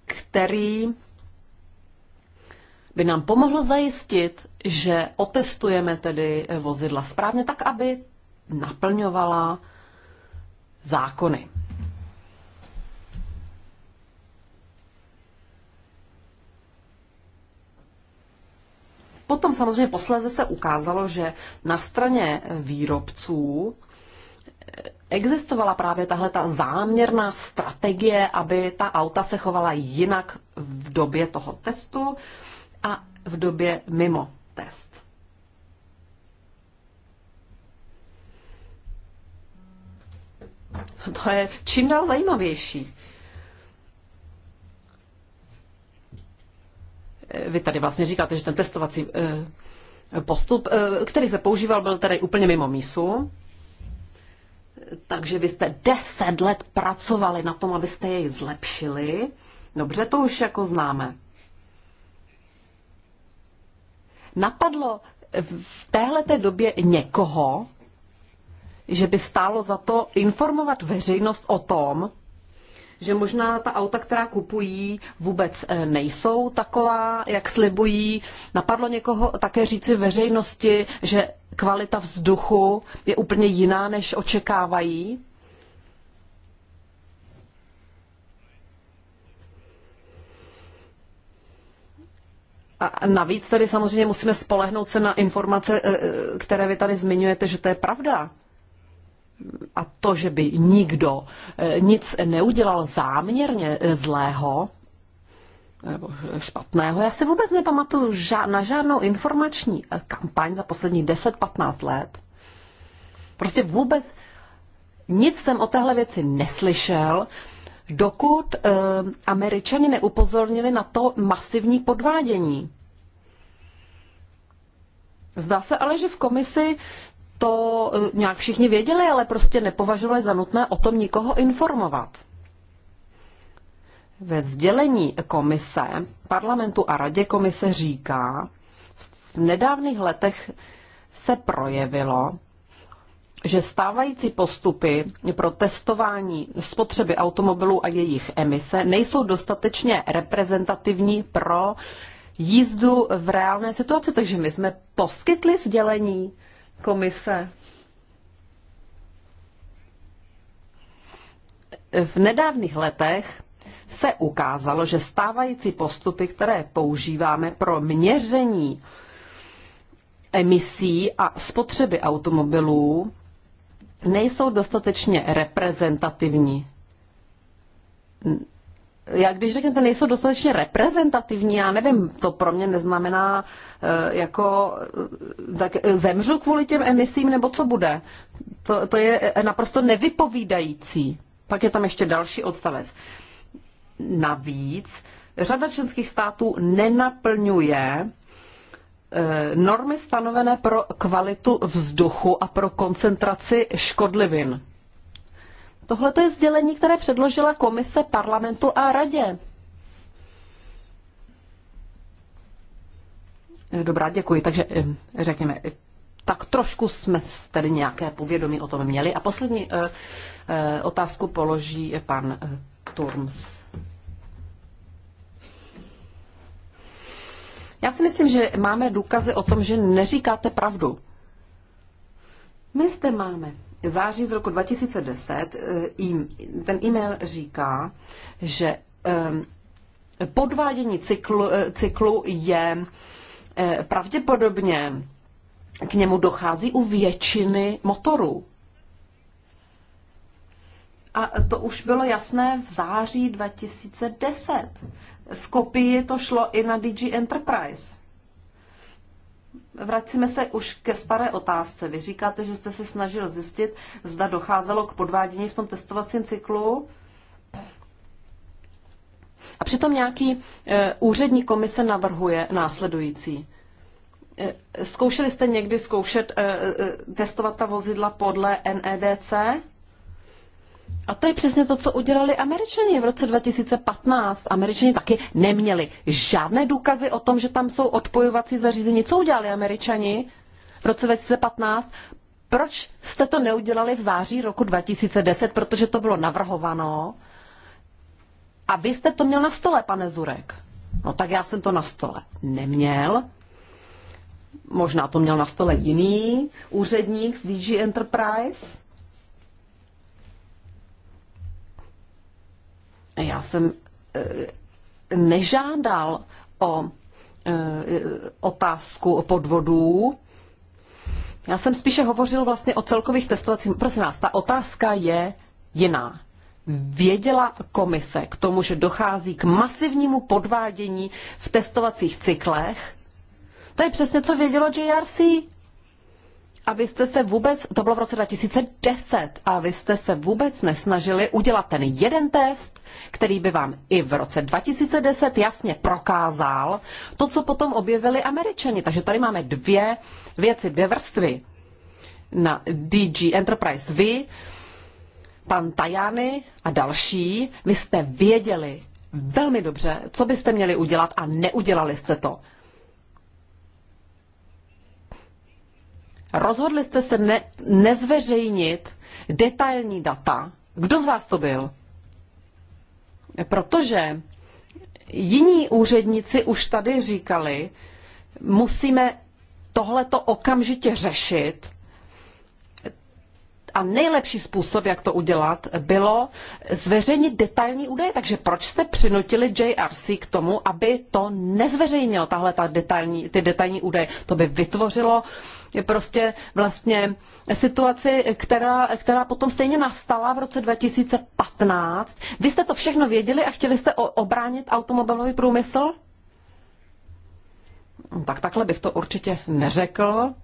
který by nám pomohl zajistit, že otestujeme tedy vozidla správně tak, aby naplňovala zákony. Potom samozřejmě posléze se ukázalo, že na straně výrobců existovala právě tahle ta záměrná strategie, aby ta auta se chovala jinak v době toho testu a v době mimo test. To je čím dál zajímavější. Vy tady vlastně říkáte, že ten testovací eh, postup, eh, který se používal, byl tady úplně mimo mísu. Takže vy jste deset let pracovali na tom, abyste jej zlepšili. Dobře, to už jako známe. Napadlo v téhleté době někoho, že by stálo za to informovat veřejnost o tom, že možná ta auta, která kupují, vůbec e, nejsou taková, jak slibují. Napadlo někoho také říci veřejnosti, že kvalita vzduchu je úplně jiná, než očekávají? A navíc tady samozřejmě musíme spolehnout se na informace, e, e, které vy tady zmiňujete, že to je pravda a to, že by nikdo eh, nic neudělal záměrně zlého, nebo špatného. Já si vůbec nepamatuju na žádnou informační eh, kampaň za poslední 10-15 let. Prostě vůbec nic jsem o téhle věci neslyšel, dokud eh, američani neupozornili na to masivní podvádění. Zdá se ale, že v komisi to e, nějak všichni věděli, ale prostě nepovažovali za nutné o tom nikoho informovat. Ve sdělení komise, parlamentu a radě komise říká, v nedávných letech se projevilo, že stávající postupy pro testování spotřeby automobilů a jejich emise nejsou dostatečně reprezentativní pro jízdu v reálné situaci. Takže my jsme poskytli sdělení komise v nedávných letech se ukázalo, že stávající postupy, které používáme pro měření emisí a spotřeby automobilů, nejsou dostatečně reprezentativní já když že nejsou dostatečně reprezentativní, já nevím, to pro mě neznamená eh, jako, eh, tak zemřu kvůli těm emisím, nebo co bude. To, to je eh, naprosto nevypovídající. Pak je tam ještě další odstavec. Navíc řada členských států nenaplňuje normy stanovené pro kvalitu vzduchu a pro koncentraci škodlivin. Tohle je sdělení, které předložila komise parlamentu a radě. Eh, dobrá, děkuji. Takže eh, řekněme, eh, tak trošku jsme tedy nějaké povědomí o tom měli. A poslední otázku položí pan Turms. Já si myslím, že máme důkazy o tom, že neříkáte pravdu. My zde máme září z roku 2010 eh, ten e-mail říká, že ehm, podvádění cyklu, eh, cyklu je eh, pravděpodobně k němu dochází u většiny motorů. A to už bylo jasné v září 2010. V kopii to šlo i na DG Enterprise. Vracíme se už ke staré otázce. Vy říkáte, že jste se snažil zjistit, zda docházelo k podvádění v tom testovacím cyklu. A přitom nějaký e, úřední komise navrhuje následující. E, zkoušeli jste někdy zkoušet e, e, testovat ta vozidla podle NEDC? A to je přesně to, co udělali američani v roce 2015. Američani taky neměli žádné důkazy o tom, že tam jsou odpojovací zařízení. Co udělali američani v roce 2015? Proč jste to neudělali v září roku 2010? Protože to bylo navrhováno. A vy jste to měl na stole, pane Zurek. No tak já jsem to na stole neměl. Možná to měl na stole jiný úředník z DG Enterprise. Já jsem eh, nežádal o eh, otázku o podvodů. Já jsem spíše hovořil vlastně o celkových testovacích. Prosím vás, ta otázka je jiná. Věděla komise k tomu, že dochází k masivnímu podvádění v testovacích cyklech? To je přesně, co vědělo JRC a vy jste se vůbec, to bylo v roce 2010, a vy jste se vůbec nesnažili udělat ten jeden test, který by vám i v roce 2010 jasně prokázal to, co potom objevili američani. Takže tady máme dvě věci, dvě vrstvy. Na DG Enterprise vy, pan Tajany a další, vy jste věděli velmi dobře, co byste měli udělat a neudělali jste to. Rozhodli jste se ne, nezveřejnit detailní data. Kdo z vás to byl? Protože jiní úředníci už tady říkali, musíme tohleto okamžitě řešit, a nejlepší způsob, jak to udělat, bylo zveřejnit detailní údaje. Takže proč jste přinutili JRC k tomu, aby to nezveřejnil, tahle ta detailní, ty detailní údaje? To by vytvořilo prostě vlastně situaci, která, která potom stejně nastala v roce 2015. Vy jste to všechno věděli a chtěli jste obránit automobilový průmysl? Tak takhle bych to určitě neřekl.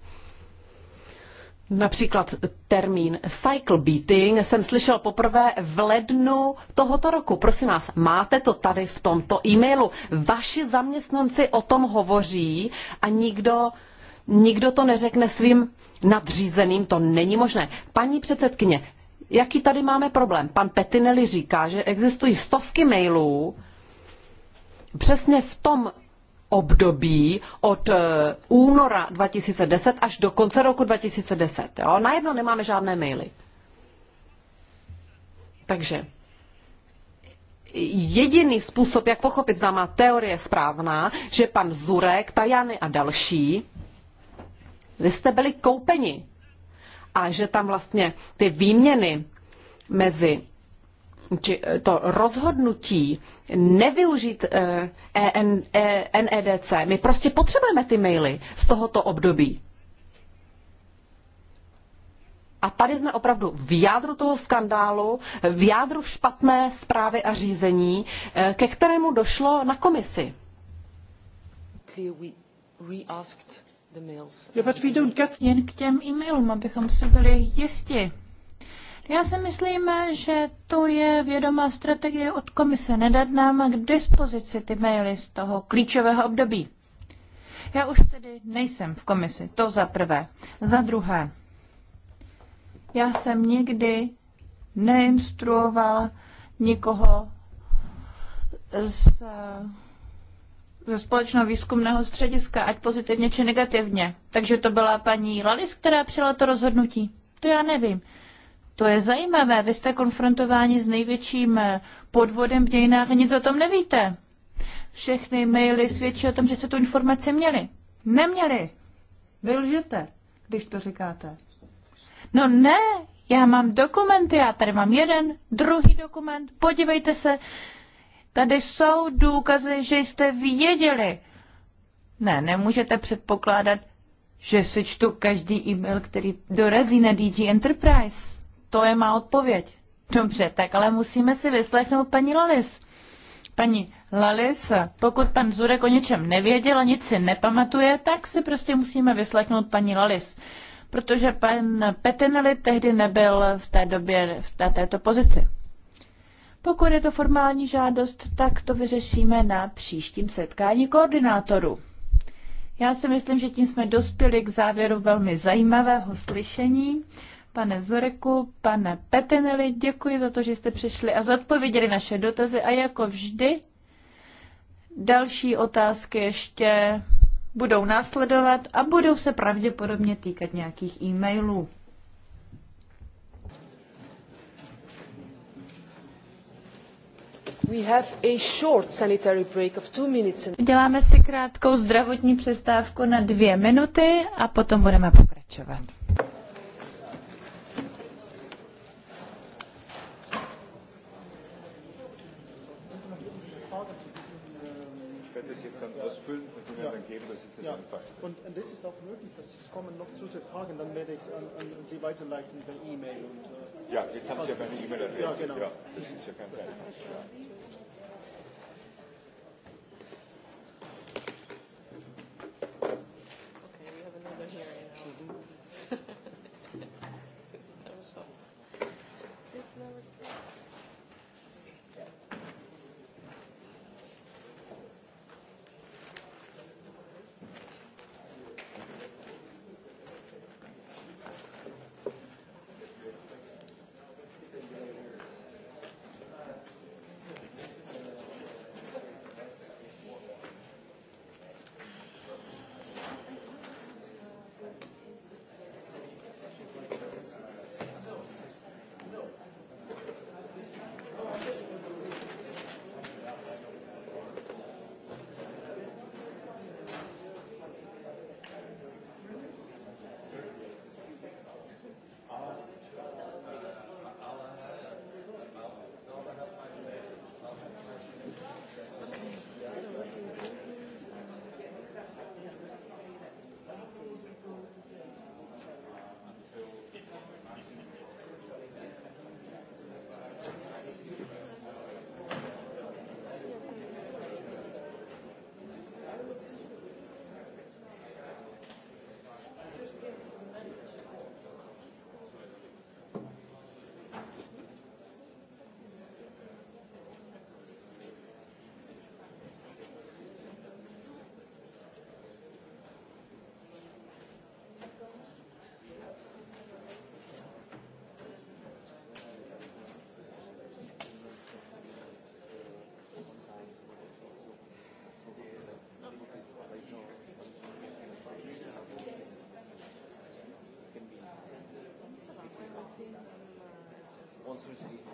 Například termín cycle beating jsem slyšel poprvé v lednu tohoto roku. Prosím vás, máte to tady v tomto e-mailu. Vaši zaměstnanci o tom hovoří a nikdo, nikdo to neřekne svým nadřízeným. To není možné. Paní předsedkyně, jaký tady máme problém? Pan Petinelli říká, že existují stovky mailů přesně v tom období od eh, února 2010 až do konce roku 2010. Jo? Najednou nemáme žádné maily. Takže jediný způsob, jak pochopit, zda má teorie správná, že pan Zurek, Tajany a další, vy jste byli koupeni. A že tam vlastně ty výměny mezi či eh, to rozhodnutí nevyužít eh, e NEDC, e my prostě potřebujeme ty maily z tohoto období. A tady jsme opravdu v jádru toho skandálu, v jádru špatné zprávy a řízení, eh, ke kterému došlo na komisi. Jen k těm e-mailům, abychom si byli jisti. Já si myslím, že to je vědomá strategie od komise nedat nám k dispozici ty maily z toho klíčového období. Já už tedy nejsem v komisi, to za prvé. Za druhé, já jsem nikdy neinstruoval nikoho z, ze společného výzkumného střediska, ať pozitivně či negativně. Takže to byla paní Lalis, která přijala to rozhodnutí. To já nevím. To je zajímavé, vy jste konfrontováni s největším eh, podvodem v dějinách a nic o tom nevíte. Všechny maily svědčí o tom, že se tu informace měli. Neměli. Vy lžete, když to říkáte. No ne, já mám dokumenty, já tady mám jeden, druhý dokument, podívejte se, tady jsou důkazy, že jste věděli. Ne, nemůžete předpokládat, že si čtu každý e-mail, který dorazí na DG Enterprise. To je má odpověď. Dobře, tak ale musíme si vyslechnout paní Lalis. Paní Lalis, pokud pan Zurek o něčem nevěděl a nic si nepamatuje, tak si prostě musíme vyslechnout paní Lalis. Protože pan Petinelli tehdy nebyl v té době v té, této pozici. Pokud je to formální žádost, tak to vyřešíme na příštím setkání koordinátorů. Já si myslím, že tím jsme dospěli k závěru velmi zajímavého slyšení pane Zoreku, pane Petinelli, děkuji za to, že jste přišli a zodpověděli naše dotazy a jako vždy další otázky ještě budou následovat a budou se pravděpodobně týkat nějakých e-mailů. Uděláme si krátkou zdravotní přestávku na dvě minuty a potom budeme pokračovat. Und, und äh, es ist auch möglich, dass es kommen noch zu den Fragen, dann werde ich es an, an Sie weiterleiten per E-Mail. äh, ja, jetzt haben Sie ja meine E-Mail-Adresse. Ja, genau. Ja, das ist ja kein Zeitpunkt. Ja. once we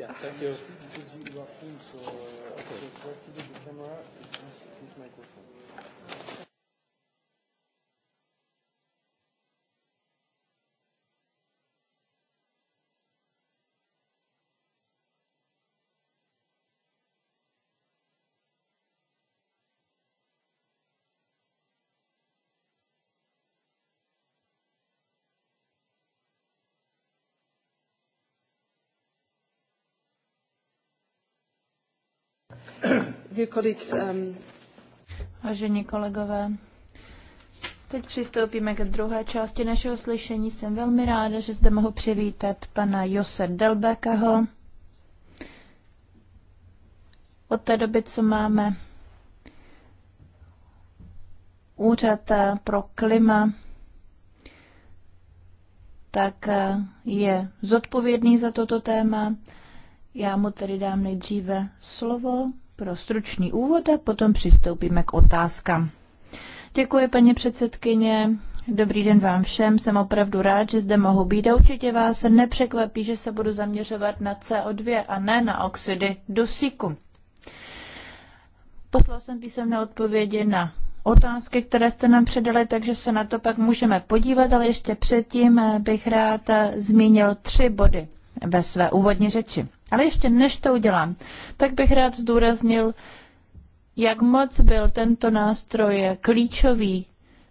Yeah, thank you. Because you, are so, uh, okay. so to the camera, this, this microphone. Ehm, Vážení kolegové, teď přistoupíme k druhé části našeho slyšení. Jsem velmi ráda, že zde mohu přivítat pana Jose Delbekaho. Od té doby, co máme úřad eh, pro klima, tak eh, je zodpovědný za toto téma. Já mu tedy dám nejdříve slovo pro stručný úvod a potom přistoupíme k otázkám. Děkuji, paní předsedkyně. Dobrý den vám všem, jsem opravdu rád, že zde mohu být a určitě vás nepřekvapí, že se budu zaměřovat na CO2 a ne na oxidy dusíku. Poslal jsem písemné odpovědi na otázky, které jste nám předali, takže se na to pak můžeme podívat, ale ještě předtím bych rád zmínil tři body ve své úvodní řeči. Ale ještě než to udělám, tak bych rád zdůraznil, jak moc byl tento nástroj klíčový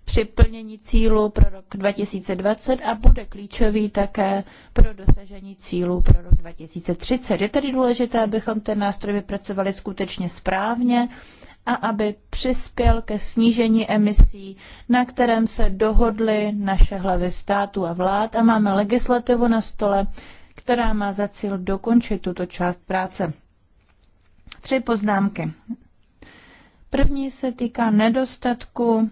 při plnění cílu pro rok 2020 a bude klíčový také pro dosažení cílů pro rok 2030. Je tedy důležité, abychom ten nástroj vypracovali skutečně správně a aby přispěl ke snížení emisí, na kterém se dohodly naše hlavy států a vlád a máme legislativu na stole, která má za cíl dokončit tuto část práce. Tři poznámky. První se týká nedostatku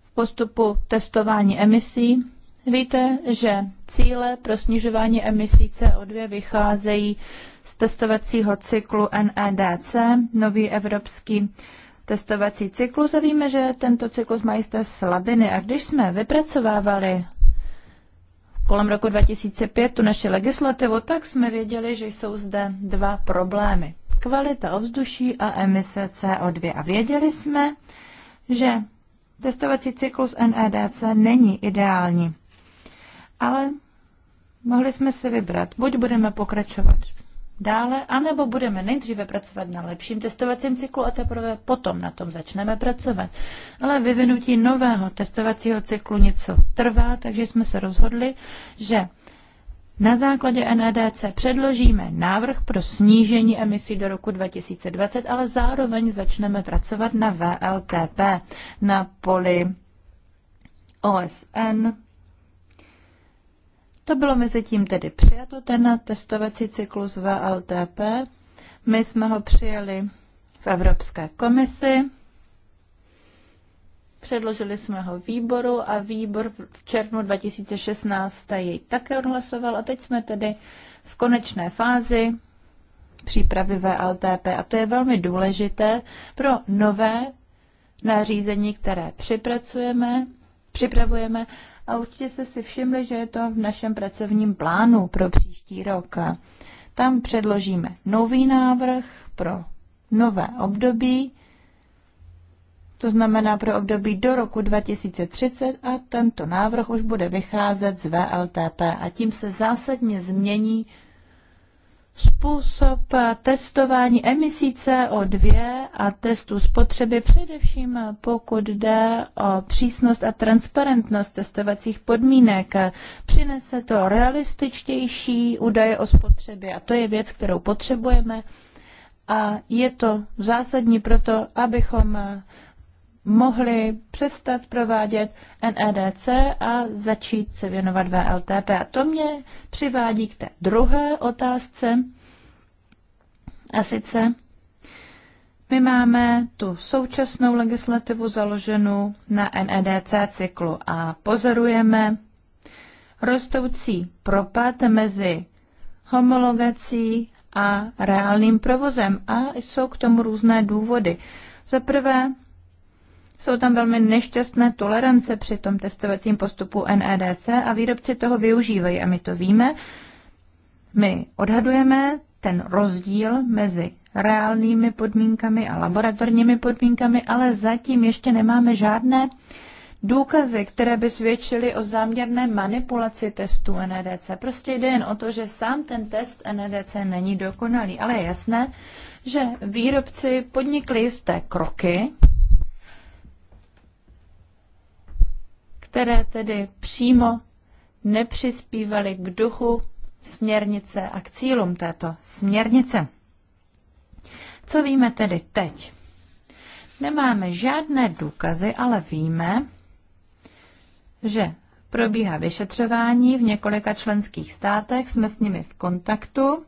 v postupu testování emisí. Víte, že cíle pro snižování emisí CO2 vycházejí z testovacího cyklu NEDC, nový evropský testovací cyklus a víme, že tento cyklus má jisté slabiny. A když jsme vypracovávali kolem roku 2005 tu naši legislativu, tak jsme věděli, že jsou zde dva problémy. Kvalita ovzduší a emise CO2. A věděli jsme, že testovací cyklus NEDC není ideální. Ale mohli jsme si vybrat, buď budeme pokračovat dále, anebo budeme nejdříve pracovat na lepším testovacím cyklu a teprve potom na tom začneme pracovat. Ale vyvinutí nového testovacího cyklu něco trvá, takže jsme se rozhodli, že na základě NEDC předložíme návrh pro snížení emisí do roku 2020, ale zároveň začneme pracovat na VLTP, na poli OSN, to bylo mezi tím tedy přijato, ten testovací cyklus VLTP. My jsme ho přijeli v Evropské komisi, předložili jsme ho výboru a výbor v červnu 2016 jej také odhlasoval a teď jsme tedy v konečné fázi přípravy VLTP a to je velmi důležité pro nové nařízení, které připracujeme, připravujeme a určitě jste si všimli, že je to v našem pracovním plánu pro příští rok. Tam předložíme nový návrh pro nové období, to znamená pro období do roku 2030 a tento návrh už bude vycházet z VLTP a tím se zásadně změní způsob testování emisí CO2 a testu spotřeby, především pokud jde o přísnost a transparentnost testovacích podmínek. Přinese to realističtější údaje o spotřebě a to je věc, kterou potřebujeme a je to zásadní proto, abychom mohli přestat provádět NEDC a začít se věnovat VLTP. A to mě přivádí k té druhé otázce. A sice my máme tu současnou legislativu založenou na NEDC cyklu a pozorujeme rostoucí propad mezi homologací a reálným provozem a jsou k tomu různé důvody. Za prvé, jsou tam velmi nešťastné tolerance při tom testovacím postupu NEDC a výrobci toho využívají a my to víme. My odhadujeme ten rozdíl mezi reálnými podmínkami a laboratorními podmínkami, ale zatím ještě nemáme žádné důkazy, které by svědčily o záměrné manipulaci testu NEDC. Prostě jde jen o to, že sám ten test NEDC není dokonalý, ale je jasné, že výrobci podnikli jisté kroky, které tedy přímo nepřispívaly k duchu směrnice a k cílům této směrnice. Co víme tedy teď? Nemáme žádné důkazy, ale víme, že probíhá vyšetřování v několika členských státech, jsme s nimi v kontaktu,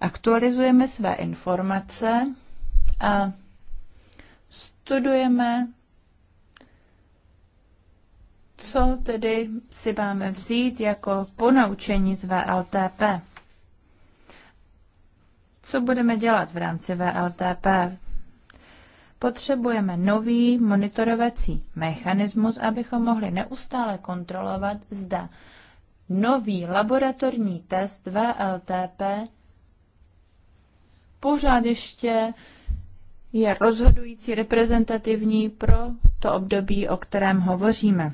aktualizujeme své informace a studujeme co tedy si máme vzít jako ponaučení z VLTP? Co budeme dělat v rámci VLTP? Potřebujeme nový monitorovací mechanismus, abychom mohli neustále kontrolovat, zda nový laboratorní test VLTP pořád ještě je rozhodující reprezentativní pro to období, o kterém hovoříme.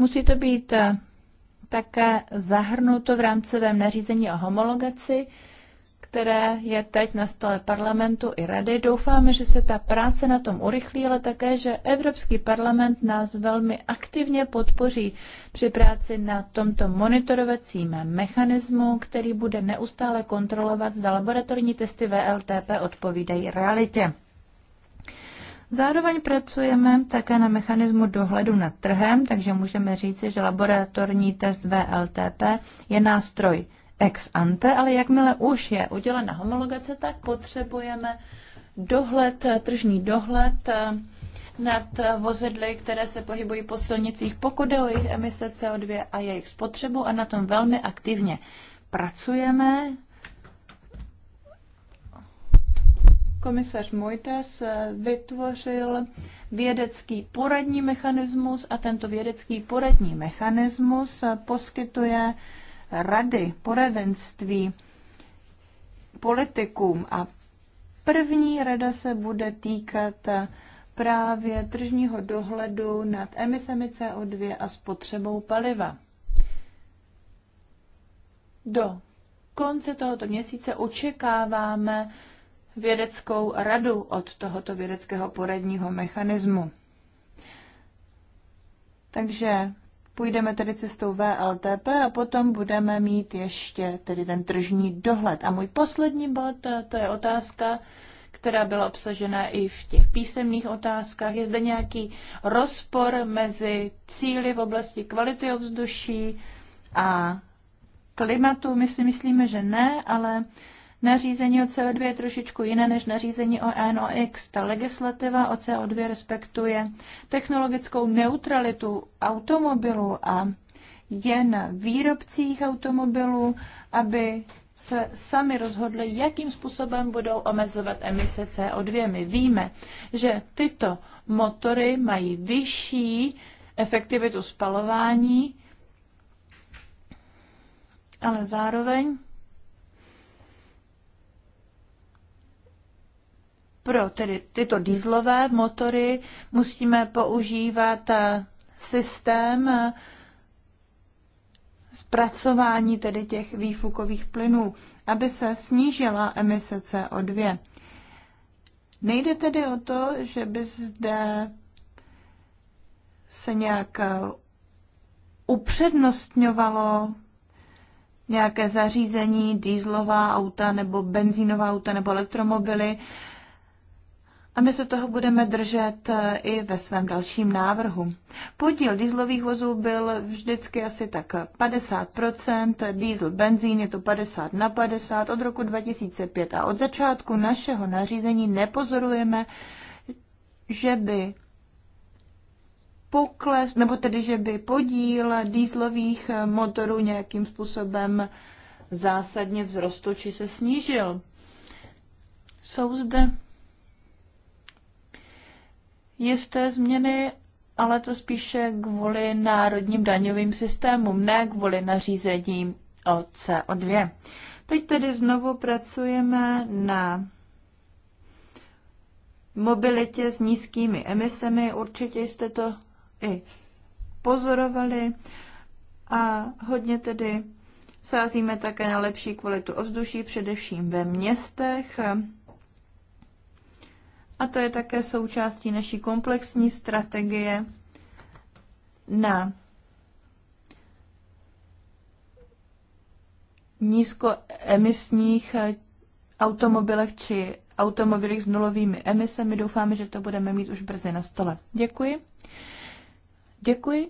Musí to být eh, také zahrnuto v rámcovém nařízení o homologaci, které je teď na stole parlamentu i rady. Doufáme, že se ta práce na tom urychlí, ale také, že Evropský parlament nás velmi aktivně podpoří při práci na tomto monitorovacím mechanismu, který bude neustále kontrolovat, zda laboratorní testy VLTP odpovídají realitě. Zároveň pracujeme také na mechanismu dohledu nad trhem, takže můžeme říci, že laboratorní test VLTP je nástroj ex ante, ale jakmile už je udělena homologace, tak potřebujeme dohled, tržní dohled eh, nad vozidly, které se pohybují po silnicích, pokud jde o jejich emise CO2 a jejich spotřebu a na tom velmi aktivně pracujeme. komisař Mojtas eh, vytvořil vědecký poradní mechanismus a tento vědecký poradní mechanismus poskytuje rady, poradenství politikům a první rada se bude týkat právě tržního dohledu nad emisemi CO2 a spotřebou paliva. Do konce tohoto měsíce očekáváme vědeckou radu od tohoto vědeckého poradního mechanismu. Takže půjdeme tedy cestou VLTP a potom budeme mít ještě tedy ten tržní dohled. A můj poslední bod, to je otázka, která byla obsažena i v těch písemných otázkách. Je zde nějaký rozpor mezi cíly v oblasti kvality ovzduší a klimatu? My si myslíme, že ne, ale Nařízení o CO2 je trošičku jiné než nařízení o NOx. Ta legislativa o CO2 respektuje technologickou neutralitu automobilů a je na výrobcích automobilů, aby se sami rozhodli, jakým způsobem budou omezovat emise CO2. My víme, že tyto motory mají vyšší efektivitu spalování, ale zároveň pro tedy tyto dýzlové motory musíme používat eh, systém eh, zpracování tedy těch výfukových plynů, aby se snížila emise CO2. Nejde tedy o to, že by zde se nějak eh, upřednostňovalo nějaké zařízení, dýzlová auta nebo benzínová auta nebo elektromobily, a my se toho budeme držet eh, i ve svém dalším návrhu. Podíl dýzlových vozů byl vždycky asi tak 50%, dýzl, benzín je to 50 na 50 od roku 2005 a od začátku našeho nařízení nepozorujeme, že by pokles, nebo tedy, že by podíl dýzlových eh, motorů nějakým způsobem zásadně vzrostl či se snížil. Jsou zde jisté změny, ale to spíše kvůli národním daňovým systémům, ne kvůli nařízením o CO2. Teď tedy znovu pracujeme na mobilitě s nízkými emisemi. Určitě jste to i pozorovali a hodně tedy sázíme také na lepší kvalitu ovzduší, především ve městech. A to je také součástí naší komplexní strategie na nízkoemisních eh, automobilech či automobilech s nulovými emisemi. Doufáme, že to budeme mít už brzy na stole. Děkuji. Děkuji.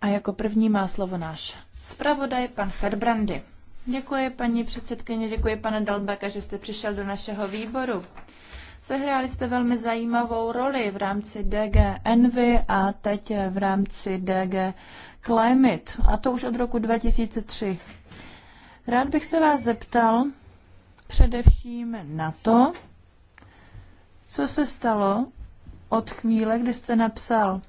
A jako první má slovo náš zpravodaj, pan Herbrandy. Děkuji, paní předsedkyně, děkuji, pane Dalbeka, že jste přišel do našeho výboru. Sehráli jste velmi zajímavou roli v rámci DG Envy a teď v rámci DG Climate, a to už od roku 2003. Rád bych se vás zeptal především na to, co se stalo od chvíle, kdy jste napsal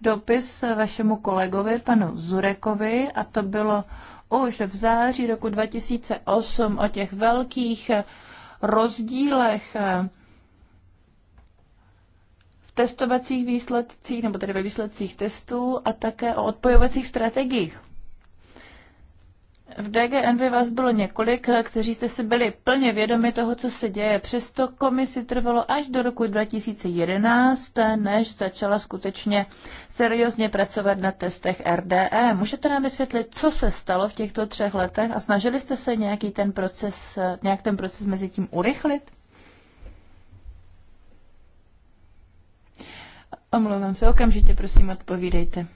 dopis vašemu kolegovi, panu Zurekovi, a to bylo už v září roku 2008 o těch velkých rozdílech testovacích výsledcích, nebo tedy ve výsledcích testů a také o odpojovacích strategiích. V DGNV vás bylo několik, kteří jste si byli plně vědomi toho, co se děje. Přesto komisi trvalo až do roku 2011, než začala skutečně seriózně pracovat na testech RDE. Můžete nám vysvětlit, co se stalo v těchto třech letech a snažili jste se nějaký ten proces, nějak ten proces mezi tím urychlit? Omlouvám se, okamžitě prosím odpovídejte.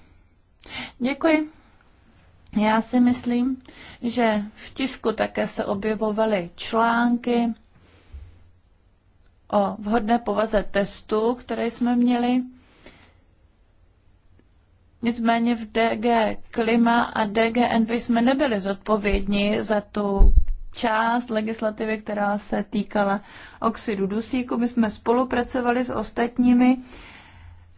Děkuji. Já si myslím, že v tisku také se objevovaly články o vhodné povaze testů, které jsme měli. Nicméně v DG Klima a DG Envy jsme nebyli zodpovědní za tu část legislativy, která se týkala oxidu dusíku. My jsme spolupracovali s ostatními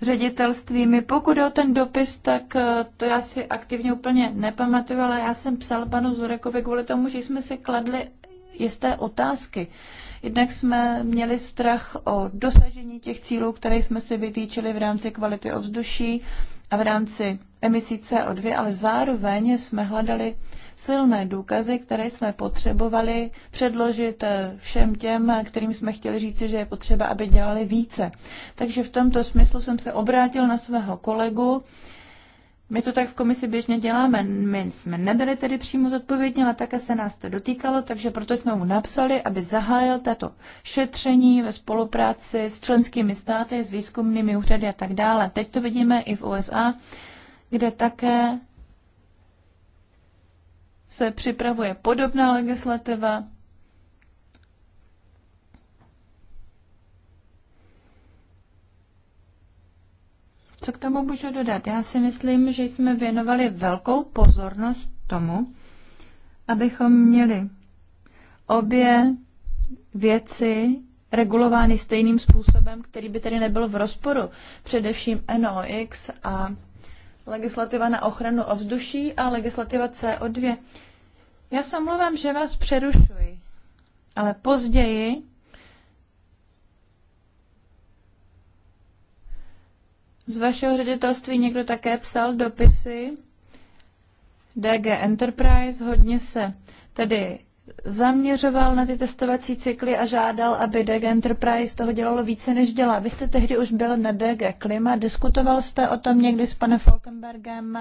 ředitelstvími. Pokud o ten dopis, tak eh, to já si aktivně úplně nepamatuju, ale já jsem psal panu Zurekovi kvůli tomu, že jsme si kladli jisté otázky. Jednak jsme měli strach o dosažení těch cílů, které jsme si vytýčili v rámci kvality ovzduší a v rámci emisí CO2, ale zároveň jsme hledali silné důkazy, které jsme potřebovali předložit eh, všem těm, eh, kterým jsme chtěli říci, že je potřeba, aby dělali více. Takže v tomto smyslu jsem se obrátil na svého kolegu. My to tak v komisi běžně děláme. My jsme nebyli tedy přímo zodpovědní, ale také se nás to dotýkalo, takže proto jsme mu napsali, aby zahájil tato šetření ve spolupráci s členskými státy, s výzkumnými úřady a tak dále. Teď to vidíme i v USA, kde také se připravuje podobná legislativa. Co k tomu můžu dodat? Já si myslím, že jsme věnovali velkou pozornost tomu, abychom měli obě věci regulovány stejným způsobem, který by tedy nebyl v rozporu. Především NOx a legislativa na ochranu ovzduší a legislativa CO2. Já se omluvám, že vás přerušuji, ale později z vašeho ředitelství někdo také psal dopisy DG Enterprise, hodně se tedy zaměřoval na ty testovací cykly a žádal, aby DG Enterprise toho dělalo více, než dělá. Vy jste tehdy už byl na DG Klima, diskutoval jste o tom někdy s panem Falkenbergem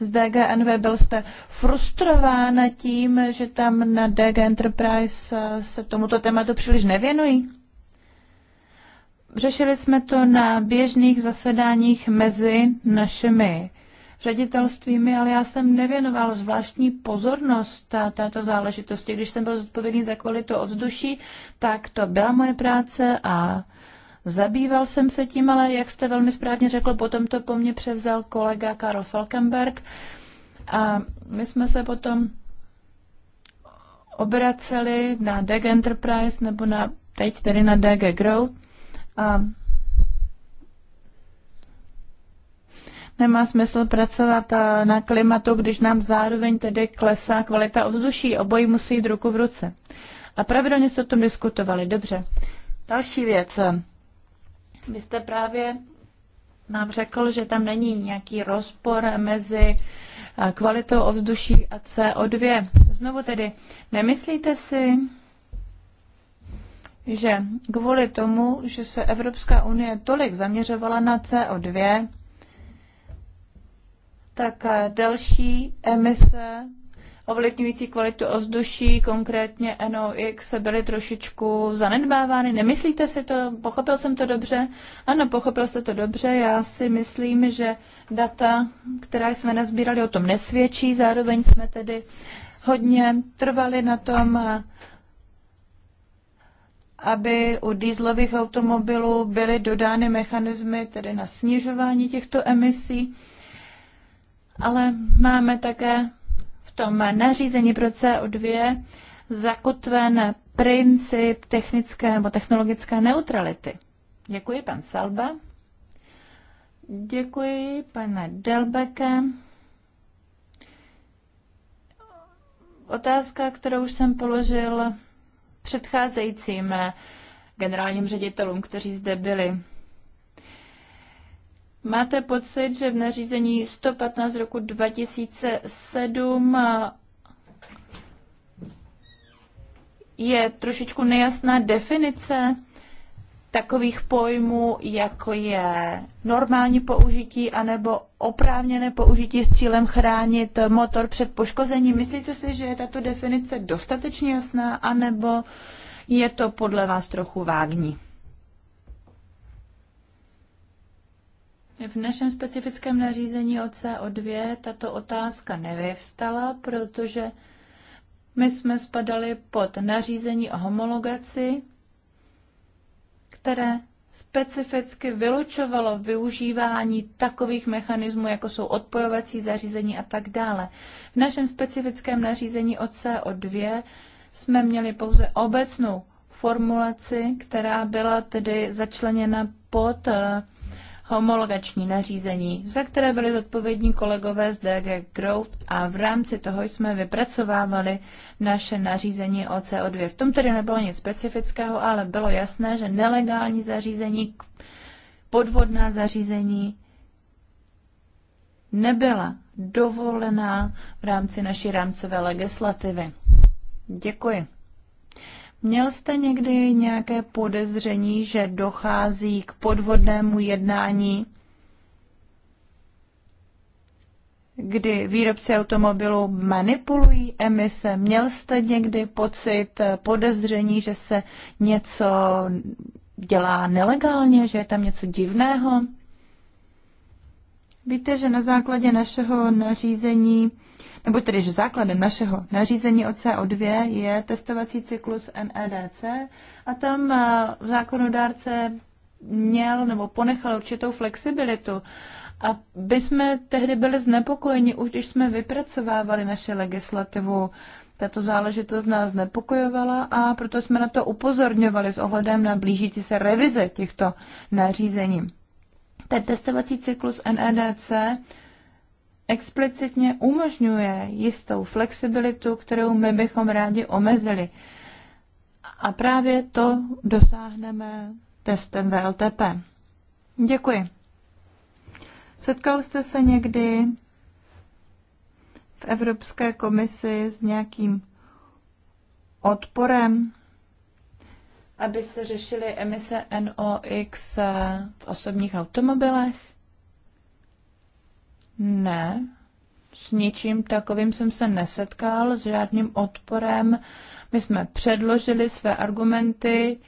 z DGNV? byl jste frustrován tím, že tam na DG Enterprise eh, se tomuto tématu příliš nevěnují? Řešili jsme to na běžných zasedáních mezi našimi ředitelstvími, ale já jsem nevěnoval zvláštní pozornost této záležitosti. Když jsem byl zodpovědný za kvalitu ovzduší, tak to byla moje práce a Zabýval jsem se tím, ale jak jste velmi správně řekl, potom to po mně převzal kolega Karl Falkenberg a my jsme se potom obraceli na Deg Enterprise nebo na, teď tedy na DG Growth a Nemá smysl pracovat eh, na klimatu, když nám zároveň tedy klesá kvalita ovzduší. Obojí musí jít ruku v ruce. A pravidelně jste o tom diskutovali. Dobře. Další věc. Vy jste právě nám řekl, že tam není nějaký rozpor mezi eh, kvalitou ovzduší a CO2. Znovu tedy, nemyslíte si, že kvůli tomu, že se Evropská unie tolik zaměřovala na CO2, tak eh, další emise ovlivňující kvalitu ovzduší, konkrétně NOx, byly trošičku zanedbávány. Nemyslíte si to? Pochopil jsem to dobře? Ano, pochopil jste to dobře. Já si myslím, že data, která jsme nazbírali, o tom nesvědčí. Zároveň jsme tedy hodně trvali na tom, eh, aby u dýzlových automobilů byly dodány mechanismy tedy na snižování těchto emisí ale máme také v tom nařízení pro CO2 zakotven princip technické nebo technologické neutrality. Děkuji, pan Salba. Děkuji, pane Delbeke. Otázka, kterou už jsem položil předcházejícím generálním ředitelům, kteří zde byli. Máte pocit, že v nařízení 115 roku 2007 je trošičku nejasná definice takových pojmů, jako je normální použití anebo oprávněné použití s cílem chránit motor před poškozením. Myslíte si, že je tato definice dostatečně jasná, anebo je to podle vás trochu vágní? V našem specifickém nařízení o CO2 tato otázka nevyvstala, protože my jsme spadali pod nařízení o homologaci, které specificky vylučovalo využívání takových mechanismů, jako jsou odpojovací zařízení a tak dále. V našem specifickém nařízení o CO2 jsme měli pouze obecnou formulaci, která byla tedy začleněna pod eh, homologační nařízení, za které byli zodpovědní kolegové z DG Growth a v rámci toho jsme vypracovávali naše nařízení o CO2. V tom tedy nebylo nic specifického, ale bylo jasné, že nelegální zařízení, podvodná zařízení nebyla dovolená v rámci naší rámcové legislativy. Děkuji. Měl jste někdy nějaké podezření, že dochází k podvodnému jednání, kdy výrobci automobilů manipulují emise? Měl jste někdy pocit podezření, že se něco dělá nelegálně, že je tam něco divného? Víte, že na základě našeho nařízení nebo tedy, že základem našeho nařízení o CO2 je testovací cyklus NEDC a tam eh, zákonodárce měl nebo ponechal určitou flexibilitu. A by jsme tehdy byli znepokojeni, už když jsme vypracovávali naše legislativu, tato záležitost nás znepokojovala a proto jsme na to upozorňovali s ohledem na blížící se revize těchto nařízení. Ten testovací cyklus NEDC explicitně umožňuje jistou flexibilitu, kterou my bychom rádi omezili. A právě to dosáhneme testem VLTP. Děkuji. Setkal jste se někdy v Evropské komisi s nějakým odporem, aby se řešily emise NOx v osobních automobilech? Ne, s ničím takovým jsem se nesetkal, s žádným odporem. My jsme předložili své argumenty,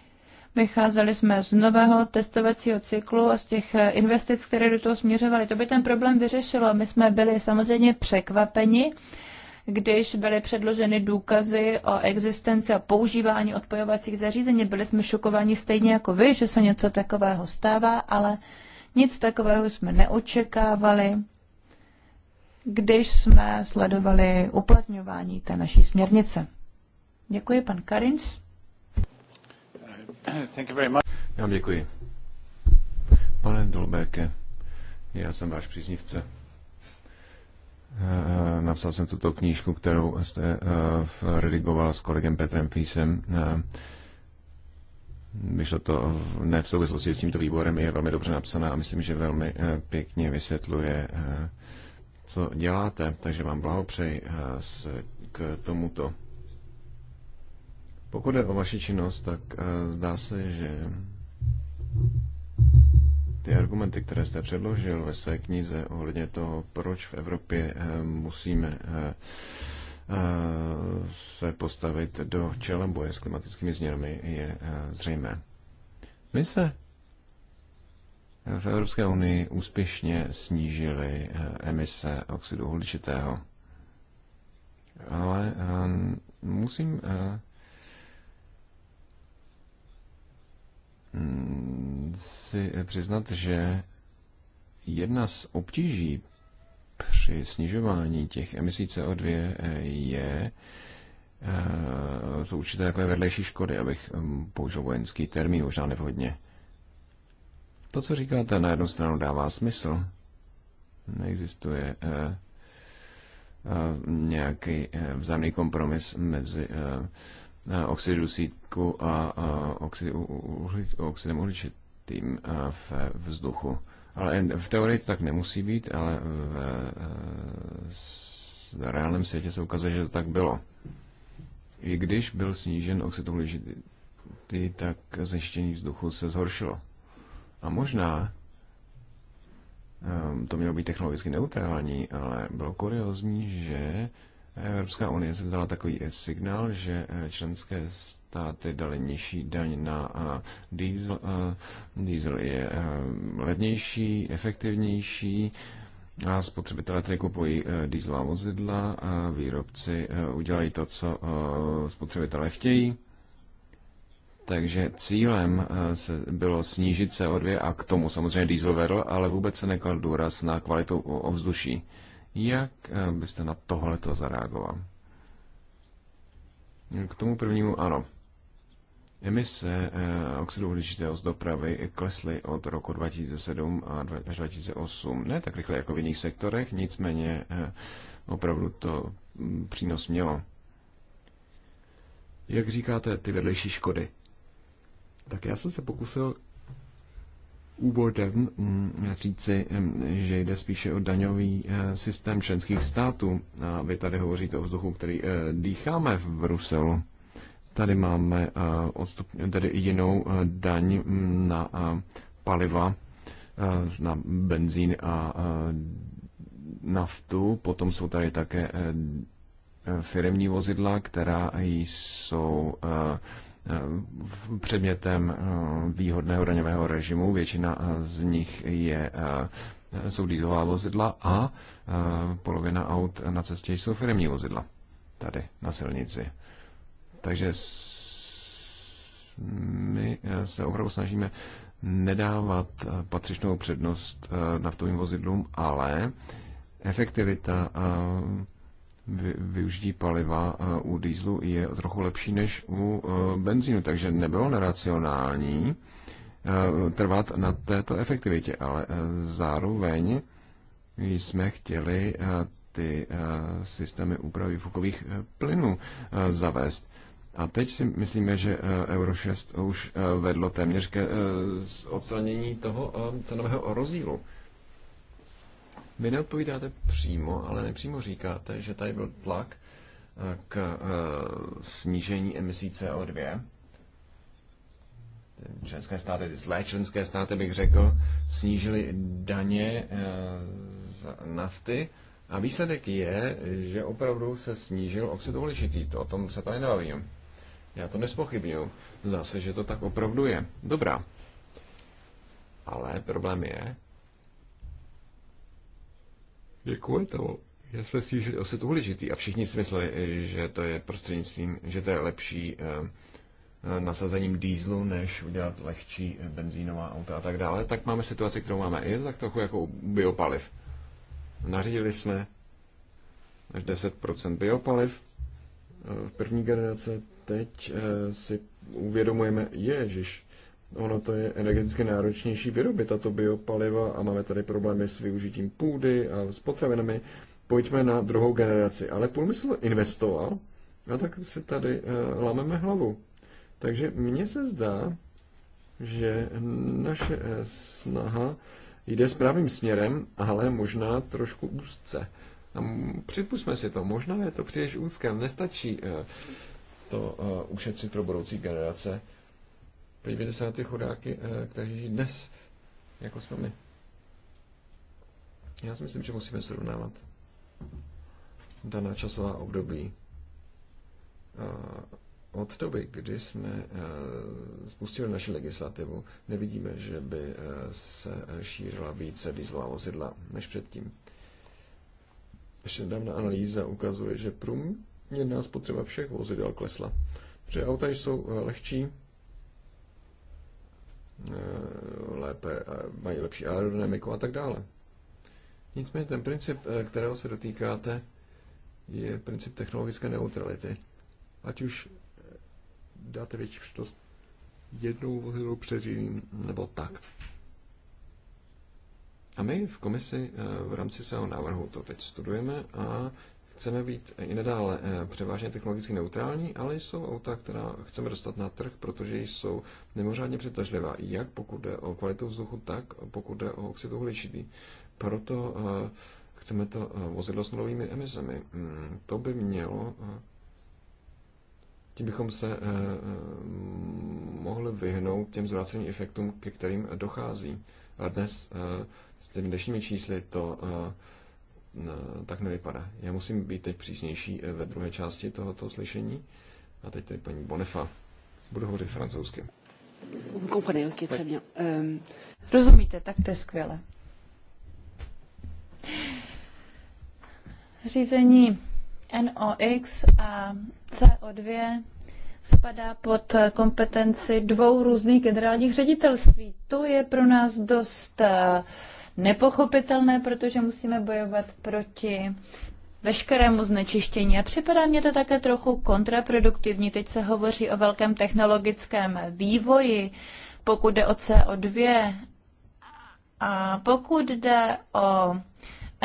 vycházeli jsme z nového testovacího cyklu a z těch eh, investic, které do toho směřovaly. To by ten problém vyřešilo. My jsme byli samozřejmě překvapeni, když byly předloženy důkazy o existenci a používání odpojovacích zařízení. Byli jsme šokováni stejně jako vy, že se něco takového stává, ale nic takového jsme neočekávali když jsme sledovali uplatňování té naší směrnice. Děkuji, pan Karins. Já vám děkuji. Pane Dolbéke, já jsem váš příznivce. Eh, napsal jsem tuto knížku, kterou jste eh, redigoval s kolegem Petrem Físem. Eh, vyšlo to ne v souvislosti s tímto výborem, je velmi dobře napsaná a myslím, že velmi pěkně vysvětluje co děláte, takže vám blahopřeji eh, k tomuto. Pokud je o vaši činnost, tak eh, zdá se, že ty argumenty, které jste předložil ve své knize ohledně toho, proč v Evropě eh, musíme se postavit do čela boje s klimatickými změnami, je zřejmé. My se v Evropské unii úspěšně snížili eh, emise oxidu uhličitého. Ale eh, musím eh, mm, si přiznat, že jedna z obtíží při snižování těch emisí CO2 je, jsou určité takové vedlejší škody, abych mm, použil vojenský termín, možná nevhodně. To, co říkáte, na jednu stranu dává smysl. Neexistuje eh, eh nějaký eh, vzájemný kompromis mezi eh, oxidu sítku a oxidem uhličitým v vzduchu. Ale v teorii to tak nemusí být, ale v reálném světě se ukazuje, že to tak bylo. I když byl snížen oxid uhličitý, tak zjištění vzduchu se zhoršilo. A možná ehm, to mělo být technologicky neutrální, ale bylo kuriozní, že Evropská unie se vzala takový signál, že eh, členské státy dali nižší daň na diesel. Diesel je ehm, levnější, efektivnější a spotřebitelé tedy kupují eh, dieselová vozidla a výrobci eh, udělají to, co spotřebitelé chtějí. Takže cílem eh, bylo snížit CO2 a k tomu samozřejmě diesel vedl, ale vůbec se neklad důraz na kvalitu ovzduší. Jak eh, byste na tohle to zareagoval? K tomu prvnímu ano. Emise eh, oxidu uhličitého z dopravy klesly od roku 2007 až 2008. Ne tak rychle jako v jiných sektorech, nicméně opravdu to mm, přínos mělo. Jak říkáte, ty vedlejší škody? Tak já jsem se pokusil úvodem mm, říci, mm, že jde spíše o daňový eh, systém členských států. A vy tady hovoříte o vzduchu, který eh, dýcháme v Bruselu. Tady máme eh, odstup, tady jinou daň mm, na paliva, na benzín a naftu. Potom jsou tady také firmní vozidla, která jsou uh, předmětem eh, výhodného daňového režimu. Většina eh, z nich je, jsou eh, dýzová vozidla a polovina aut na cestě jsou firmní vozidla tady na silnici. Takže my se opravdu snažíme nedávat patřičnou přednost naftovým vozidlům, ale efektivita využití paliva eh, u dýzlu je trochu lepší než u eh, benzínu, takže nebylo neracionální eh, trvat na této efektivitě, ale zároveň jsme chtěli ty systémy úpravy fukových plynů zavést. A teď si myslíme, že Euro 6 už vedlo téměř ke odstranění toho cenového rozdílu. Vy neodpovídáte přímo, ale nepřímo říkáte, že tady byl tlak eh, k eh, snížení emisí CO2. Členské státy, zlé členské státy bych řekl, snížily daně eh, z nafty a výsledek je, že opravdu se snížil oxid uhličitý. To, o tom se tady nebavím. Já to nespochybnuju. Zase, že to tak opravdu je. Dobrá. Ale problém je, je kvůli tomu, že jsme snížili osvětu důležitý a všichni si mysleli, že to je prostřednictvím, že to je lepší eh, eh, nasazením dýzlu, než udělat lehčí eh, benzínová auta a tak dále, tak máme situaci, kterou máme. Je to tak trochu jako biopaliv. Nařídili jsme až 10% biopaliv v první generace. Teď si uvědomujeme, ježiš, Ono to je energeticky náročnější vyrobit tato biopaliva a máme tady problémy s využitím půdy a s potravinami. Pojďme na druhou generaci. Ale půlmysl investoval a tak si tady uh, lámeme hlavu. Takže mně se zdá, že naše eh, snaha jde správným směrem, ale možná trošku úzce. A připusme si to, možná je to příliš úzké, nestačí eh, to ušetřit pro budoucí generace. Podívejte se na ty chudáky, eh, kteří žijí dnes, jako jsme my. Já si myslím, že musíme srovnávat daná časová období eh, od doby, kdy jsme eh, spustili naši legislativu, nevidíme, že by se šířila více dieselová vozidla než předtím. Ještě nedávna analýza ukazuje, že průměrná spotřeba všech vozidel klesla. Protože auta jsou lehčí, lépe, mají lepší aerodynamiku a tak dále. Nicméně ten princip, eh, kterého se dotýkáte, je princip technologické neutrality. Ať už eh, dáte větší přednost jednou vozidlu před jiným, nebo tak. A my v komisi eh, v rámci svého návrhu to teď studujeme a Chceme být i nadále eh, převážně technologicky neutrální, ale jsou auta, která chceme dostat na trh, protože jsou nemořádně přitažlivá, jak pokud jde o kvalitu vzduchu, tak pokud jde o oxid uhličitý. Proto eh, chceme to eh, vozidlo s nulovými emisemi. Hmm, to by mělo tím bychom se eh, mohli vyhnout těm zvracením efektům, ke kterým dochází. A dnes eh, s těmi dnešními čísly to eh, No, tak nevypadá. Já musím být teď přísnější eh, ve druhé části tohoto slyšení. A teď tady paní Bonefa. Budu hovořit francouzsky. Euh, Rozumíte, tak to je skvěle. Řízení NOx a CO2 spadá pod kompetenci dvou různých generálních ředitelství. To je pro nás dost uh, nepochopitelné, protože musíme bojovat proti veškerému znečištění. A připadá mě to také trochu kontraproduktivní. Teď se hovoří o velkém technologickém vývoji, pokud jde o CO2 a pokud jde o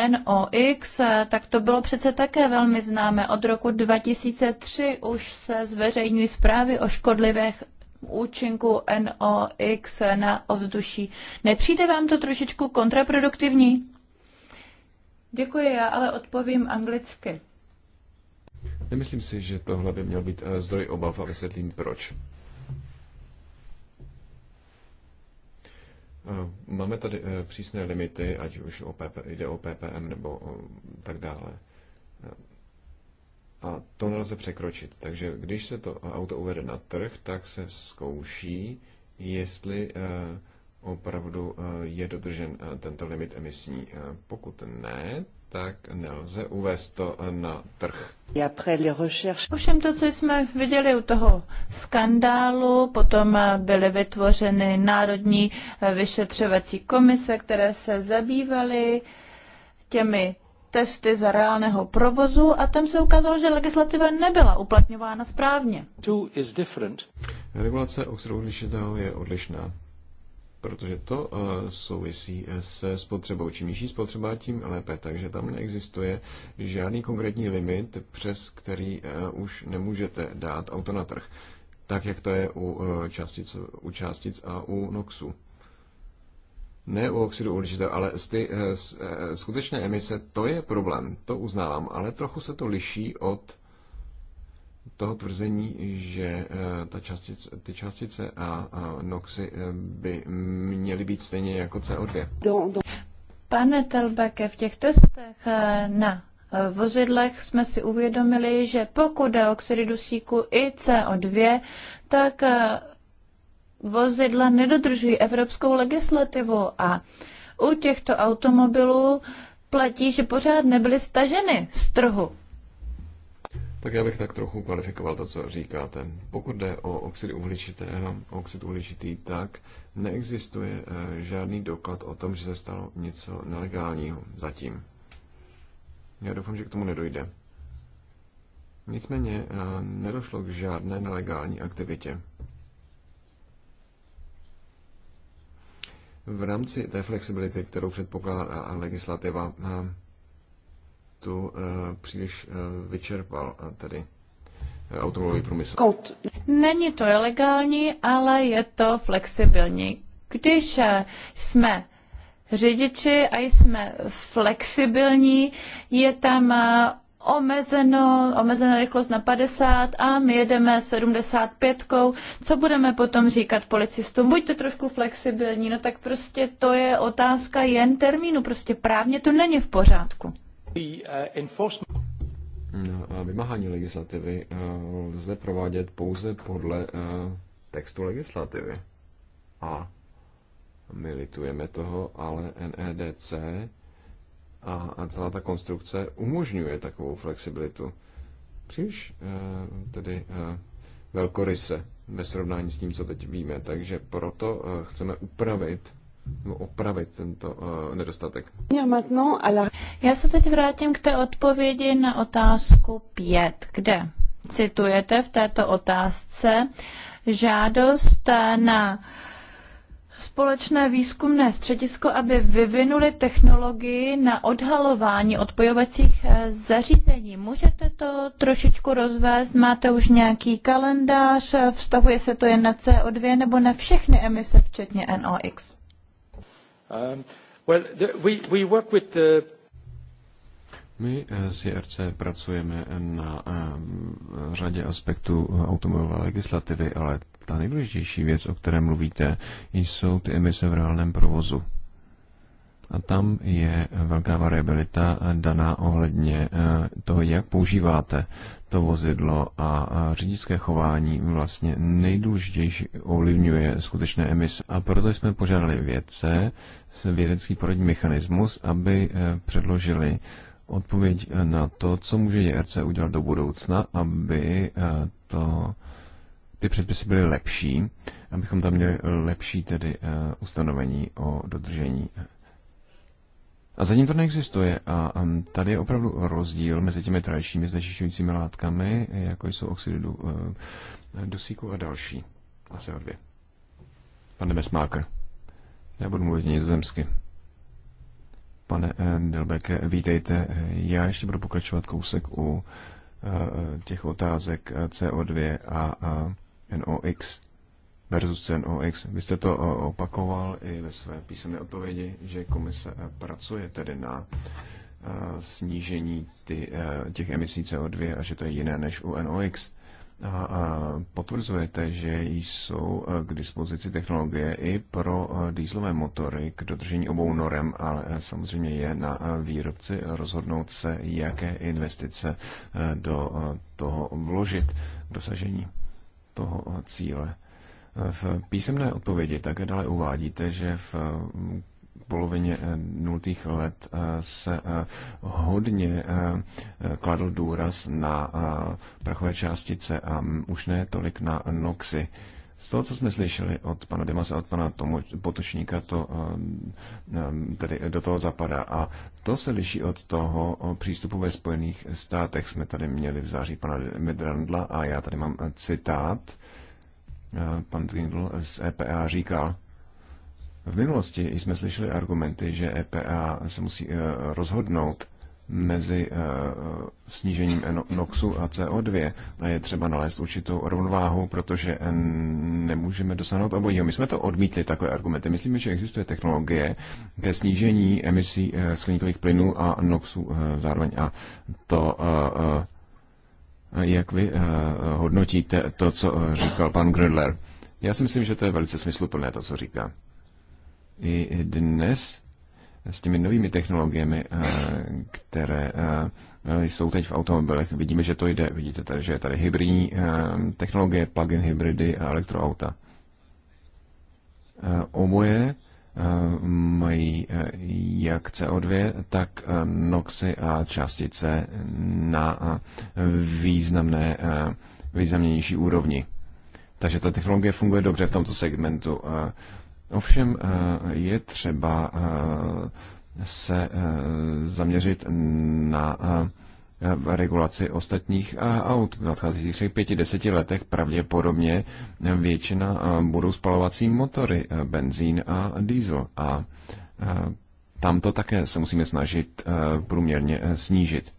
NOx, tak to bylo přece také velmi známé. Od roku 2003 už se zveřejňují zprávy o škodlivých účinku NOx na ovzduší. Nepřijde vám to trošičku kontraproduktivní? Děkuji, já ale odpovím anglicky. Nemyslím si, že tohle by měl být eh, zdroj obav a vysvětlím proč. Eh, máme tady eh, přísné limity, ať už o PP, jde o PPM nebo o tak dále. A to nelze překročit. Takže když se to auto uvede na trh, tak se zkouší, jestli eh, opravdu eh, je dodržen eh, tento limit emisní. Pokud ne, tak nelze uvést to na trh. Ovšem to, co jsme viděli u toho skandálu, potom byly vytvořeny národní vyšetřovací komise, které se zabývaly těmi testy za reálného provozu a tam se ukázalo, že legislativa nebyla uplatňována správně. Regulace oxidu uhličitého je odlišná, protože to eh, souvisí eh, se spotřebou. Čím nižší spotřeba, tím lépe, takže tam neexistuje žádný konkrétní limit, přes který eh, už nemůžete dát auto na trh, tak jak to je u částic, u částic a u NOXu ne u oxidu uhličitého, ale z ty eh, eh, skutečné emise, to je problém, to uznávám, ale trochu se to liší od toho tvrzení, že eh, ta častice, ty částice a, a noxy by měly být stejně jako CO2. Pane Telbeke, v těch testech na vozidlech jsme si uvědomili, že pokud je oxidy dusíku i CO2, tak vozidla nedodržují evropskou legislativu a u těchto automobilů platí, že pořád nebyly staženy z trhu. Tak já bych tak trochu kvalifikoval to, co říkáte. Pokud jde o oxid uhličitého, oxid uhličitý, tak neexistuje eh, žádný doklad o tom, že se stalo něco nelegálního zatím. Já doufám, že k tomu nedojde. Nicméně eh, nedošlo k žádné nelegální aktivitě. V rámci té flexibility, kterou předpokládá legislativa, tu e, příliš e, vyčerpal tedy e, automobilový průmysl. Není to ilegální, ale je to flexibilní. Když jsme řidiči a jsme flexibilní, je tam omezeno, omezena rychlost na 50 a my jedeme 75. Co budeme potom říkat policistům? Buďte trošku flexibilní, no tak prostě to je otázka jen termínu, prostě právně to není v pořádku. Uh, no, vymáhání legislativy uh, lze provádět pouze podle uh, textu legislativy. A my litujeme toho, ale NEDC a celá ta konstrukce umožňuje takovou flexibilitu. Příliš eh, tedy eh, velkoryse ve srovnání s tím, co teď víme. Takže proto eh, chceme upravit nebo opravit tento uh, nedostatek. Já se teď vrátím k té odpovědi na otázku 5, kde citujete v této otázce žádost na uh, společné výzkumné středisko, aby vyvinuli technologii na odhalování odpojovacích eh, zařízení. Můžete to trošičku rozvést? Máte už nějaký kalendář? Eh, Vztahuje se to jen na CO2 nebo na všechny emise, včetně NOx? Um, well, the, we, we work with the... My s eh, IRC pracujeme na řadě aspektů automobilové legislativy, ale ta nejdůležitější věc, o které mluvíte, jsou ty emise v reálném provozu. A tam je velká variabilita daná ohledně eh, toho, jak používáte to vozidlo a řidičské chování vlastně nejdůležitější ovlivňuje skutečné emise. A proto jsme požádali vědce, vědecký poradní mechanismus, aby eh, předložili odpověď na to, co může JRC udělat do budoucna, aby eh, to ty předpisy byly lepší, abychom tam měli lepší tedy eh, ustanovení o dodržení. A zatím to neexistuje a tady je opravdu rozdíl mezi těmi tradičními znečišťujícími látkami, jako jsou oxidy eh, dusíku a další. A CO2. Pane Besmáker, já budu mluvit nizozemsky. Pane eh, Delbeke, vítejte. Já ještě budu pokračovat kousek u těch otázek CO2 a, a NOx versus NOx. Vy jste to eh, opakoval i ve své písemné odpovědi, že komise eh, pracuje tedy na eh, snížení ty, těch emisí CO2 a že to je jiné než u NOx. A, potvrzujete, že jsou k dispozici technologie i pro dýzlové motory k dodržení obou norem, ale samozřejmě je na výrobci rozhodnout se, jaké investice do toho vložit k dosažení toho cíle. V písemné odpovědi také dále uvádíte, že v polovině eh, nultých let eh, se eh, hodně kladl důraz na prachové částice a už ne tolik na noxy. Z toho, co jsme slyšeli od pana Demasa a od pana Tomu, Potočníka, to eh, eh, tedy do toho zapadá. A to se liší od toho eh, přístupu ve Spojených státech. Jsme tady měli v září pana Medrandla a já tady mám citát. Pan Trindl z EPA říkal, v minulosti jsme slyšeli argumenty, že EPA se musí rozhodnout, mezi eh, snížením NOxu a CO2 a je třeba nalézt určitou rovnováhu, protože eh, nemůžeme dosáhnout obojího. My jsme to odmítli, takové argumenty. Myslíme, že existuje technologie ke snížení emisí eh, skleníkových plynů a NOxu zároveň. A to jak vy hodnotíte to, co říkal pan Grödler? Já si myslím, že to je velice smysluplné, to, co říká. I dnes s těmi novými technologiemi, eh, které eh, jsou teď v automobilech. Vidíme, že to jde. Vidíte tady, že je tady hybridní eh, technologie, plug-in hybridy a elektroauta. Oboje mají jak CO2, tak noxy a částice na významné, významnější úrovni. Takže ta technologie funguje dobře v tomto segmentu. Ovšem eh, je třeba eh, se eh, zaměřit na regulaci ostatních aut. V nadcházejících pěti, deseti letech pravděpodobně většina budou spalovací motory, benzín a diesel. A tam to také se musíme snažit průměrně snížit.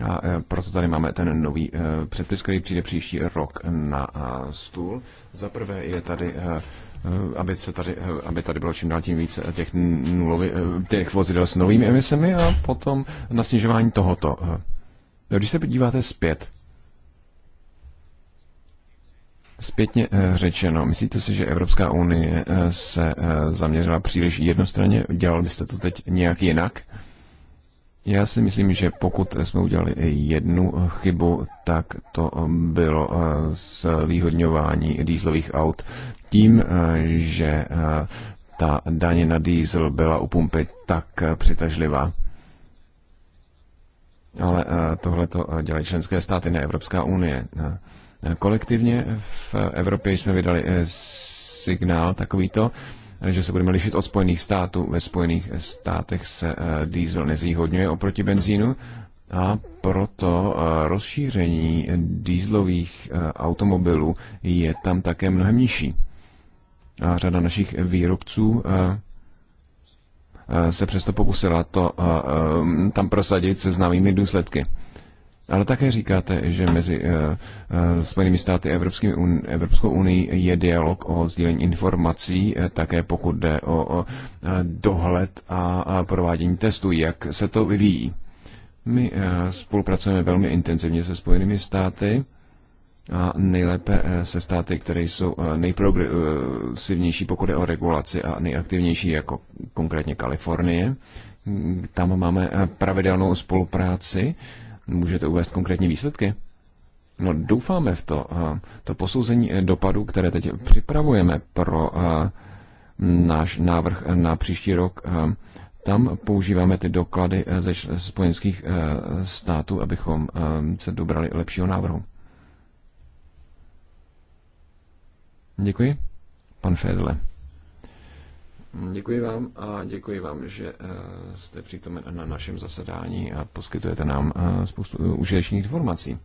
A e, proto tady máme ten nový e, předpis, který přijde příští rok na e, stůl. Za prvé je tady aby, se tady, aby tady bylo čím dál tím více těch, nulovi, těch vozidel s novými emisemi a potom na snižování tohoto. No, když se podíváte zpět, Zpětně řečeno, myslíte si, že Evropská unie se zaměřila příliš jednostranně? Dělal byste to teď nějak jinak? Já si myslím, že pokud jsme udělali jednu chybu, tak to bylo s eh, výhodňování dýzlových aut tím, eh, že eh, ta daně na dýzl byla u pumpy tak přitažlivá. Ale tohle to dělají členské státy, ne Evropská unie. Kolektivně v Evropě jsme vydali signál takovýto, že se budeme lišit od Spojených států. Ve Spojených státech se eh, diesel nezvýhodňuje oproti benzínu a proto eh, rozšíření dýzlových eh, automobilů je tam také mnohem nižší. A řada našich výrobců se přesto pokusila to tam prosadit se známými důsledky. Ale také říkáte, že mezi eh, eh, Spojenými státy a Evropskou unii je dialog o sdílení informací, eh, také pokud jde o dohled a provádění testů. Jak se to vyvíjí? My spolupracujeme velmi intenzivně se Spojenými státy a nejlépe se státy, které jsou nejprogresivnější, pokud je o regulaci a nejaktivnější, jako konkrétně Kalifornie. Tam máme pravidelnou spolupráci Můžete uvést konkrétní výsledky? No, doufáme v to. Eh, to posouzení eh, dopadu, které teď připravujeme pro eh, náš návrh na příští rok, tam používáme ty doklady ze spojenských států, abychom se dobrali lepšího návrhu. Děkuji. Pan Fedle. Děkuji vám a děkuji vám, že eh, jste přítomen na našem zasedání a poskytujete nám eh, spoustu eh, užitečných informací.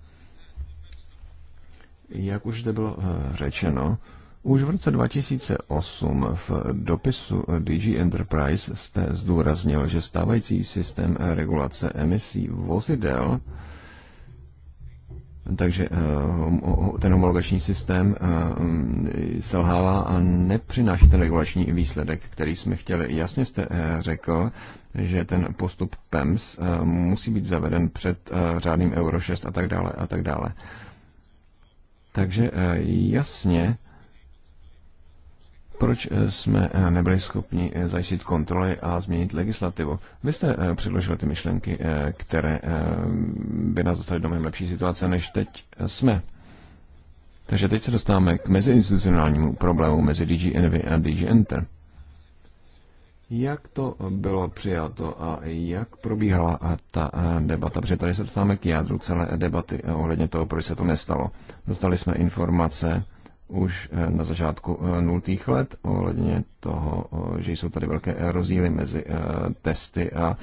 Jak už zde bylo řečeno, už v roce 2008 v dopisu DG Enterprise jste zdůraznil, že stávající systém regulace emisí vozidel takže eh, ten homologační systém eh, mm, selhává a nepřináší ten regulační výsledek, který jsme chtěli. Jasně jste eh, řekl, že ten postup PEMS musí být zaveden před řádným Euro 6 a tak dále a tak dále. Takže jasně, proč jsme nebyli schopni zajistit kontroly a změnit legislativu. Vy jste předložili ty myšlenky, které by nás dostali do mnohem lepší situace, než teď jsme. Takže teď se dostáváme k meziinstitucionálnímu problému mezi DG Envy a DG Enter. Jak to bylo přijato a jak probíhala ta eh, debata? Protože tady se dostáváme k jádru celé debaty eh, ohledně toho, proč se to nestalo. Dostali jsme informace už eh, na začátku nultých let ohledně toho, že jsou tady velké rozdíly mezi testy a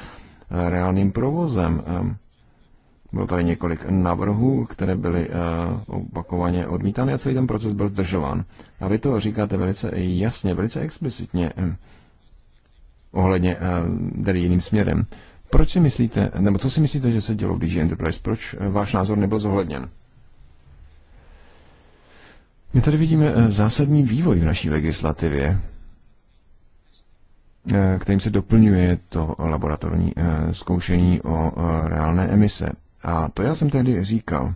reálným provozem. Ehm, bylo tady několik návrhů, které byly eh, opakovaně odmítány a celý ten proces byl zdržován. A vy to říkáte velice jasně, velice explicitně eh, ohledně eh, tedy jiným směrem. Proč si myslíte, nebo co si myslíte, že se dělo v DG Enterprise? Proč váš názor nebyl zohledněn? My tady vidíme zásadní vývoj v naší legislativě, kterým se doplňuje to laboratorní zkoušení o reálné emise. A to já jsem tehdy říkal.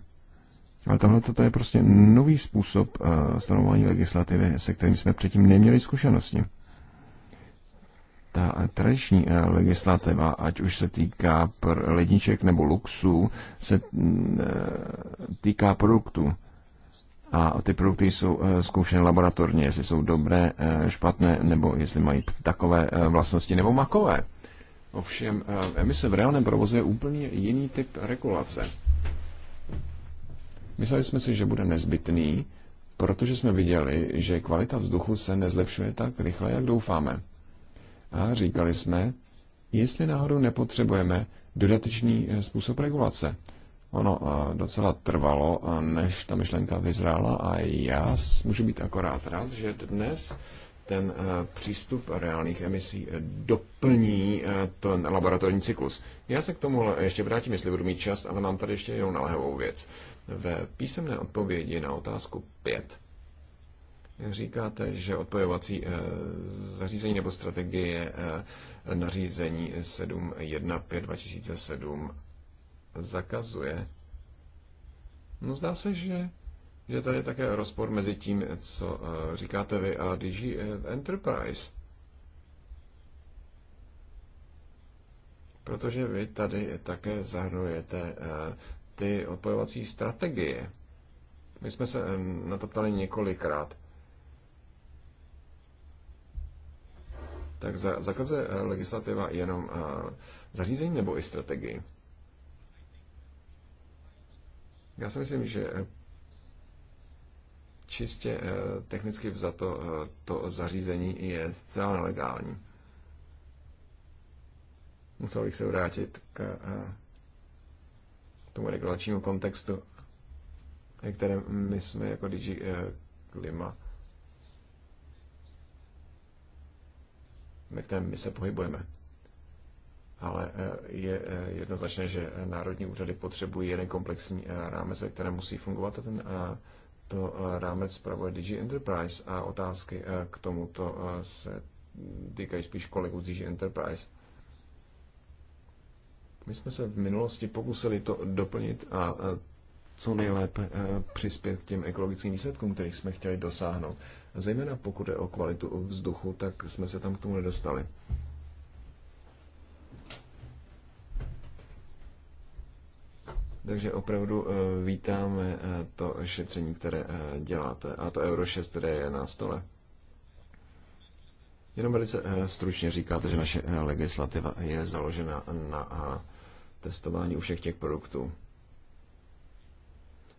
Ale tohle to je prostě nový způsob eh, stanovování legislativy, se kterým jsme předtím neměli zkušenosti. Ta eh, tradiční eh, legislativa, ať už se týká ledniček nebo luxu, se mm, týká produktů. A ty produkty jsou zkoušeny laboratorně, jestli jsou dobré, špatné, nebo jestli mají takové vlastnosti nebo makové. Ovšem eh, emise v reálném provozu je úplně jiný typ regulace. Mysleli jsme si, že bude nezbytný, protože jsme viděli, že kvalita vzduchu se nezlepšuje tak rychle, jak doufáme. A říkali jsme, jestli náhodou nepotřebujeme dodatečný eh, způsob regulace. Ono eh, docela trvalo, než ta myšlenka vyzrála a já můžu být akorát rád, že dnes ten eh, přístup reálných emisí eh, doplní eh, ten laboratorní cyklus. Já se k tomu ještě vrátím, jestli budu mít čas, ale mám tady ještě jednou nalehovou věc. Ve písemné odpovědi na otázku 5 říkáte, že odpojovací zařízení nebo strategie nařízení 715 2007 zakazuje. No zdá se, že že tady je také rozpor mezi tím, co eh, říkáte vy a DG eh, Enterprise. Protože vy tady také zahrnujete eh, ty odpojovací strategie. My jsme se na to ptali několikrát. Tak za, zakazuje legislativa jenom zařízení nebo i strategii? Já si myslím, že Čistě eh, technicky vzato eh, to zařízení je zcela nelegální. Musel bych se vrátit k eh, tomu regulačnímu kontextu, ve kterém my jsme jako DJ Klima ve kterém my se pohybujeme. Ale je jednoznačné, že národní úřady potřebují jeden komplexní rámec, ve kterém musí fungovat a ten to eh, rámec spravuje DG Enterprise a otázky eh, k tomuto eh, se týkají spíš kolegů DG Enterprise. My jsme se v minulosti pokusili to doplnit a co nejlépe přispět k těm ekologickým výsledkům, kterých jsme chtěli dosáhnout. Zejména pokud je o kvalitu vzduchu, tak jsme se tam k tomu nedostali. Takže opravdu eh, vítáme eh, to šetření, které eh, děláte a to Euro 6, které je na stole. Jenom velice stručně říkáte, že naše legislativa je založena na testování u všech těch produktů.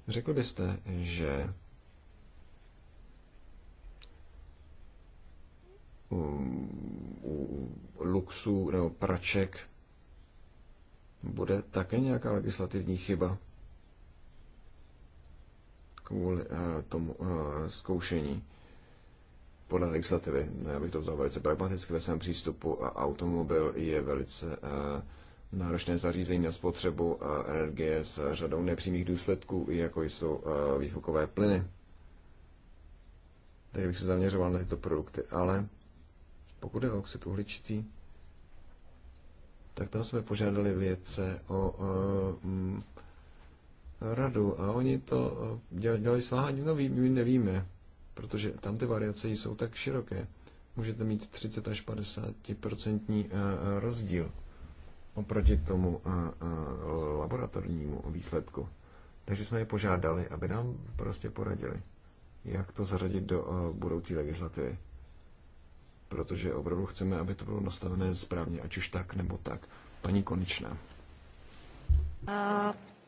Řekl byste, že u, u luxů nebo praček bude také nějaká legislativní chyba kvůli eh, tomu eh, zkoušení podle legislativy. Já bych to vzal velice pragmaticky ve svém přístupu a automobil je velice eh, náročné zařízení na spotřebu energie s řadou nepřímých důsledků, jako jsou výfukové plyny. Tady bych se zaměřoval na tyto produkty, ale pokud je o oxid uhličitý, tak tam jsme požádali vědce o uh, radu a oni to dělali sváhání, no my nevíme, protože tam ty variace jsou tak široké. Můžete mít 30 až 50 e, e, rozdíl oproti tomu e, laboratornímu výsledku. Takže jsme je požádali, aby nám prostě poradili, jak to zařadit do budoucí legislativy protože opravdu chceme, aby to bylo nastavené správně, ať už tak nebo tak. Paní Konečná.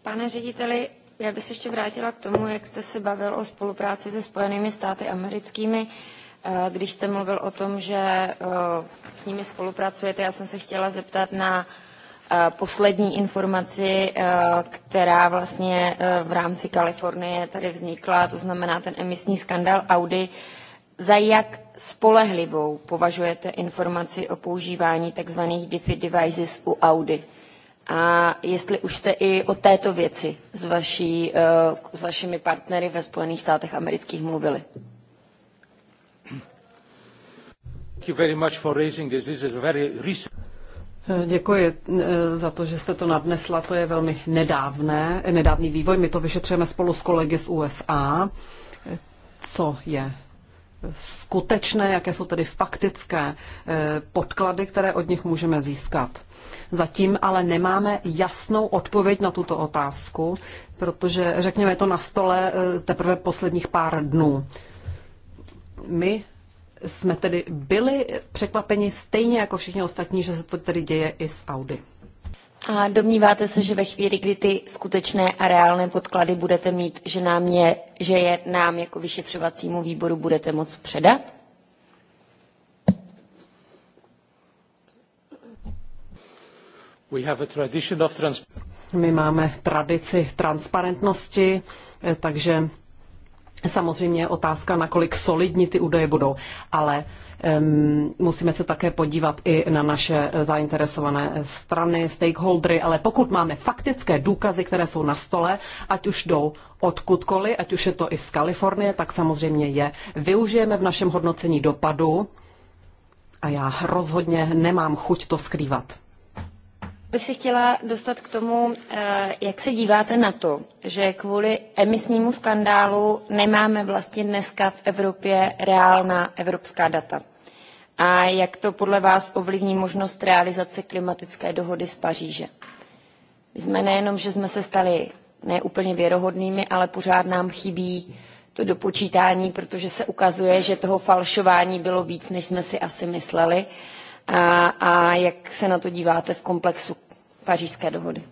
Pane řediteli, já bych se ještě vrátila k tomu, jak jste se bavil o spolupráci se Spojenými státy americkými, e, když jste mluvil o tom, že e, s nimi spolupracujete. Já jsem se chtěla zeptat na e, poslední informaci, která vlastně v rámci Kalifornie tady vznikla, to znamená ten emisní skandal Audi. Za jak spolehlivou považujete informaci o používání tzv. DeFi devices u Audi. A jestli už jste i o této věci s, vaší, eh, s vašimi partnery ve Spojených státech amerických mluvili. Eh, děkuji eh, za to, že jste to nadnesla. To je velmi nedávné, nedávný vývoj. My to vyšetřujeme spolu s kolegy z USA, co je skutečné, jaké jsou tedy faktické eh, podklady, které od nich můžeme získat. Zatím ale nemáme jasnou odpověď na tuto otázku, protože řekněme to na stole eh, teprve posledních pár dnů. My jsme tedy byli překvapeni stejně jako všichni ostatní, že se to tedy děje i s Audi. A domníváte se, že ve chvíli, kdy ty skutečné a reálné podklady budete mít, že, nám je, že je nám jako vyšetřovacímu výboru budete moc předat? My máme tradici transparentnosti, eh, takže samozřejmě je otázka, nakolik solidní ty údaje budou. Ale musíme se také podívat i na naše zainteresované strany, stakeholdery, ale pokud máme faktické důkazy, které jsou na stole, ať už jdou odkudkoliv, ať už je to i z Kalifornie, tak samozřejmě je využijeme v našem hodnocení dopadu a já rozhodně nemám chuť to skrývat. Bych se chtěla dostat k tomu, eh, jak se díváte na to, že kvůli emisnímu skandálu nemáme vlastně dneska v Evropě reálná evropská data. A jak to podle vás ovlivní možnost realizace klimatické dohody z Paříže? My jsme nejenom, že jsme se stali neúplně věrohodnými, ale pořád nám chybí to dopočítání, protože se ukazuje, že toho falšování bylo víc, než jsme si asi mysleli a, a jak se na to díváte v komplexu pařížské dohody?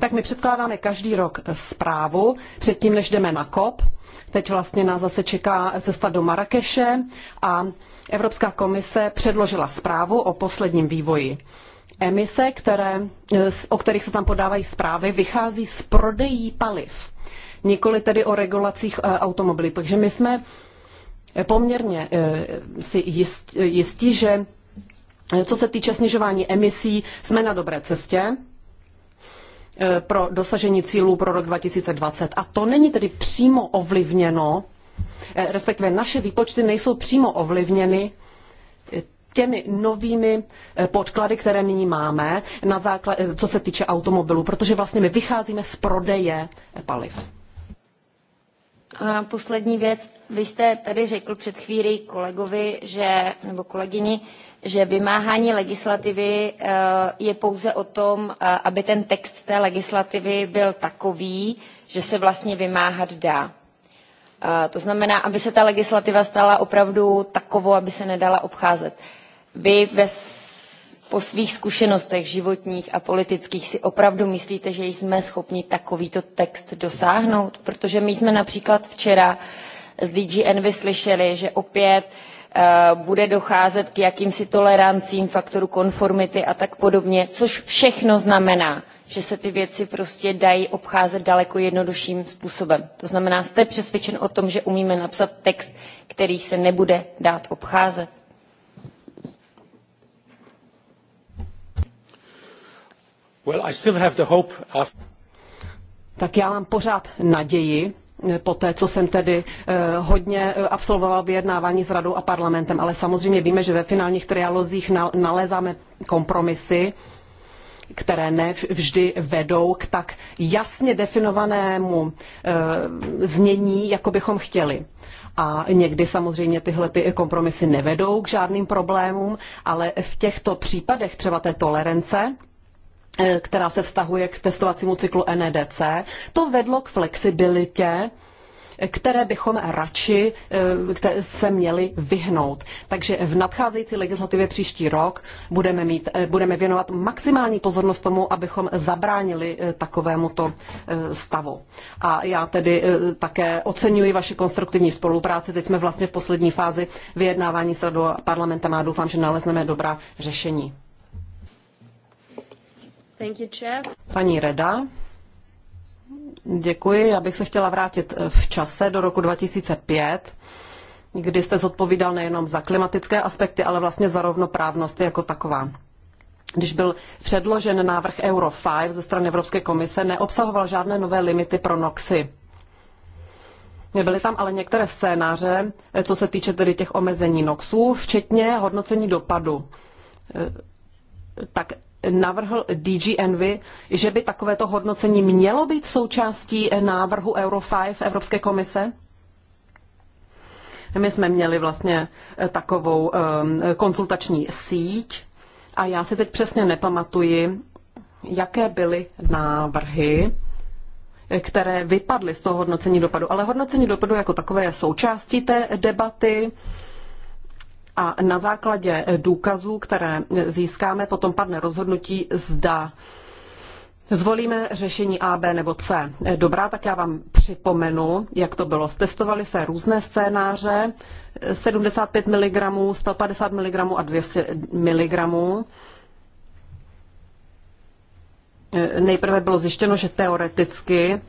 tak my předkládáme každý rok zprávu, předtím než jdeme na kop. Teď vlastně nás zase čeká cesta do Marrakeše a Evropská komise předložila zprávu o posledním vývoji. Emise, které, o kterých se tam podávají zprávy, vychází z prodejí paliv nikoli tedy o regulacích eh, automobilů. Takže my jsme eh, poměrně eh, si jist, jistí, že co se týče snižování emisí, jsme na dobré cestě pro dosažení cílů pro rok 2020. A to není tedy přímo ovlivněno, respektive naše výpočty nejsou přímo ovlivněny těmi novými podklady, které nyní máme, na základ, co se týče automobilů, protože vlastně my vycházíme z prodeje paliv poslední věc. Vy jste tady řekl před chvílí kolegovi, že, nebo kolegyni, že vymáhání legislativy eh, je pouze o tom, eh, aby ten text té legislativy byl takový, že se vlastně vymáhat dá. Eh, to znamená, aby se ta legislativa stala opravdu takovou, aby se nedala obcházet. Vy ve po svých zkušenostech životních a politických si opravdu myslíte, že jsme schopni takovýto text dosáhnout? Protože my jsme například včera z DG Envy slyšeli, že opět eh, bude docházet k jakýmsi tolerancím, faktoru konformity a tak podobně, což všechno znamená, že se ty věci prostě dají obcházet daleko jednodušším způsobem. To znamená, jste přesvědčen o tom, že umíme napsat text, který se nebude dát obcházet? Well, I still have the hope of... Tak já mám pořád naději, eh, po té, co jsem tedy eh, hodně eh, absolvoval vyjednávání s radou a parlamentem, ale samozřejmě víme, že ve finálních trialozích nalézáme kompromisy, které ne vždy vedou k tak jasně definovanému znění, jako bychom chtěli. A někdy samozřejmě tyhle ty kompromisy nevedou k žádným problémům, ale v těchto případech třeba té tolerance, Eh, která se vztahuje k testovacímu cyklu NEDC, to vedlo k flexibilitě které bychom radši eh, se měli vyhnout. Takže v nadcházející legislativě příští rok budeme, mít, eh, budeme věnovat maximální pozornost tomu, abychom zabránili takovémuto stavu. A já tedy také oceňuji vaši konstruktivní spolupráci. Teď jsme vlastně v poslední fázi vyjednávání s radou parlamentem a doufám, že nalezneme dobrá řešení. Paní Reda. Děkuji. Já bych se chtěla vrátit eh, v čase do roku 2005, kdy jste zodpovídal nejenom za klimatické aspekty, ale vlastně za rovnoprávnost jako taková. Když byl předložen návrh Euro 5 ze strany Evropské komise, neobsahoval žádné nové limity pro NOXy. Byly tam ale některé scénáře, eh, co se týče tedy těch omezení NOXů, včetně hodnocení dopadu. Eh, tak navrhl DG Envy, že by takovéto hodnocení mělo být součástí návrhu Euro 5 Evropské komise? My jsme měli vlastně eh, takovou ehm, konzultační síť a já si teď přesně nepamatuji, jaké byly návrhy, eh, které vypadly z toho hodnocení dopadu. Ale hodnocení dopadu jako takové je součástí té debaty a na základě důkazů, které získáme, potom padne rozhodnutí, zda Zvolíme řešení A, B nebo C. Dobrá, tak já vám připomenu, jak to bylo. Testovaly se různé scénáře, 75 mg, 150 mg a 200 mg. Nejprve bylo zjištěno, že teoreticky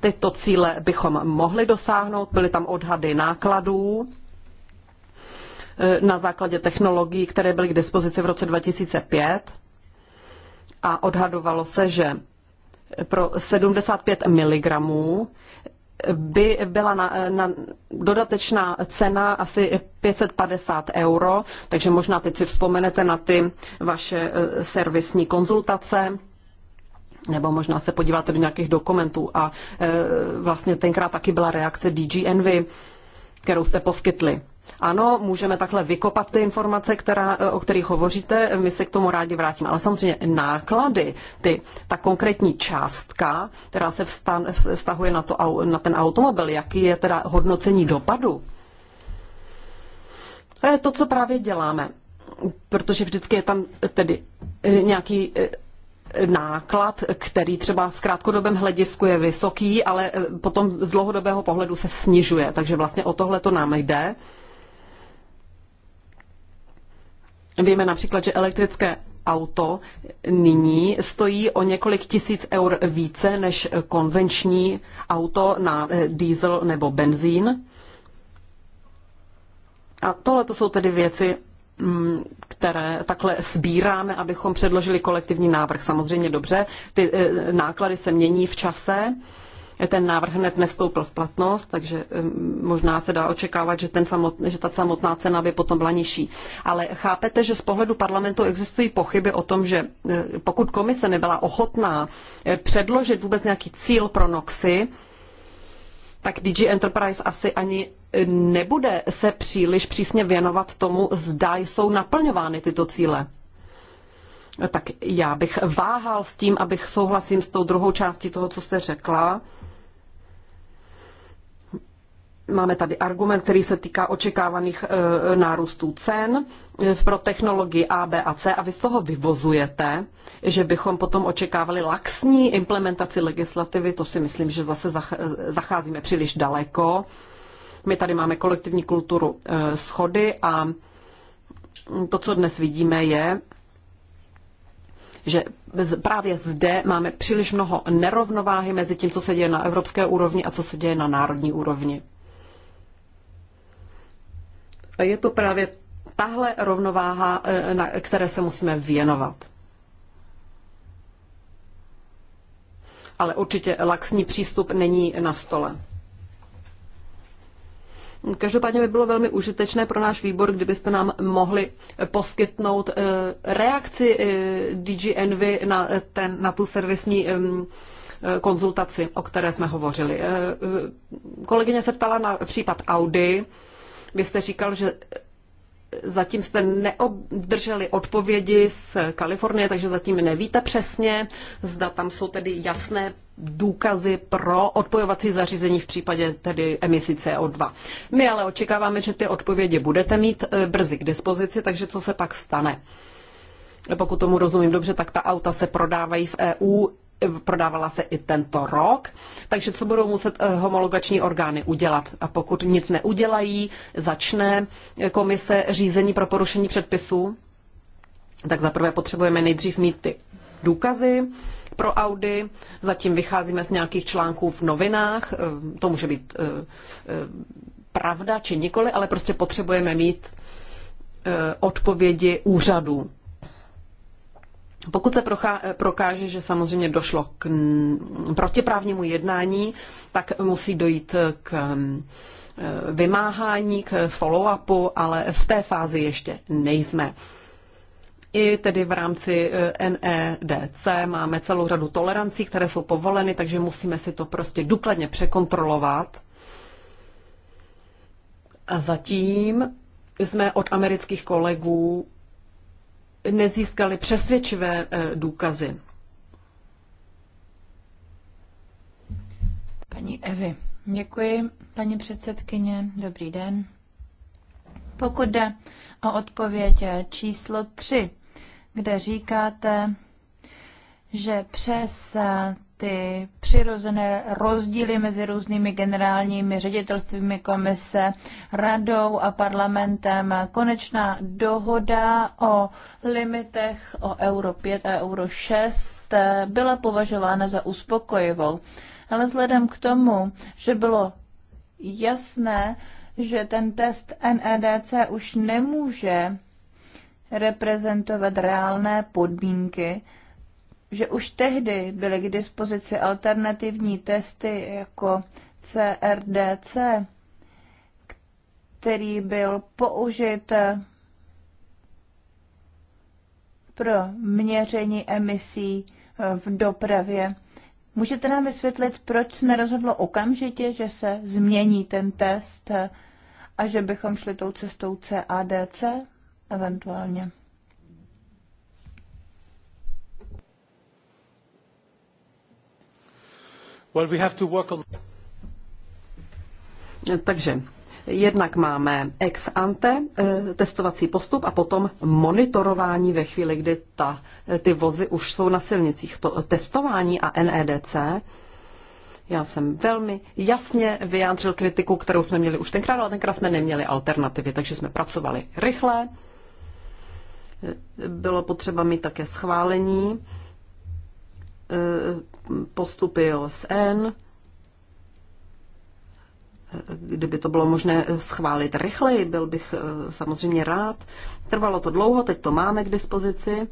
tyto cíle bychom mohli dosáhnout, byly tam odhady nákladů na základě technologií, které byly k dispozici v roce 2005 a odhadovalo se, že pro 75 mg by byla na, na dodatečná cena asi 550 euro, takže možná teď si vzpomenete na ty vaše eh, servisní konzultace, nebo možná se podíváte do nějakých dokumentů a e, vlastně tenkrát taky byla reakce DG Envy, kterou jste poskytli. Ano, můžeme takhle vykopat ty informace, která, eh, o kterých hovoříte, my se k tomu rádi vrátíme. Ale samozřejmě náklady, ty, ta konkrétní částka, která se vstan, vztahuje na, to, na ten automobil, jaký je teda hodnocení dopadu, to je to, co právě děláme. Protože vždycky je tam eh, tedy eh, nějaký náklad, který třeba v krátkodobém hledisku je vysoký, ale potom z dlouhodobého pohledu se snižuje. Takže vlastně o tohle to nám jde. Víme například, že elektrické auto nyní stojí o několik tisíc eur více než konvenční auto na eh, diesel nebo benzín. A tohle to jsou tedy věci, mm, které takhle sbíráme, abychom předložili kolektivní návrh. Samozřejmě dobře, ty eh, náklady se mění v čase, ten návrh hned nestoupil v platnost, takže možná se dá očekávat, že, ten samot, že ta samotná cena by potom byla nižší. Ale chápete, že z pohledu parlamentu existují pochyby o tom, že e, pokud komise nebyla ochotná e, předložit vůbec nějaký cíl pro NOXy, tak DG Enterprise asi ani e, nebude se příliš přísně věnovat tomu, zda jsou naplňovány tyto cíle. Tak já bych váhal s tím, abych souhlasím s tou druhou částí toho, co jste řekla. Máme tady argument, který se týká očekávaných e, nárůstů cen e, pro technologii A, B a C a vy z toho vyvozujete, že bychom potom očekávali laxní implementaci legislativy. To si myslím, že zase e, zacházíme příliš daleko. My tady máme kolektivní kulturu schody a to, co dnes vidíme, je, že právě zde máme příliš mnoho nerovnováhy mezi tím, co se děje na evropské úrovni a co se děje na národní úrovni je to právě tahle rovnováha, e, na které se musíme věnovat. Ale určitě laxní přístup není na stole. Každopádně by bylo velmi užitečné pro náš výbor, kdybyste nám mohli poskytnout e, reakci e, DG Envy na, ten, na tu servisní konzultaci, o které jsme hovořili. Kolegyně se ptala na případ Audi. Vy jste říkal, že zatím jste neobdrželi odpovědi z Kalifornie, takže zatím nevíte přesně, zda tam jsou tedy jasné důkazy pro odpojovací zařízení v případě tedy emisí CO2. My ale očekáváme, že ty odpovědi budete mít eh, brzy k dispozici, takže co se pak stane? Pokud tomu rozumím dobře, tak ta auta se prodávají v EU prodávala se i tento rok, takže co budou muset eh, homologační orgány udělat. A pokud nic neudělají, začne eh, komise řízení pro porušení předpisů, tak zaprvé potřebujeme nejdřív mít ty důkazy pro Audi, zatím vycházíme z nějakých článků v novinách, eh, to může být pravda či nikoli, ale prostě potřebujeme mít odpovědi úřadů. Pokud se eh, prokáže, že samozřejmě došlo k protiprávnímu jednání, tak musí dojít k eh, vymáhání, k follow-upu, ale v té fázi ještě nejsme. I tedy v rámci eh, NEDC máme celou řadu tolerancí, které jsou povoleny, takže musíme si to prostě důkladně překontrolovat. A zatím jsme od amerických kolegů nezískali přesvědčivé eh, důkazy. Paní Evy, děkuji. Paní předsedkyně, dobrý den. Pokud jde o odpověď eh, číslo 3, kde říkáte, že přes eh, ty přirozené rozdíly mezi různými generálními ředitelstvími komise, radou a parlamentem. Konečná dohoda o limitech o euro 5 a euro 6 byla považována za uspokojivou. Ale vzhledem k tomu, že bylo jasné, že ten test NEDC už nemůže reprezentovat reálné podmínky, že už tehdy byly k dispozici alternativní testy jako CRDC, který byl použit pro měření emisí v dopravě. Můžete nám vysvětlit, proč se nerozhodlo okamžitě, že se změní ten test a že bychom šli tou cestou CADC eventuálně? Takže jednak máme ex ante eh, testovací postup a potom monitorování ve chvíli, kdy ta, eh, ty vozy už jsou na silnicích. To eh, testování a NEDC já jsem velmi jasně vyjádřil kritiku, kterou jsme měli už tenkrát, ale tenkrát jsme neměli alternativy, takže jsme pracovali rychle. Bylo potřeba mít také schválení Eh, postupy OSN, eh, kdyby to bylo možné schválit rychleji, byl bych eh, samozřejmě rád. Trvalo to dlouho, teď to máme k dispozici.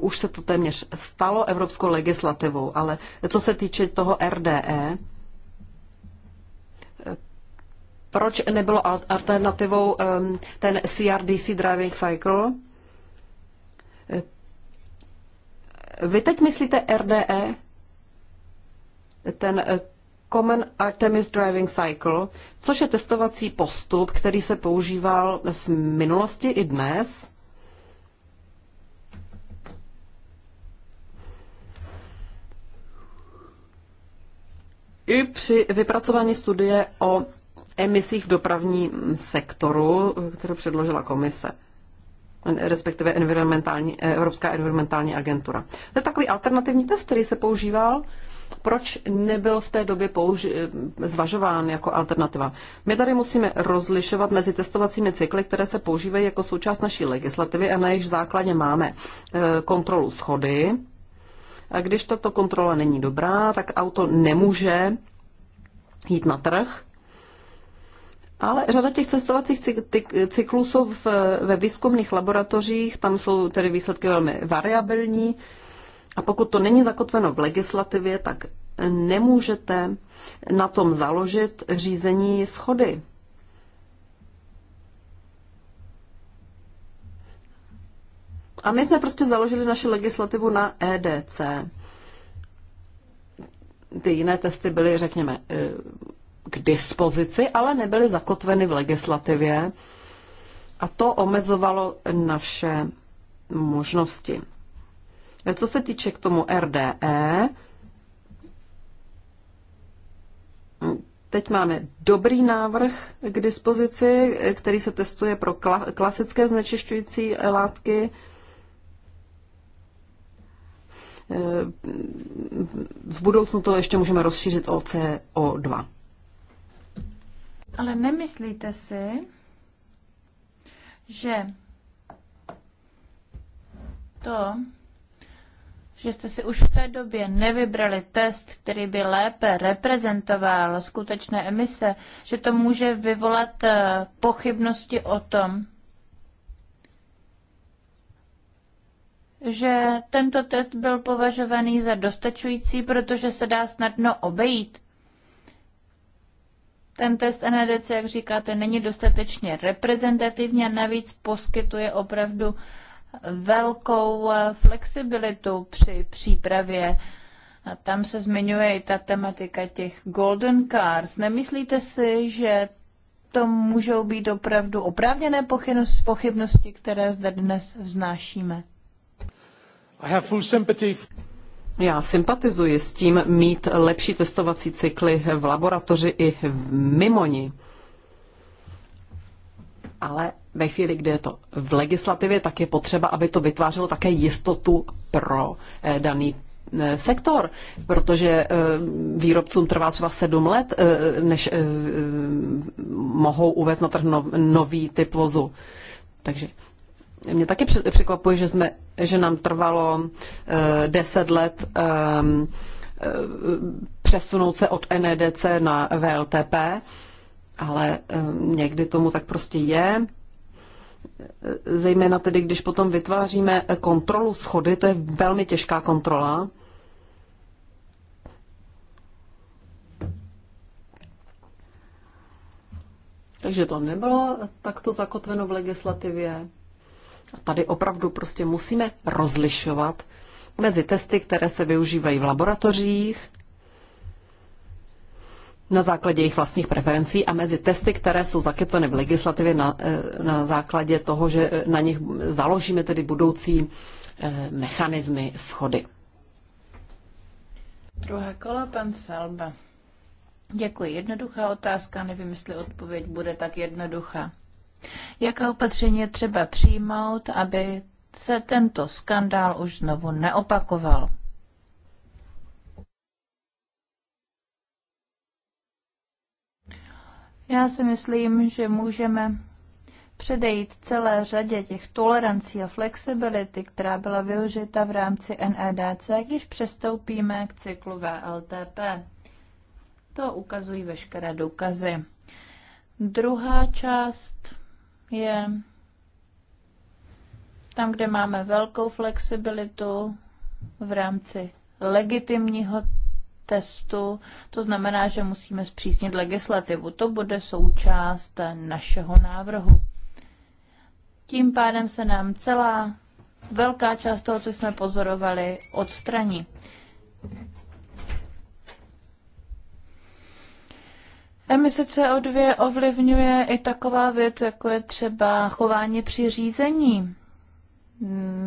Už se to téměř stalo evropskou legislativou, ale co se týče toho RDE, proč nebylo alternativou ehm, ten CRDC Driving Cycle? Vy teď myslíte RDE? Ten eh, Common Artemis Driving Cycle, což je testovací postup, který se používal v minulosti i dnes. I při vypracování studie o emisích v dopravním sektoru, kterou předložila komise respektive environmentální, eh, Evropská environmentální agentura. To je takový alternativní test, který se používal. Proč nebyl v té době použi- eh, zvažován jako alternativa? My tady musíme rozlišovat mezi testovacími cykly, které se používají jako součást naší legislativy a na jejich základě máme eh, kontrolu schody. A když tato kontrola není dobrá, tak auto nemůže jít na trh ale řada těch cestovacích cyklů jsou v, ve výzkumných laboratořích, tam jsou tedy výsledky velmi variabilní. A pokud to není zakotveno v legislativě, tak nemůžete na tom založit řízení schody. A my jsme prostě založili naši legislativu na EDC. Ty jiné testy byly, řekněme, eh, k dispozici, ale nebyly zakotveny v legislativě a to omezovalo naše možnosti. Co se týče k tomu RDE, Teď máme dobrý návrh k dispozici, který se testuje pro klasické znečišťující látky. V budoucnu to ještě můžeme rozšířit o CO2. Ale nemyslíte si, že to, že jste si už v té době nevybrali test, který by lépe reprezentoval skutečné emise, že to může vyvolat eh, pochybnosti o tom, že tento test byl považovaný za dostačující, protože se dá snadno obejít. Ten test NEDC, jak říkáte, není dostatečně reprezentativní a navíc poskytuje opravdu velkou eh, flexibilitu při přípravě. A tam se zmiňuje i ta tematika těch golden cars. Nemyslíte si, že to můžou být opravdu oprávněné pochybnosti, které zde dnes vznášíme? Já sympatizuji s tím mít lepší testovací cykly v laboratoři i mimo ní. Ale ve chvíli, kdy je to v legislativě, tak je potřeba, aby to vytvářelo také jistotu pro eh, daný eh, sektor, protože eh, výrobcům trvá třeba sedm let, než mohou uvést na trh no, nový typ vozu. Takže mě taky překvapuje, že, jsme, že nám trvalo eh, deset let ehm, eh, přesunout se od NEDC na VLTP, ale ehm, někdy tomu tak prostě je. Zejména tedy, když potom vytváříme kontrolu schody, to je velmi těžká kontrola. Takže to nebylo takto zakotveno v legislativě. A Tady opravdu prostě musíme rozlišovat mezi testy, které se využívají v laboratořích na základě jejich vlastních preferencí a mezi testy, které jsou zakytveny v legislativě na, eh, na základě toho, že na nich založíme tedy budoucí eh, mechanismy schody. Druhé kolo, pan Salba. Děkuji. Jednoduchá otázka, nevím, jestli odpověď bude tak jednoduchá. Jaká opatření je třeba přijmout, aby se tento skandál už znovu neopakoval? Já si myslím, že můžeme předejít celé řadě těch tolerancí a flexibility, která byla využita v rámci NEDC, když přestoupíme k cyklu VLTP. To ukazují veškeré důkazy. Druhá část je tam, kde máme velkou flexibilitu v rámci legitimního testu, to znamená, že musíme zpřísnit legislativu. To bude součást našeho návrhu. Tím pádem se nám celá velká část toho, co jsme pozorovali, odstraní. Emise CO2 ovlivňuje i taková věc, jako je třeba chování při řízení.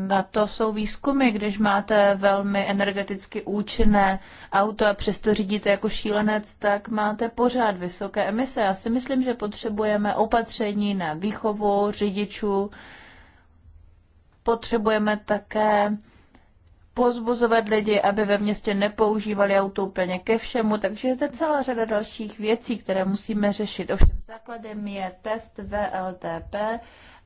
Na to jsou výzkumy, když máte velmi energeticky účinné auto a přesto řídíte jako šílenec, tak máte pořád vysoké emise. Já si myslím, že potřebujeme opatření na výchovu řidičů, potřebujeme také pozbuzovat lidi, aby ve městě nepoužívali auto úplně ke všemu, takže je zde celá řada dalších věcí, které musíme řešit. Ovšem základem je test VLTP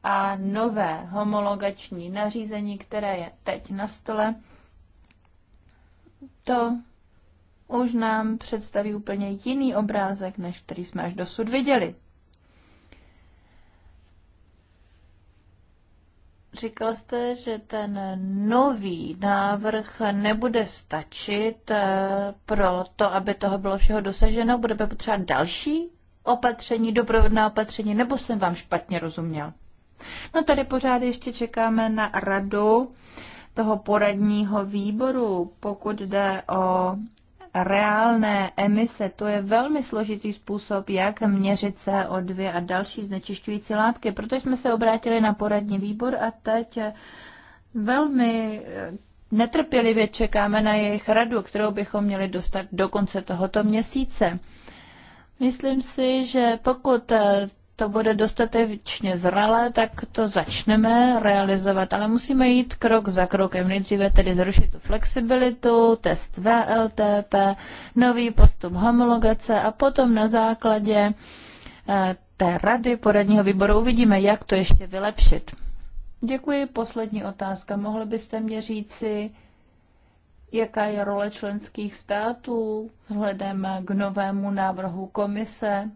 a nové homologační nařízení, které je teď na stole. To už nám představí úplně jiný obrázek, než který jsme až dosud viděli. Říkal jste, že ten nový návrh nebude stačit eh, pro to, aby toho bylo všeho dosaženo. Budeme potřebovat další opatření, doprovodná opatření, nebo jsem vám špatně rozuměl? No tady pořád ještě čekáme na radu toho poradního výboru, pokud jde o reálné emise, to je velmi složitý způsob, jak měřit CO2 a další znečišťující látky. Proto jsme se obrátili na poradní výbor a teď velmi netrpělivě čekáme na jejich radu, kterou bychom měli dostat do konce tohoto měsíce. Myslím si, že pokud to bude dostatečně zralé, tak to začneme realizovat. Ale musíme jít krok za krokem. Nejdříve tedy zrušit tu flexibilitu, test VLTP, nový postup homologace a potom na základě eh, té rady poradního výboru uvidíme, jak to ještě vylepšit. Děkuji. Poslední otázka. Mohli byste mě říci, jaká je role členských států vzhledem k novému návrhu komise?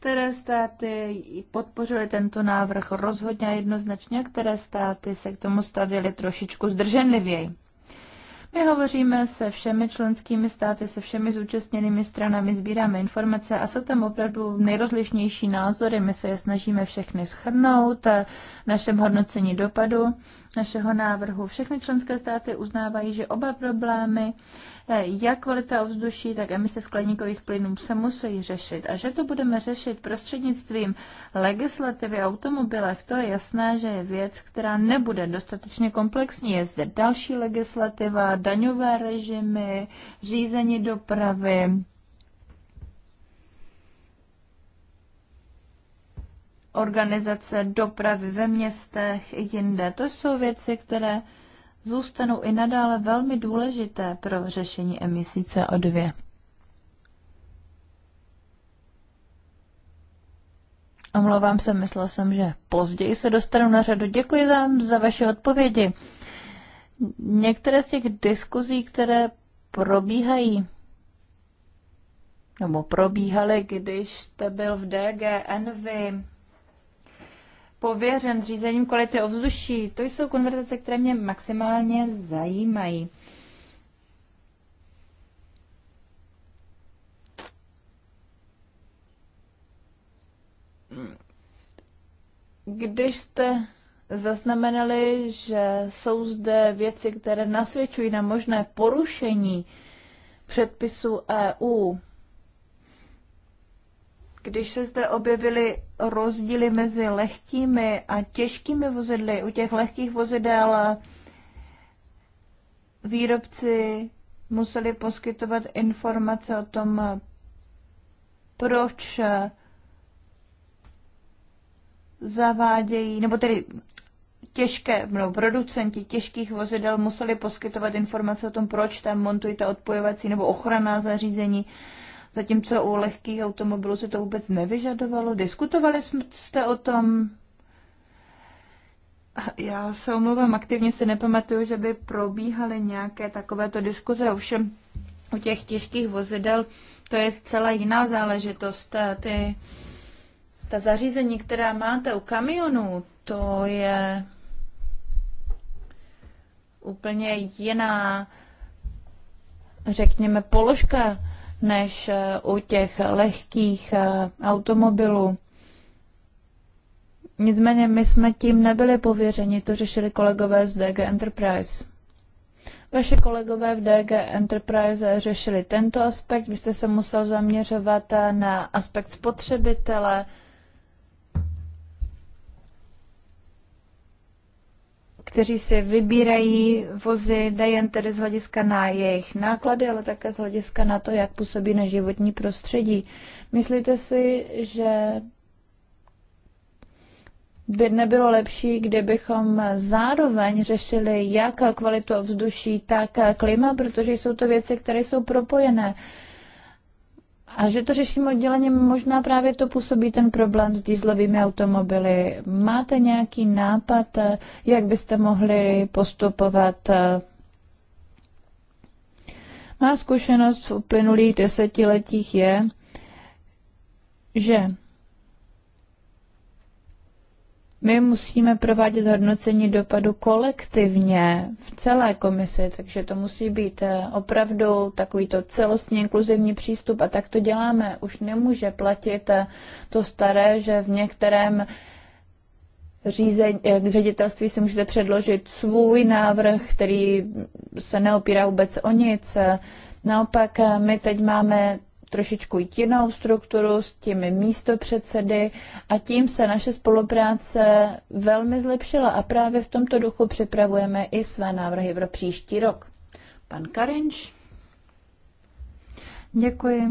Které státy podpořily tento návrh rozhodně a jednoznačně, které státy se k tomu stavěly trošičku zdrženlivěji. My hovoříme se všemi členskými státy, se všemi zúčastněnými stranami, sbíráme informace a jsou tam opravdu nejrozlišnější názory. My se je snažíme všechny schrnout, našem hodnocení dopadu našeho návrhu. Všechny členské státy uznávají, že oba problémy jak kvalita ovzduší, tak emise skleníkových plynů se musí řešit. A že to budeme řešit prostřednictvím legislativy automobilech, to je jasné, že je věc, která nebude dostatečně komplexní. Je zde další legislativa, daňové režimy, řízení dopravy, organizace dopravy ve městech i jinde. To jsou věci, které zůstanou i nadále velmi důležité pro řešení emisí CO2. Omlouvám se, myslel jsem, že později se dostanu na řadu. Děkuji vám za vaše odpovědi. Některé z těch diskuzí, které probíhají, nebo probíhaly, když jste byl v DG Envy, pověřen řízením kvality ovzduší. To jsou konverzace, které mě maximálně zajímají. Když jste zaznamenali, že jsou zde věci, které nasvědčují na možné porušení předpisů EU, když se zde objevily rozdíly mezi lehkými a těžkými vozidly. U těch lehkých vozidel výrobci museli poskytovat informace o tom, proč zavádějí, nebo tedy těžké, no, producenti těžkých vozidel museli poskytovat informace o tom, proč tam montují ta odpojovací nebo ochranná zařízení zatímco u lehkých automobilů se to vůbec nevyžadovalo. Diskutovali jste o tom? Já se omlouvám, aktivně si nepamatuju, že by probíhaly nějaké takovéto diskuze, ovšem u těch těžkých vozidel to je celá jiná záležitost. Ty, ta zařízení, která máte u kamionů, to je úplně jiná, řekněme, položka než eh, u těch lehkých eh, automobilů. Nicméně my jsme tím nebyli pověřeni, to řešili kolegové z DG Enterprise. Vaše kolegové v DG Enterprise řešili tento aspekt, vy jste se musel zaměřovat eh, na aspekt spotřebitele, kteří si vybírají vozy nejen tedy z hlediska na jejich náklady, ale také z hlediska na to, jak působí na životní prostředí. Myslíte si, že by nebylo lepší, kdybychom zároveň řešili jak kvalitu ovzduší, tak klima, protože jsou to věci, které jsou propojené. A že to řeším odděleně, možná právě to působí ten problém s dízlovými automobily. Máte nějaký nápad, jak byste mohli postupovat? Má zkušenost v uplynulých desetiletích je, že my musíme provádět hodnocení dopadu kolektivně v celé komisi, takže to musí být eh, opravdu takovýto celostně inkluzivní přístup a tak to děláme. Už nemůže platit eh, to staré, že v některém řízení, eh, ředitelství si můžete předložit svůj návrh, který se neopírá vůbec o nic. Naopak my teď máme trošičku jinou strukturu s těmi místopředsedy a tím se naše spolupráce velmi zlepšila a právě v tomto duchu připravujeme i své návrhy pro příští rok. Pan Karinč. Děkuji.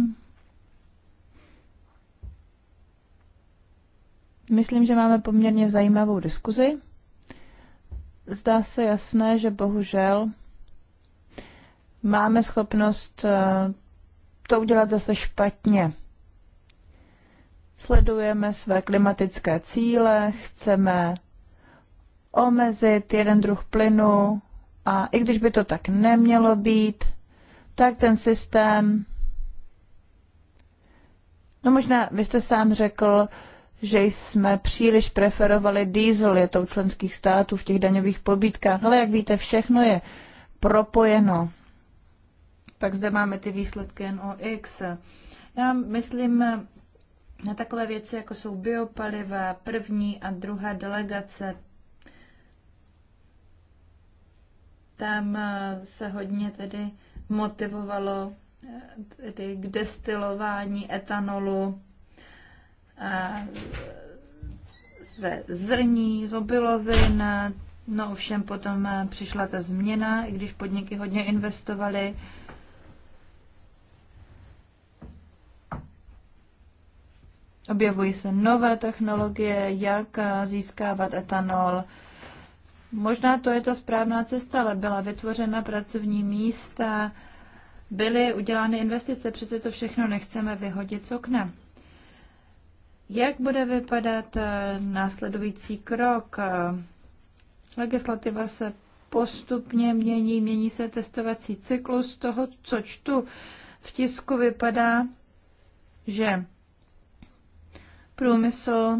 Myslím, že máme poměrně zajímavou diskuzi. Zdá se jasné, že bohužel máme schopnost eh, to udělat zase špatně. Sledujeme své klimatické cíle, chceme omezit jeden druh plynu a i když by to tak nemělo být, tak ten systém, no možná vy jste sám řekl, že jsme příliš preferovali diesel, je to u členských států v těch daňových pobídkách, ale jak víte, všechno je propojeno. Pak zde máme ty výsledky NOx. Já myslím na takové věci, jako jsou biopaliva, první a druhá delegace. Tam eh, se hodně tedy motivovalo eh, tedy k destilování etanolu a ze zrní, z obilovin. No ovšem potom eh, přišla ta změna, i když podniky hodně investovaly Objevují se nové technologie, jak eh, získávat etanol. Možná to je ta správná cesta, ale byla vytvořena pracovní místa, byly udělány investice, přece to všechno nechceme vyhodit z okna. Jak bude vypadat eh, následující krok? Eh, legislativa se postupně mění, mění se testovací cyklus. Z toho, co čtu v tisku, vypadá, že Průmysl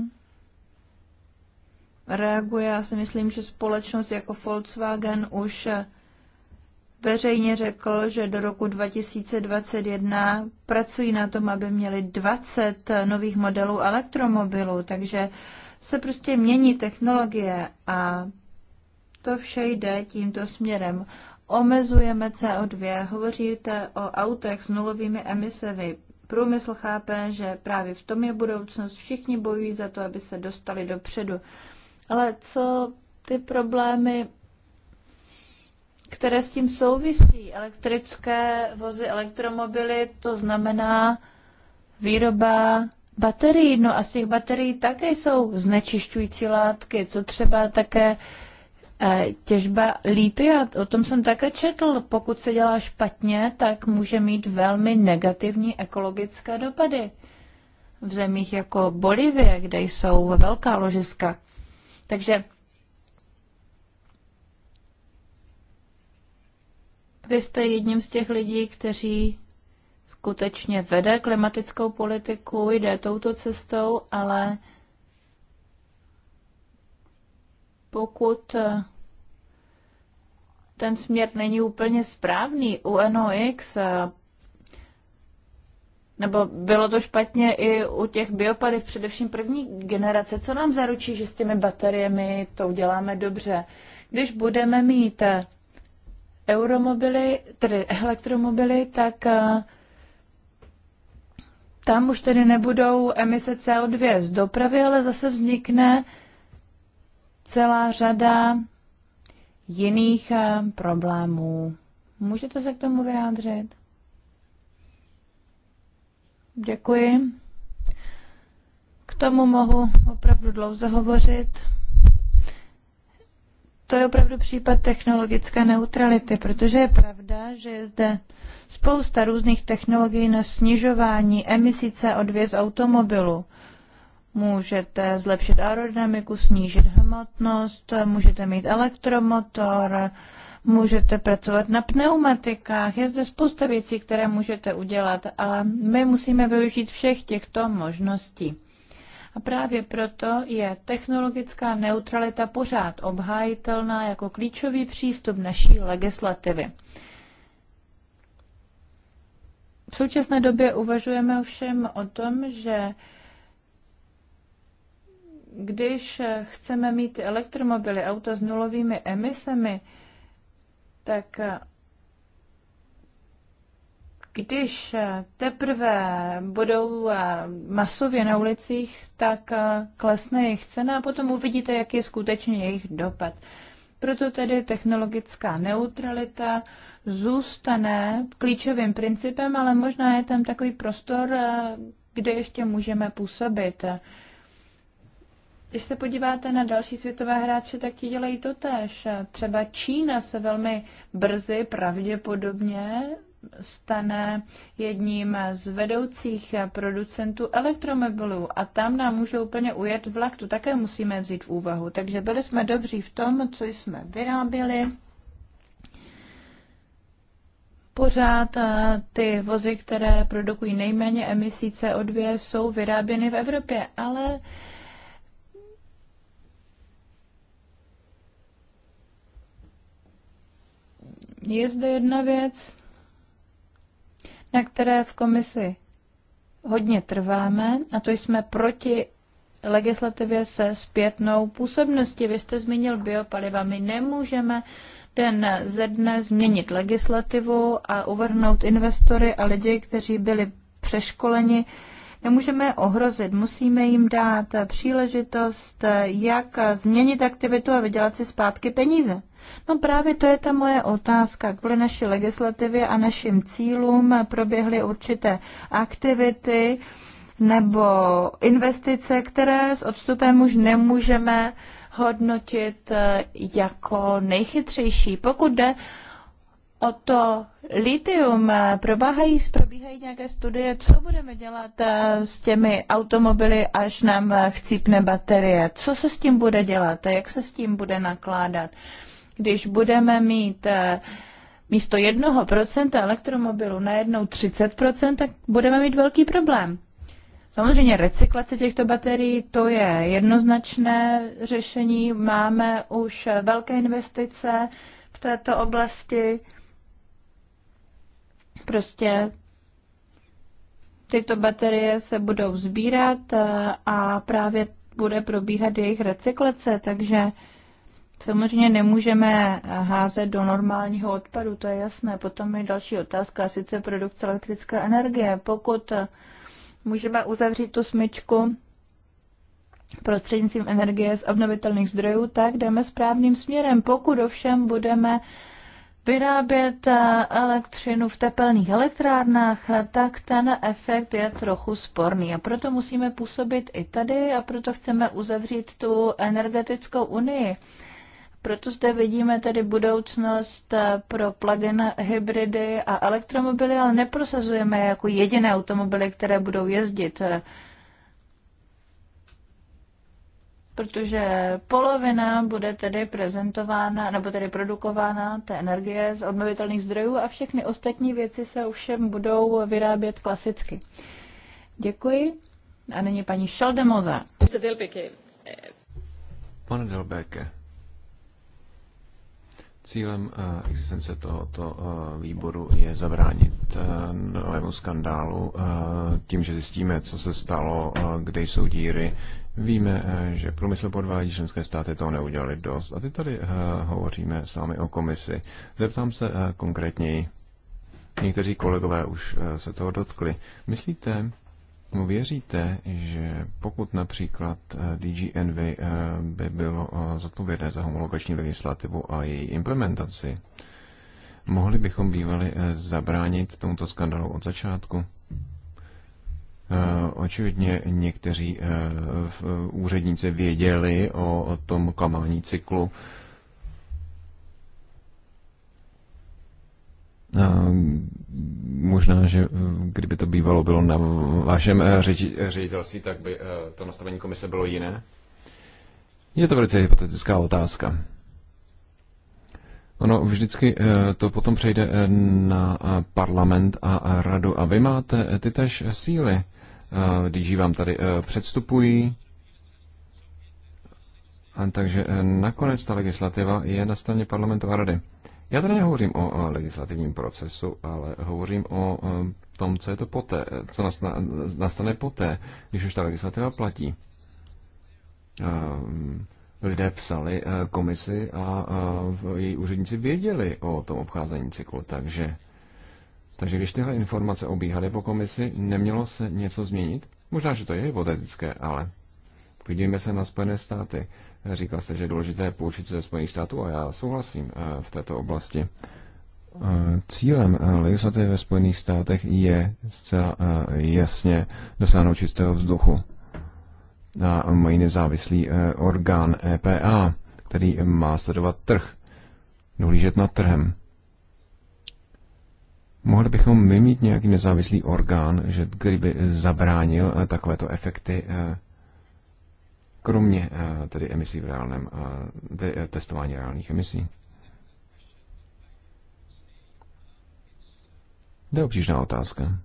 reaguje. Já si myslím, že společnost jako Volkswagen už veřejně řekl, že do roku 2021 pracují na tom, aby měli 20 nových modelů elektromobilů, takže se prostě mění technologie a to vše jde tímto směrem. Omezujeme CO2, hovoříte o autech s nulovými emisemi, Průmysl chápe, že právě v tom je budoucnost. Všichni bojují za to, aby se dostali dopředu. Ale co ty problémy, které s tím souvisí? Elektrické vozy, elektromobily, to znamená výroba baterií. No a z těch baterií také jsou znečišťující látky, co třeba také Eh, těžba lítia, o tom jsem také četl, pokud se dělá špatně, tak může mít velmi negativní ekologické dopady. V zemích jako Bolivie, kde jsou velká ložiska. Takže vy jste jedním z těch lidí, kteří skutečně vede klimatickou politiku, jde touto cestou, ale pokud eh, ten směr není úplně správný u NOx, eh, nebo bylo to špatně i u těch biopaliv, především první generace. Co nám zaručí, že s těmi bateriemi to uděláme dobře? Když budeme mít eh, euromobily, tedy elektromobily, tak tam už tedy nebudou emise CO2 z dopravy, ale zase vznikne celá řada jiných eh, problémů. Můžete se k tomu vyjádřit? Děkuji. K tomu mohu opravdu dlouze hovořit. To je opravdu případ technologické neutrality, protože je pravda, že je zde spousta různých technologií na snižování emisí CO2 z automobilu můžete zlepšit aerodynamiku, snížit hmotnost, můžete mít elektromotor, můžete pracovat na pneumatikách, je zde spousta věcí, které můžete udělat a my musíme využít všech těchto možností. A právě proto je technologická neutralita pořád obhájitelná jako klíčový přístup naší legislativy. V současné době uvažujeme ovšem o tom, že když chceme mít elektromobily, auta s nulovými emisemi, tak když teprve budou masově na ulicích, tak klesne jejich cena a potom uvidíte, jaký je skutečně jejich dopad. Proto tedy technologická neutralita zůstane klíčovým principem, ale možná je tam takový prostor, kde ještě můžeme působit. Když se podíváte na další světové hráče, tak ti dělají to tež. Třeba Čína se velmi brzy pravděpodobně stane jedním z vedoucích producentů elektromobilů a tam nám může úplně ujet vlak, to také musíme vzít v úvahu. Takže byli jsme dobří v tom, co jsme vyráběli. Pořád eh, ty vozy, které produkují nejméně emisí CO2, jsou vyráběny v Evropě, ale Je zde jedna věc, na které v komisi hodně trváme, a to jsme proti legislativě se zpětnou působností. Vy jste zmínil biopaliva. My nemůžeme den ze dne změnit legislativu a uvrhnout investory a lidi, kteří byli přeškoleni, nemůžeme je ohrozit. Musíme jim dát příležitost, jak změnit aktivitu a vydělat si zpátky peníze. No právě to je ta moje otázka. Kvůli naší legislativě a našim cílům proběhly určité aktivity nebo investice, které s odstupem už nemůžeme hodnotit eh, jako nejchytřejší. Pokud jde o to litium, eh, probíhají, probíhají nějaké studie, co budeme dělat eh, s těmi automobily, až nám chcípne baterie, co se s tím bude dělat, jak se s tím bude nakládat když budeme mít eh, místo jednoho procenta elektromobilu najednou 30%, tak budeme mít velký problém. Samozřejmě recyklace těchto baterií, to je jednoznačné řešení. Máme už velké investice v této oblasti. Prostě tyto baterie se budou sbírat eh, a právě bude probíhat jejich recyklace, takže Samozřejmě nemůžeme házet do normálního odpadu, to je jasné. Potom je další otázka, a sice produkce elektrické energie. Pokud můžeme uzavřít tu smyčku prostřednictvím energie z obnovitelných zdrojů, tak jdeme správným směrem. Pokud ovšem budeme vyrábět elektřinu v tepelných elektrárnách, tak ten efekt je trochu sporný. A proto musíme působit i tady a proto chceme uzavřít tu energetickou unii. Proto zde vidíme tedy budoucnost eh, pro plug-in hybridy a elektromobily, ale neprosazujeme jako jediné automobily, které budou jezdit. Eh, protože polovina bude tedy prezentována, nebo tedy produkována té energie z obnovitelných zdrojů a všechny ostatní věci se ovšem budou vyrábět klasicky. Děkuji. A nyní paní Šaldemoza. Pane Delbeke, Cílem eh, existence tohoto eh, výboru je zabránit eh, novému skandálu tím, že zjistíme, co se stalo, kde jsou díry. Víme, že průmysl podvádí, členské státy toho neudělali dost. A teď tady hovoříme sami o komisi. Zeptám se konkrétněji. Někteří kolegové už se toho dotkli. Myslíte, mu věříte, že pokud například eh, DG Envy eh, by bylo eh, zodpovědné za homologační legislativu a její implementaci, mohli bychom bývali zabránit tomuto skandalu od začátku? Očividně někteří úředníci věděli o tom klamání cyklu Možná, že eh, kdyby to bývalo bylo na vašem eh, ředitelství, tak by eh, to nastavení komise bylo jiné. Je to velice hypotetická otázka. Ono vždycky to potom přejde na parlament a radu. A vy máte ty tež síly. DG vám tady předstupují. A takže nakonec ta legislativa je na straně parlamentu a rady. Já tady nehovořím o legislativním procesu, ale hovořím o tom, co je to poté, co nastane poté, když už ta legislativa platí. Ehm, lidé psali eh, komisi a její úředníci věděli o tom obcházení cyklu, takže, takže když tyhle informace obíhaly po komisi, nemělo se něco změnit? Možná, že to je hypotetické, ale podívejme se na Spojené státy. Říkal jste, že je důležité poučit se ze Spojených států a já souhlasím eh, v této oblasti. Eh, cílem eh, legislativy ve Spojených státech je zcela jasně dosáhnout čistého vzduchu. A mají nezávislý orgán EPA, který má sledovat trh, dohlížet nad trhem. Mohli bychom my mít nějaký nezávislý orgán, že, který by zabránil takovéto efekty kromě eh, tedy emisí v reálném, eh, tedy eh, testování reálných emisí? To je obtížná otázka.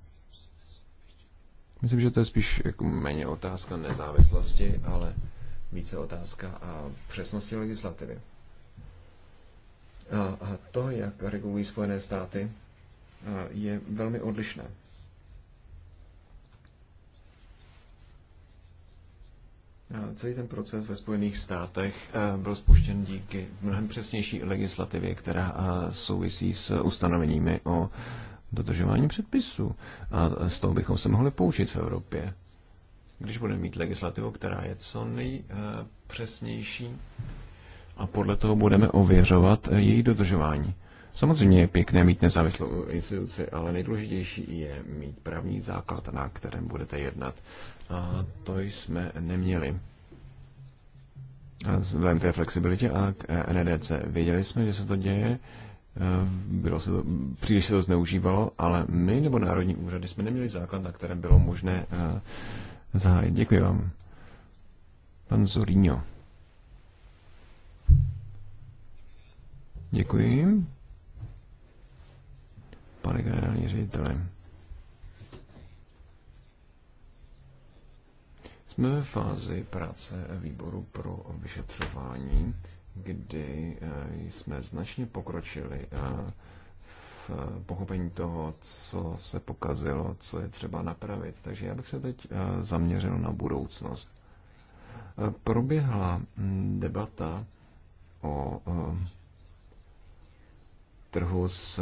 Myslím, že to je spíš jako méně otázka nezávislosti, ale více otázka a přesnosti legislativy. A to, jak regulují Spojené státy, je velmi odlišné Celý ten proces ve Spojených státech eh, byl spuštěn díky mnohem přesnější legislativě, která eh, souvisí s ustanoveními o dodržování předpisů. A z toho bychom se mohli poučit v Evropě. Když budeme mít legislativu, která je co nejpřesnější eh, a podle toho budeme ověřovat její dodržování. Samozřejmě je pěkné mít nezávislou instituci, ale nejdůležitější je mít právní základ, na kterém budete jednat a to jsme neměli. A vzhledem té flexibilitě a k eh, NDC e věděli jsme, že se to děje, eh, bylo se to, příliš se to zneužívalo, ale my nebo národní úřady jsme neměli základ, na kterém bylo možné eh, zahájit. Děkuji vám. Pan Zorino. Děkuji. Pane generální řediteli. Jsme ve fázi práce výboru pro vyšetřování, kdy eh, jsme značně pokročili eh, v pochopení toho, co se pokazilo, co je třeba napravit. Takže já bych se teď eh, zaměřil na budoucnost. Proběhla hm, debata o trhu s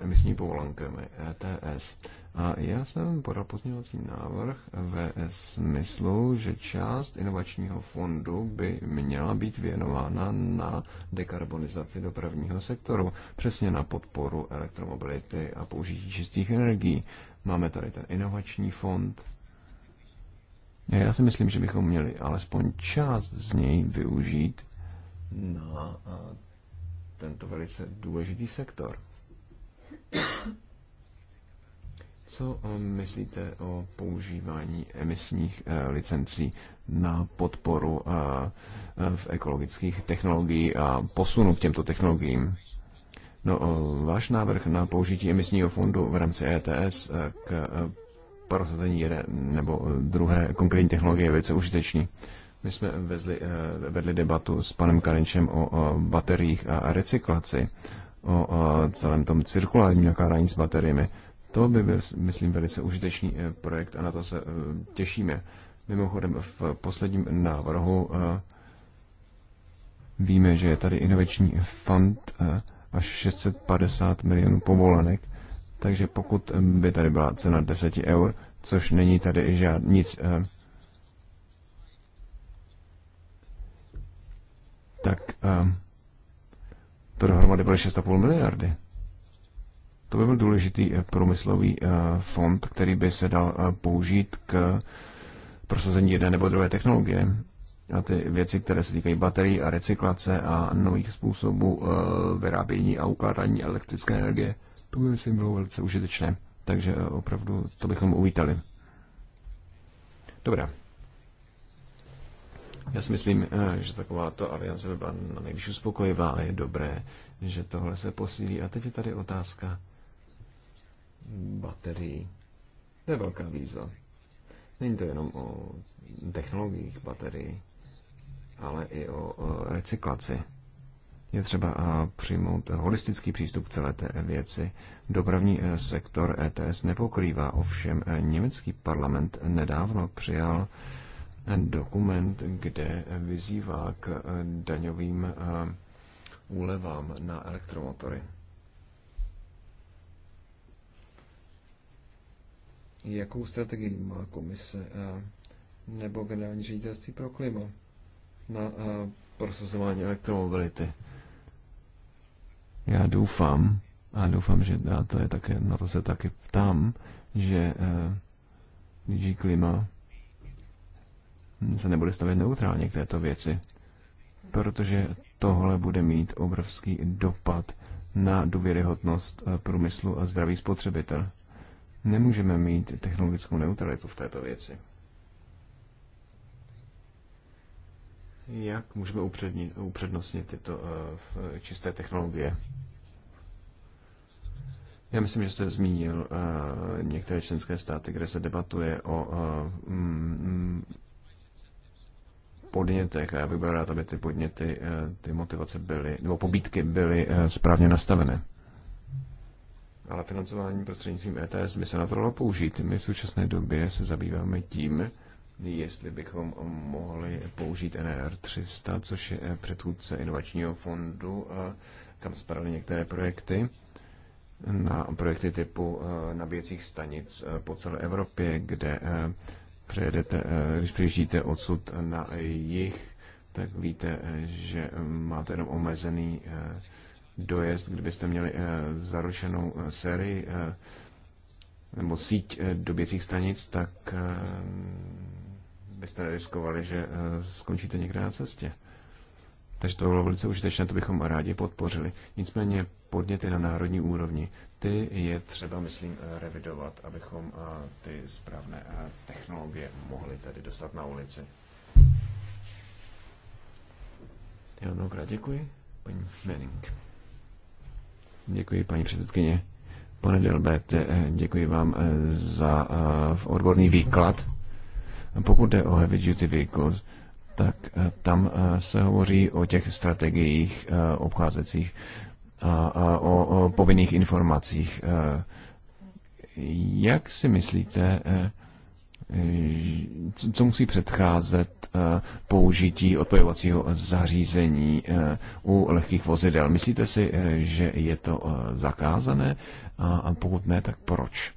emisními povolankami ETS. A já jsem podal pozměňovací návrh ve smyslu, že část inovačního fondu by měla být věnována na dekarbonizaci dopravního sektoru, přesně na podporu elektromobility a použití čistých energií. Máme tady ten inovační fond. Já si myslím, že bychom měli alespoň část z něj využít na tento velice důležitý sektor. Co eh, myslíte o používání emisních eh, licencí na podporu eh, v ekologických technologií a posunu k těmto technologiím? No, váš návrh na použití emisního fondu v rámci ETS k prosazení jedné nebo druhé konkrétní technologie je velice užitečný. My jsme vezli, vedli debatu s panem Karenčem o bateriích a recyklaci, o celém tom cirkulárním nakládání s bateriemi. To by byl, myslím, velice užitečný eh, projekt a na to se eh, těšíme. Mimochodem, v posledním návrhu eh, víme, že je tady inovační fond až 650 milionů povolenek, takže pokud by tady byla cena 10 eur, což není tady žád, nic, tak to dohromady bude 6,5 miliardy. To by byl důležitý eh, průmyslový eh, fond, který by se dal eh, použít k prosazení jedné nebo druhé technologie. A ty věci, které se týkají baterií a recyklace a nových způsobů vyrábění a ukládání elektrické energie, to by si bylo velice užitečné. Takže opravdu to bychom uvítali. Dobrá. Já si myslím, že taková to aliance by byla na nejvyšší uspokojivá a je dobré, že tohle se posílí. A teď je tady otázka baterií. To je velká výzva. Není to jenom o technologiích baterií, ale i o recyklaci. Je třeba přijmout holistický přístup celé té věci. Dopravní e, sektor ETS nepokrývá, ovšem e, německý parlament nedávno přijal e, dokument, kde vyzývá k daňovým úlevám na elektromotory. jakou strategii má komise eh, nebo generální ředitelství pro klima na eh, prosazování elektromobility. Já doufám, a doufám, že a to je také, na to se taky ptám, že uh, eh, DG Klima se nebude stavět neutrálně k této věci, protože tohle bude mít obrovský dopad na důvěryhodnost průmyslu a zdravý spotřebitel. Nemůžeme mít technologickou neutralitu v této věci. Jak můžeme upřednit, upřednostnit tyto uh, čisté technologie? Já myslím, že jste zmínil uh, některé členské státy, kde se debatuje o uh, mm, podnětech a já bych byl rád, aby ty podněty, ty motivace byly, nebo pobídky byly správně nastavené. Ale financování prostřednictvím ETS by se na to dalo použít. My v současné době se zabýváme tím, jestli bychom mohli použít NR e 300, což je předchůdce inovačního fondu, eh, kam spadaly některé projekty na projekty typu eh, nabíjecích stanic eh, po celé Evropě, kde přejedete, když přijíždíte odsud na jih, tak víte, že máte jenom omezený dojezd, kdybyste měli eh, zaručenou eh, sérii eh, nebo síť doběcích stanic, tak byste riskovali, že skončíte někde na cestě. Takže to bylo velice užitečné, to bychom rádi podpořili. Nicméně podněty na národní úrovni, ty je třeba, myslím, revidovat, abychom ty správné technologie mohli tedy dostat na ulici. Já mnohokrát děkuji, paní Manning. Děkuji, paní předsedkyně. Pane Delbert, eh, děkuji vám eh, za eh, odborný výklad. Pokud jde o heavy duty vehicles, tak tam se hovoří o těch strategiích obcházecích a o povinných informacích. Jak si myslíte, Eh, co musí předcházet eh, použití odpojovacího zařízení eh, u lehkých vozidel. Myslíte si, že je to zakázané? A pokud ne, tak proč?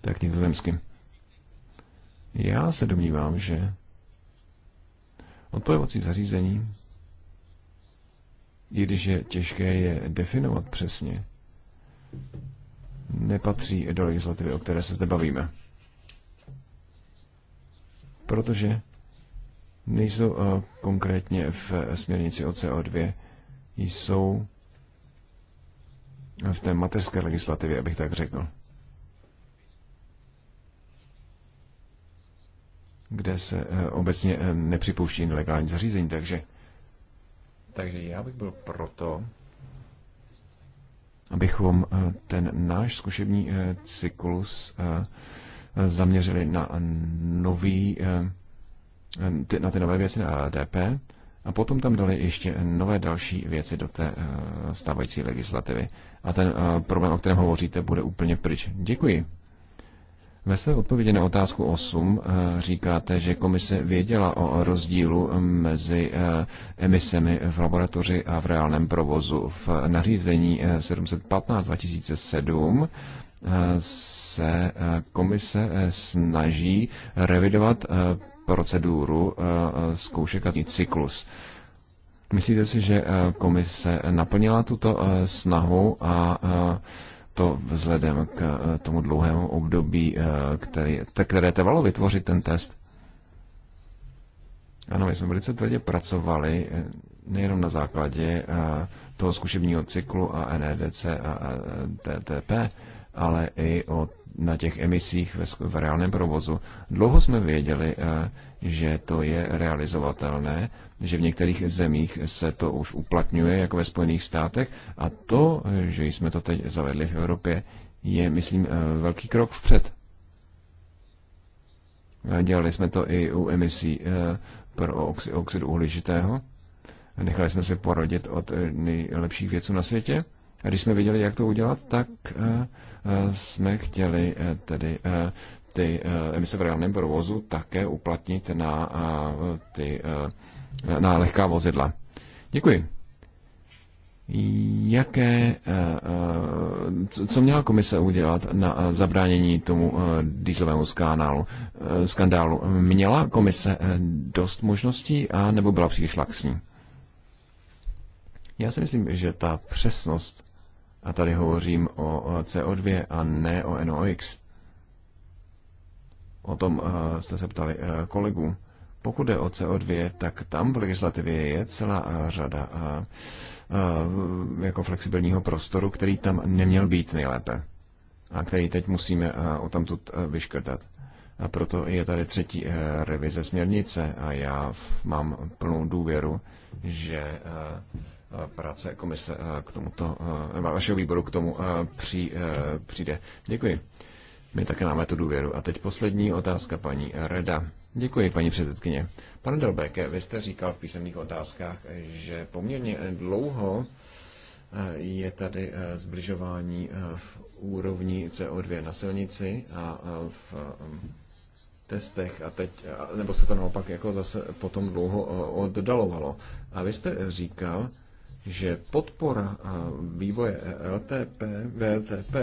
Tak nizozemským. Já se domnívám, že odpojovací zařízení, i když je těžké je definovat přesně, nepatří do legislativy, o které se zde bavíme. Protože nejsou eh, konkrétně v směrnici o CO2, jsou v té mateřské legislativě, abych tak řekl. kde se eh, obecně eh, nepřipouští nelegální zařízení, takže takže já bych byl proto, abychom eh, ten náš zkušební eh, cyklus eh, zaměřili na nový, na ty nové věci na ADP a potom tam dali ještě nové další věci do té stávající legislativy. A ten problém, o kterém hovoříte, bude úplně pryč. Děkuji. Ve své odpovědi na otázku 8 eh, říkáte, že komise věděla o rozdílu mezi eh, emisemi v laboratoři a v reálném provozu. V nařízení 715 eh, 2007 se komise snaží revidovat proceduru zkoušek a cyklus. Myslíte si, že komise naplnila tuto snahu a to vzhledem k eh, tomu dlouhému období, eh, který, které trvalo vytvořit ten test? Ano, my jsme velice tvrdě pracovali eh, nejenom na základě toho zkušebního cyklu a NEDC a TTP, ale i o, na těch emisích ve, v reálném provozu. Dlouho jsme věděli, že to je realizovatelné, že v některých zemích se to už uplatňuje, jako ve Spojených státech, a to, že jsme to teď zavedli v Evropě, je, myslím, eh, velký krok vpřed. Eh, dělali jsme to i u emisí eh, pro oxid, uhličitého. Nechali jsme se porodit od nejlepších věců na světě. A když jsme viděli, jak to udělat, tak jsme chtěli tedy ty eh, emise v reálném provozu také uplatnit na, eh, ty, eh, na lehká vozidla. Děkuji. Jaké, co měla komise udělat na zabránění tomu dýzlovému skandálu? skandálu? Měla komise dost možností a nebo byla příliš laxní? Já si myslím, že ta přesnost, a tady hovořím o CO2 a ne o NOx, O tom eh, jste se ptali eh, kolegů. Pokud jde o CO2, tak tam v legislativě je celá eh, řada jako flexibilního prostoru, který tam neměl být nejlépe a který teď musíme o tamtud vyškrtat. A proto je tady třetí revize směrnice a já mám plnou důvěru, že práce komise k tomuto, vašeho výboru k tomu přijde. Děkuji. My také máme tu důvěru. A teď poslední otázka paní Reda. Děkuji, paní předsedkyně. Pane Delbeke, vy jste říkal v písemných otázkách, že poměrně dlouho eh, je tady eh, zbližování eh, v úrovni CO2 na silnici a v testech a teď, nebo se to naopak jako zase potom dlouho oddalovalo. A vy jste říkal, že podpora vývoje LTP, VLTP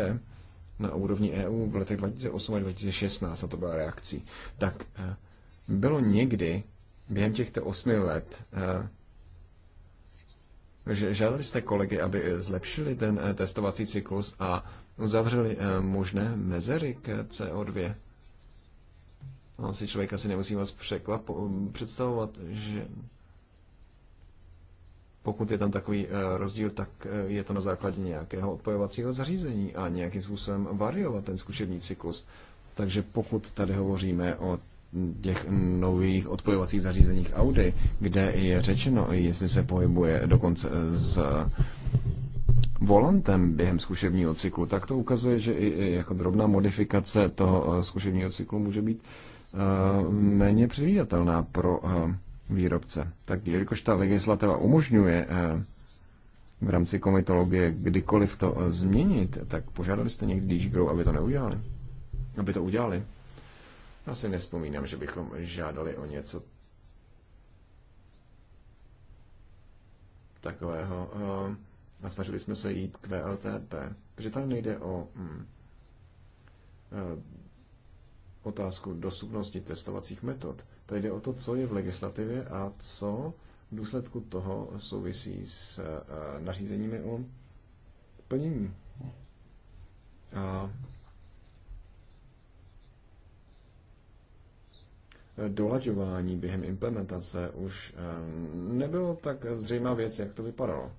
na úrovni EU v letech 2008 a 2016, na to byla reakcí, tak eh, bylo někdy během těchto osmi let, eh, že žádali jste kolegy, aby zlepšili ten eh, testovací cyklus a uzavřeli možné mezery k CO2? On no, si člověk asi nemusí moc představovat, že pokud je tam takový eh, rozdíl, tak eh, je to na základě nějakého odpojovacího zařízení a nějakým způsobem variovat ten zkušební cyklus. Takže pokud tady hovoříme o těch nových odpojovacích zařízeních Audi, kde je řečeno, jestli se pohybuje dokonce eh, s volantem během zkušebního cyklu, tak to ukazuje, že i jako drobná modifikace toho zkušebního cyklu může být méně předvídatelná pro výrobce. Tak jelikož ta legislativa umožňuje eh, v rámci komitologie kdykoliv to eh, změnit, tak požádali jste někdy Grow, aby to neudělali? Aby to udělali? Já si nespomínám, že bychom žádali o něco takového eh, a snažili jsme se jít k VLTP, protože tam nejde o hm, otázku dostupnosti testovacích metod. To jde o to, co je v legislativě a co v důsledku toho souvisí s eh, nařízeními o plnění. A dolaďování během implementace už eh, nebylo tak zřejmá věc, jak to vypadalo.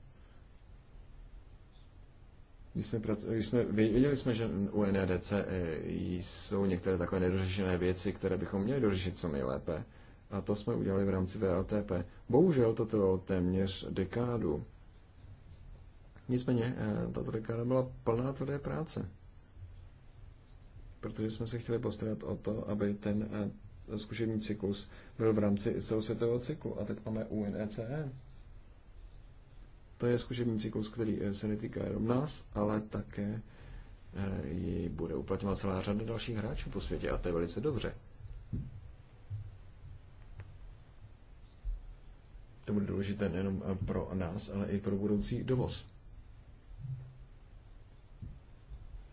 Když jsme, prac, když jsme věděli jsme, že u NRDC e eh, jsou některé takové nedořešené věci, které bychom měli dořešit co nejlépe. A to jsme udělali v rámci VLTP. Bohužel to trvalo téměř dekádu. Nicméně eh, tato dekáda byla plná tvrdé práce. Protože jsme se chtěli postarat o to, aby ten zkušební eh, cyklus byl v rámci celosvětového cyklu. A teď máme UNECE. To je zkušební cyklus, který eh, se netýká jenom nás, ale také eh, ji bude uplatňovat celá řada dalších hráčů po světě a to je velice dobře. To bude důležité nejenom eh, pro nás, ale i pro budoucí dovoz.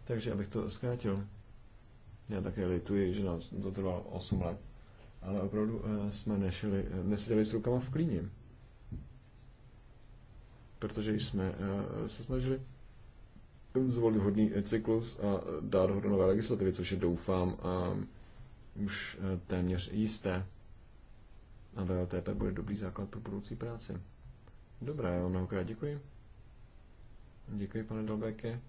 Takže abych to zkrátil, já také lituji, že nás to trvalo 8 let, ale opravdu jsme nešili, neseděli s rukama v klíně protože jsme eh, se snažili zvolit vhodný cyklus a dát ho do nové legislativy, což je doufám a už eh, téměř jisté. A VLTP bude dobrý základ pro budoucí práci. Dobrá, já mnohokrát děkuji. Děkuji, pane Dalbeke,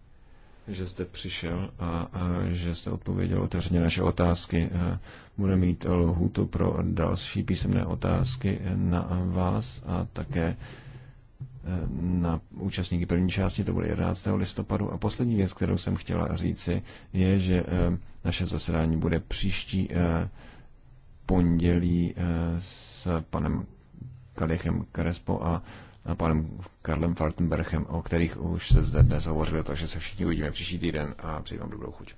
že jste přišel a, a že jste odpověděl otevřeně naše otázky. Eh, bude mít lhůtu pro další písemné otázky na vás a také na účastníky první části, to bude 11. listopadu. A poslední věc, kterou jsem chtěla říci, je, že eh, naše zasedání bude příští eh, pondělí eh, s panem Kalichem Krespo a panem Karlem Faltenberchem, o kterých už se zde dnes hovořilo, takže se všichni uvidíme příští týden a přeji vám dobrou chuť.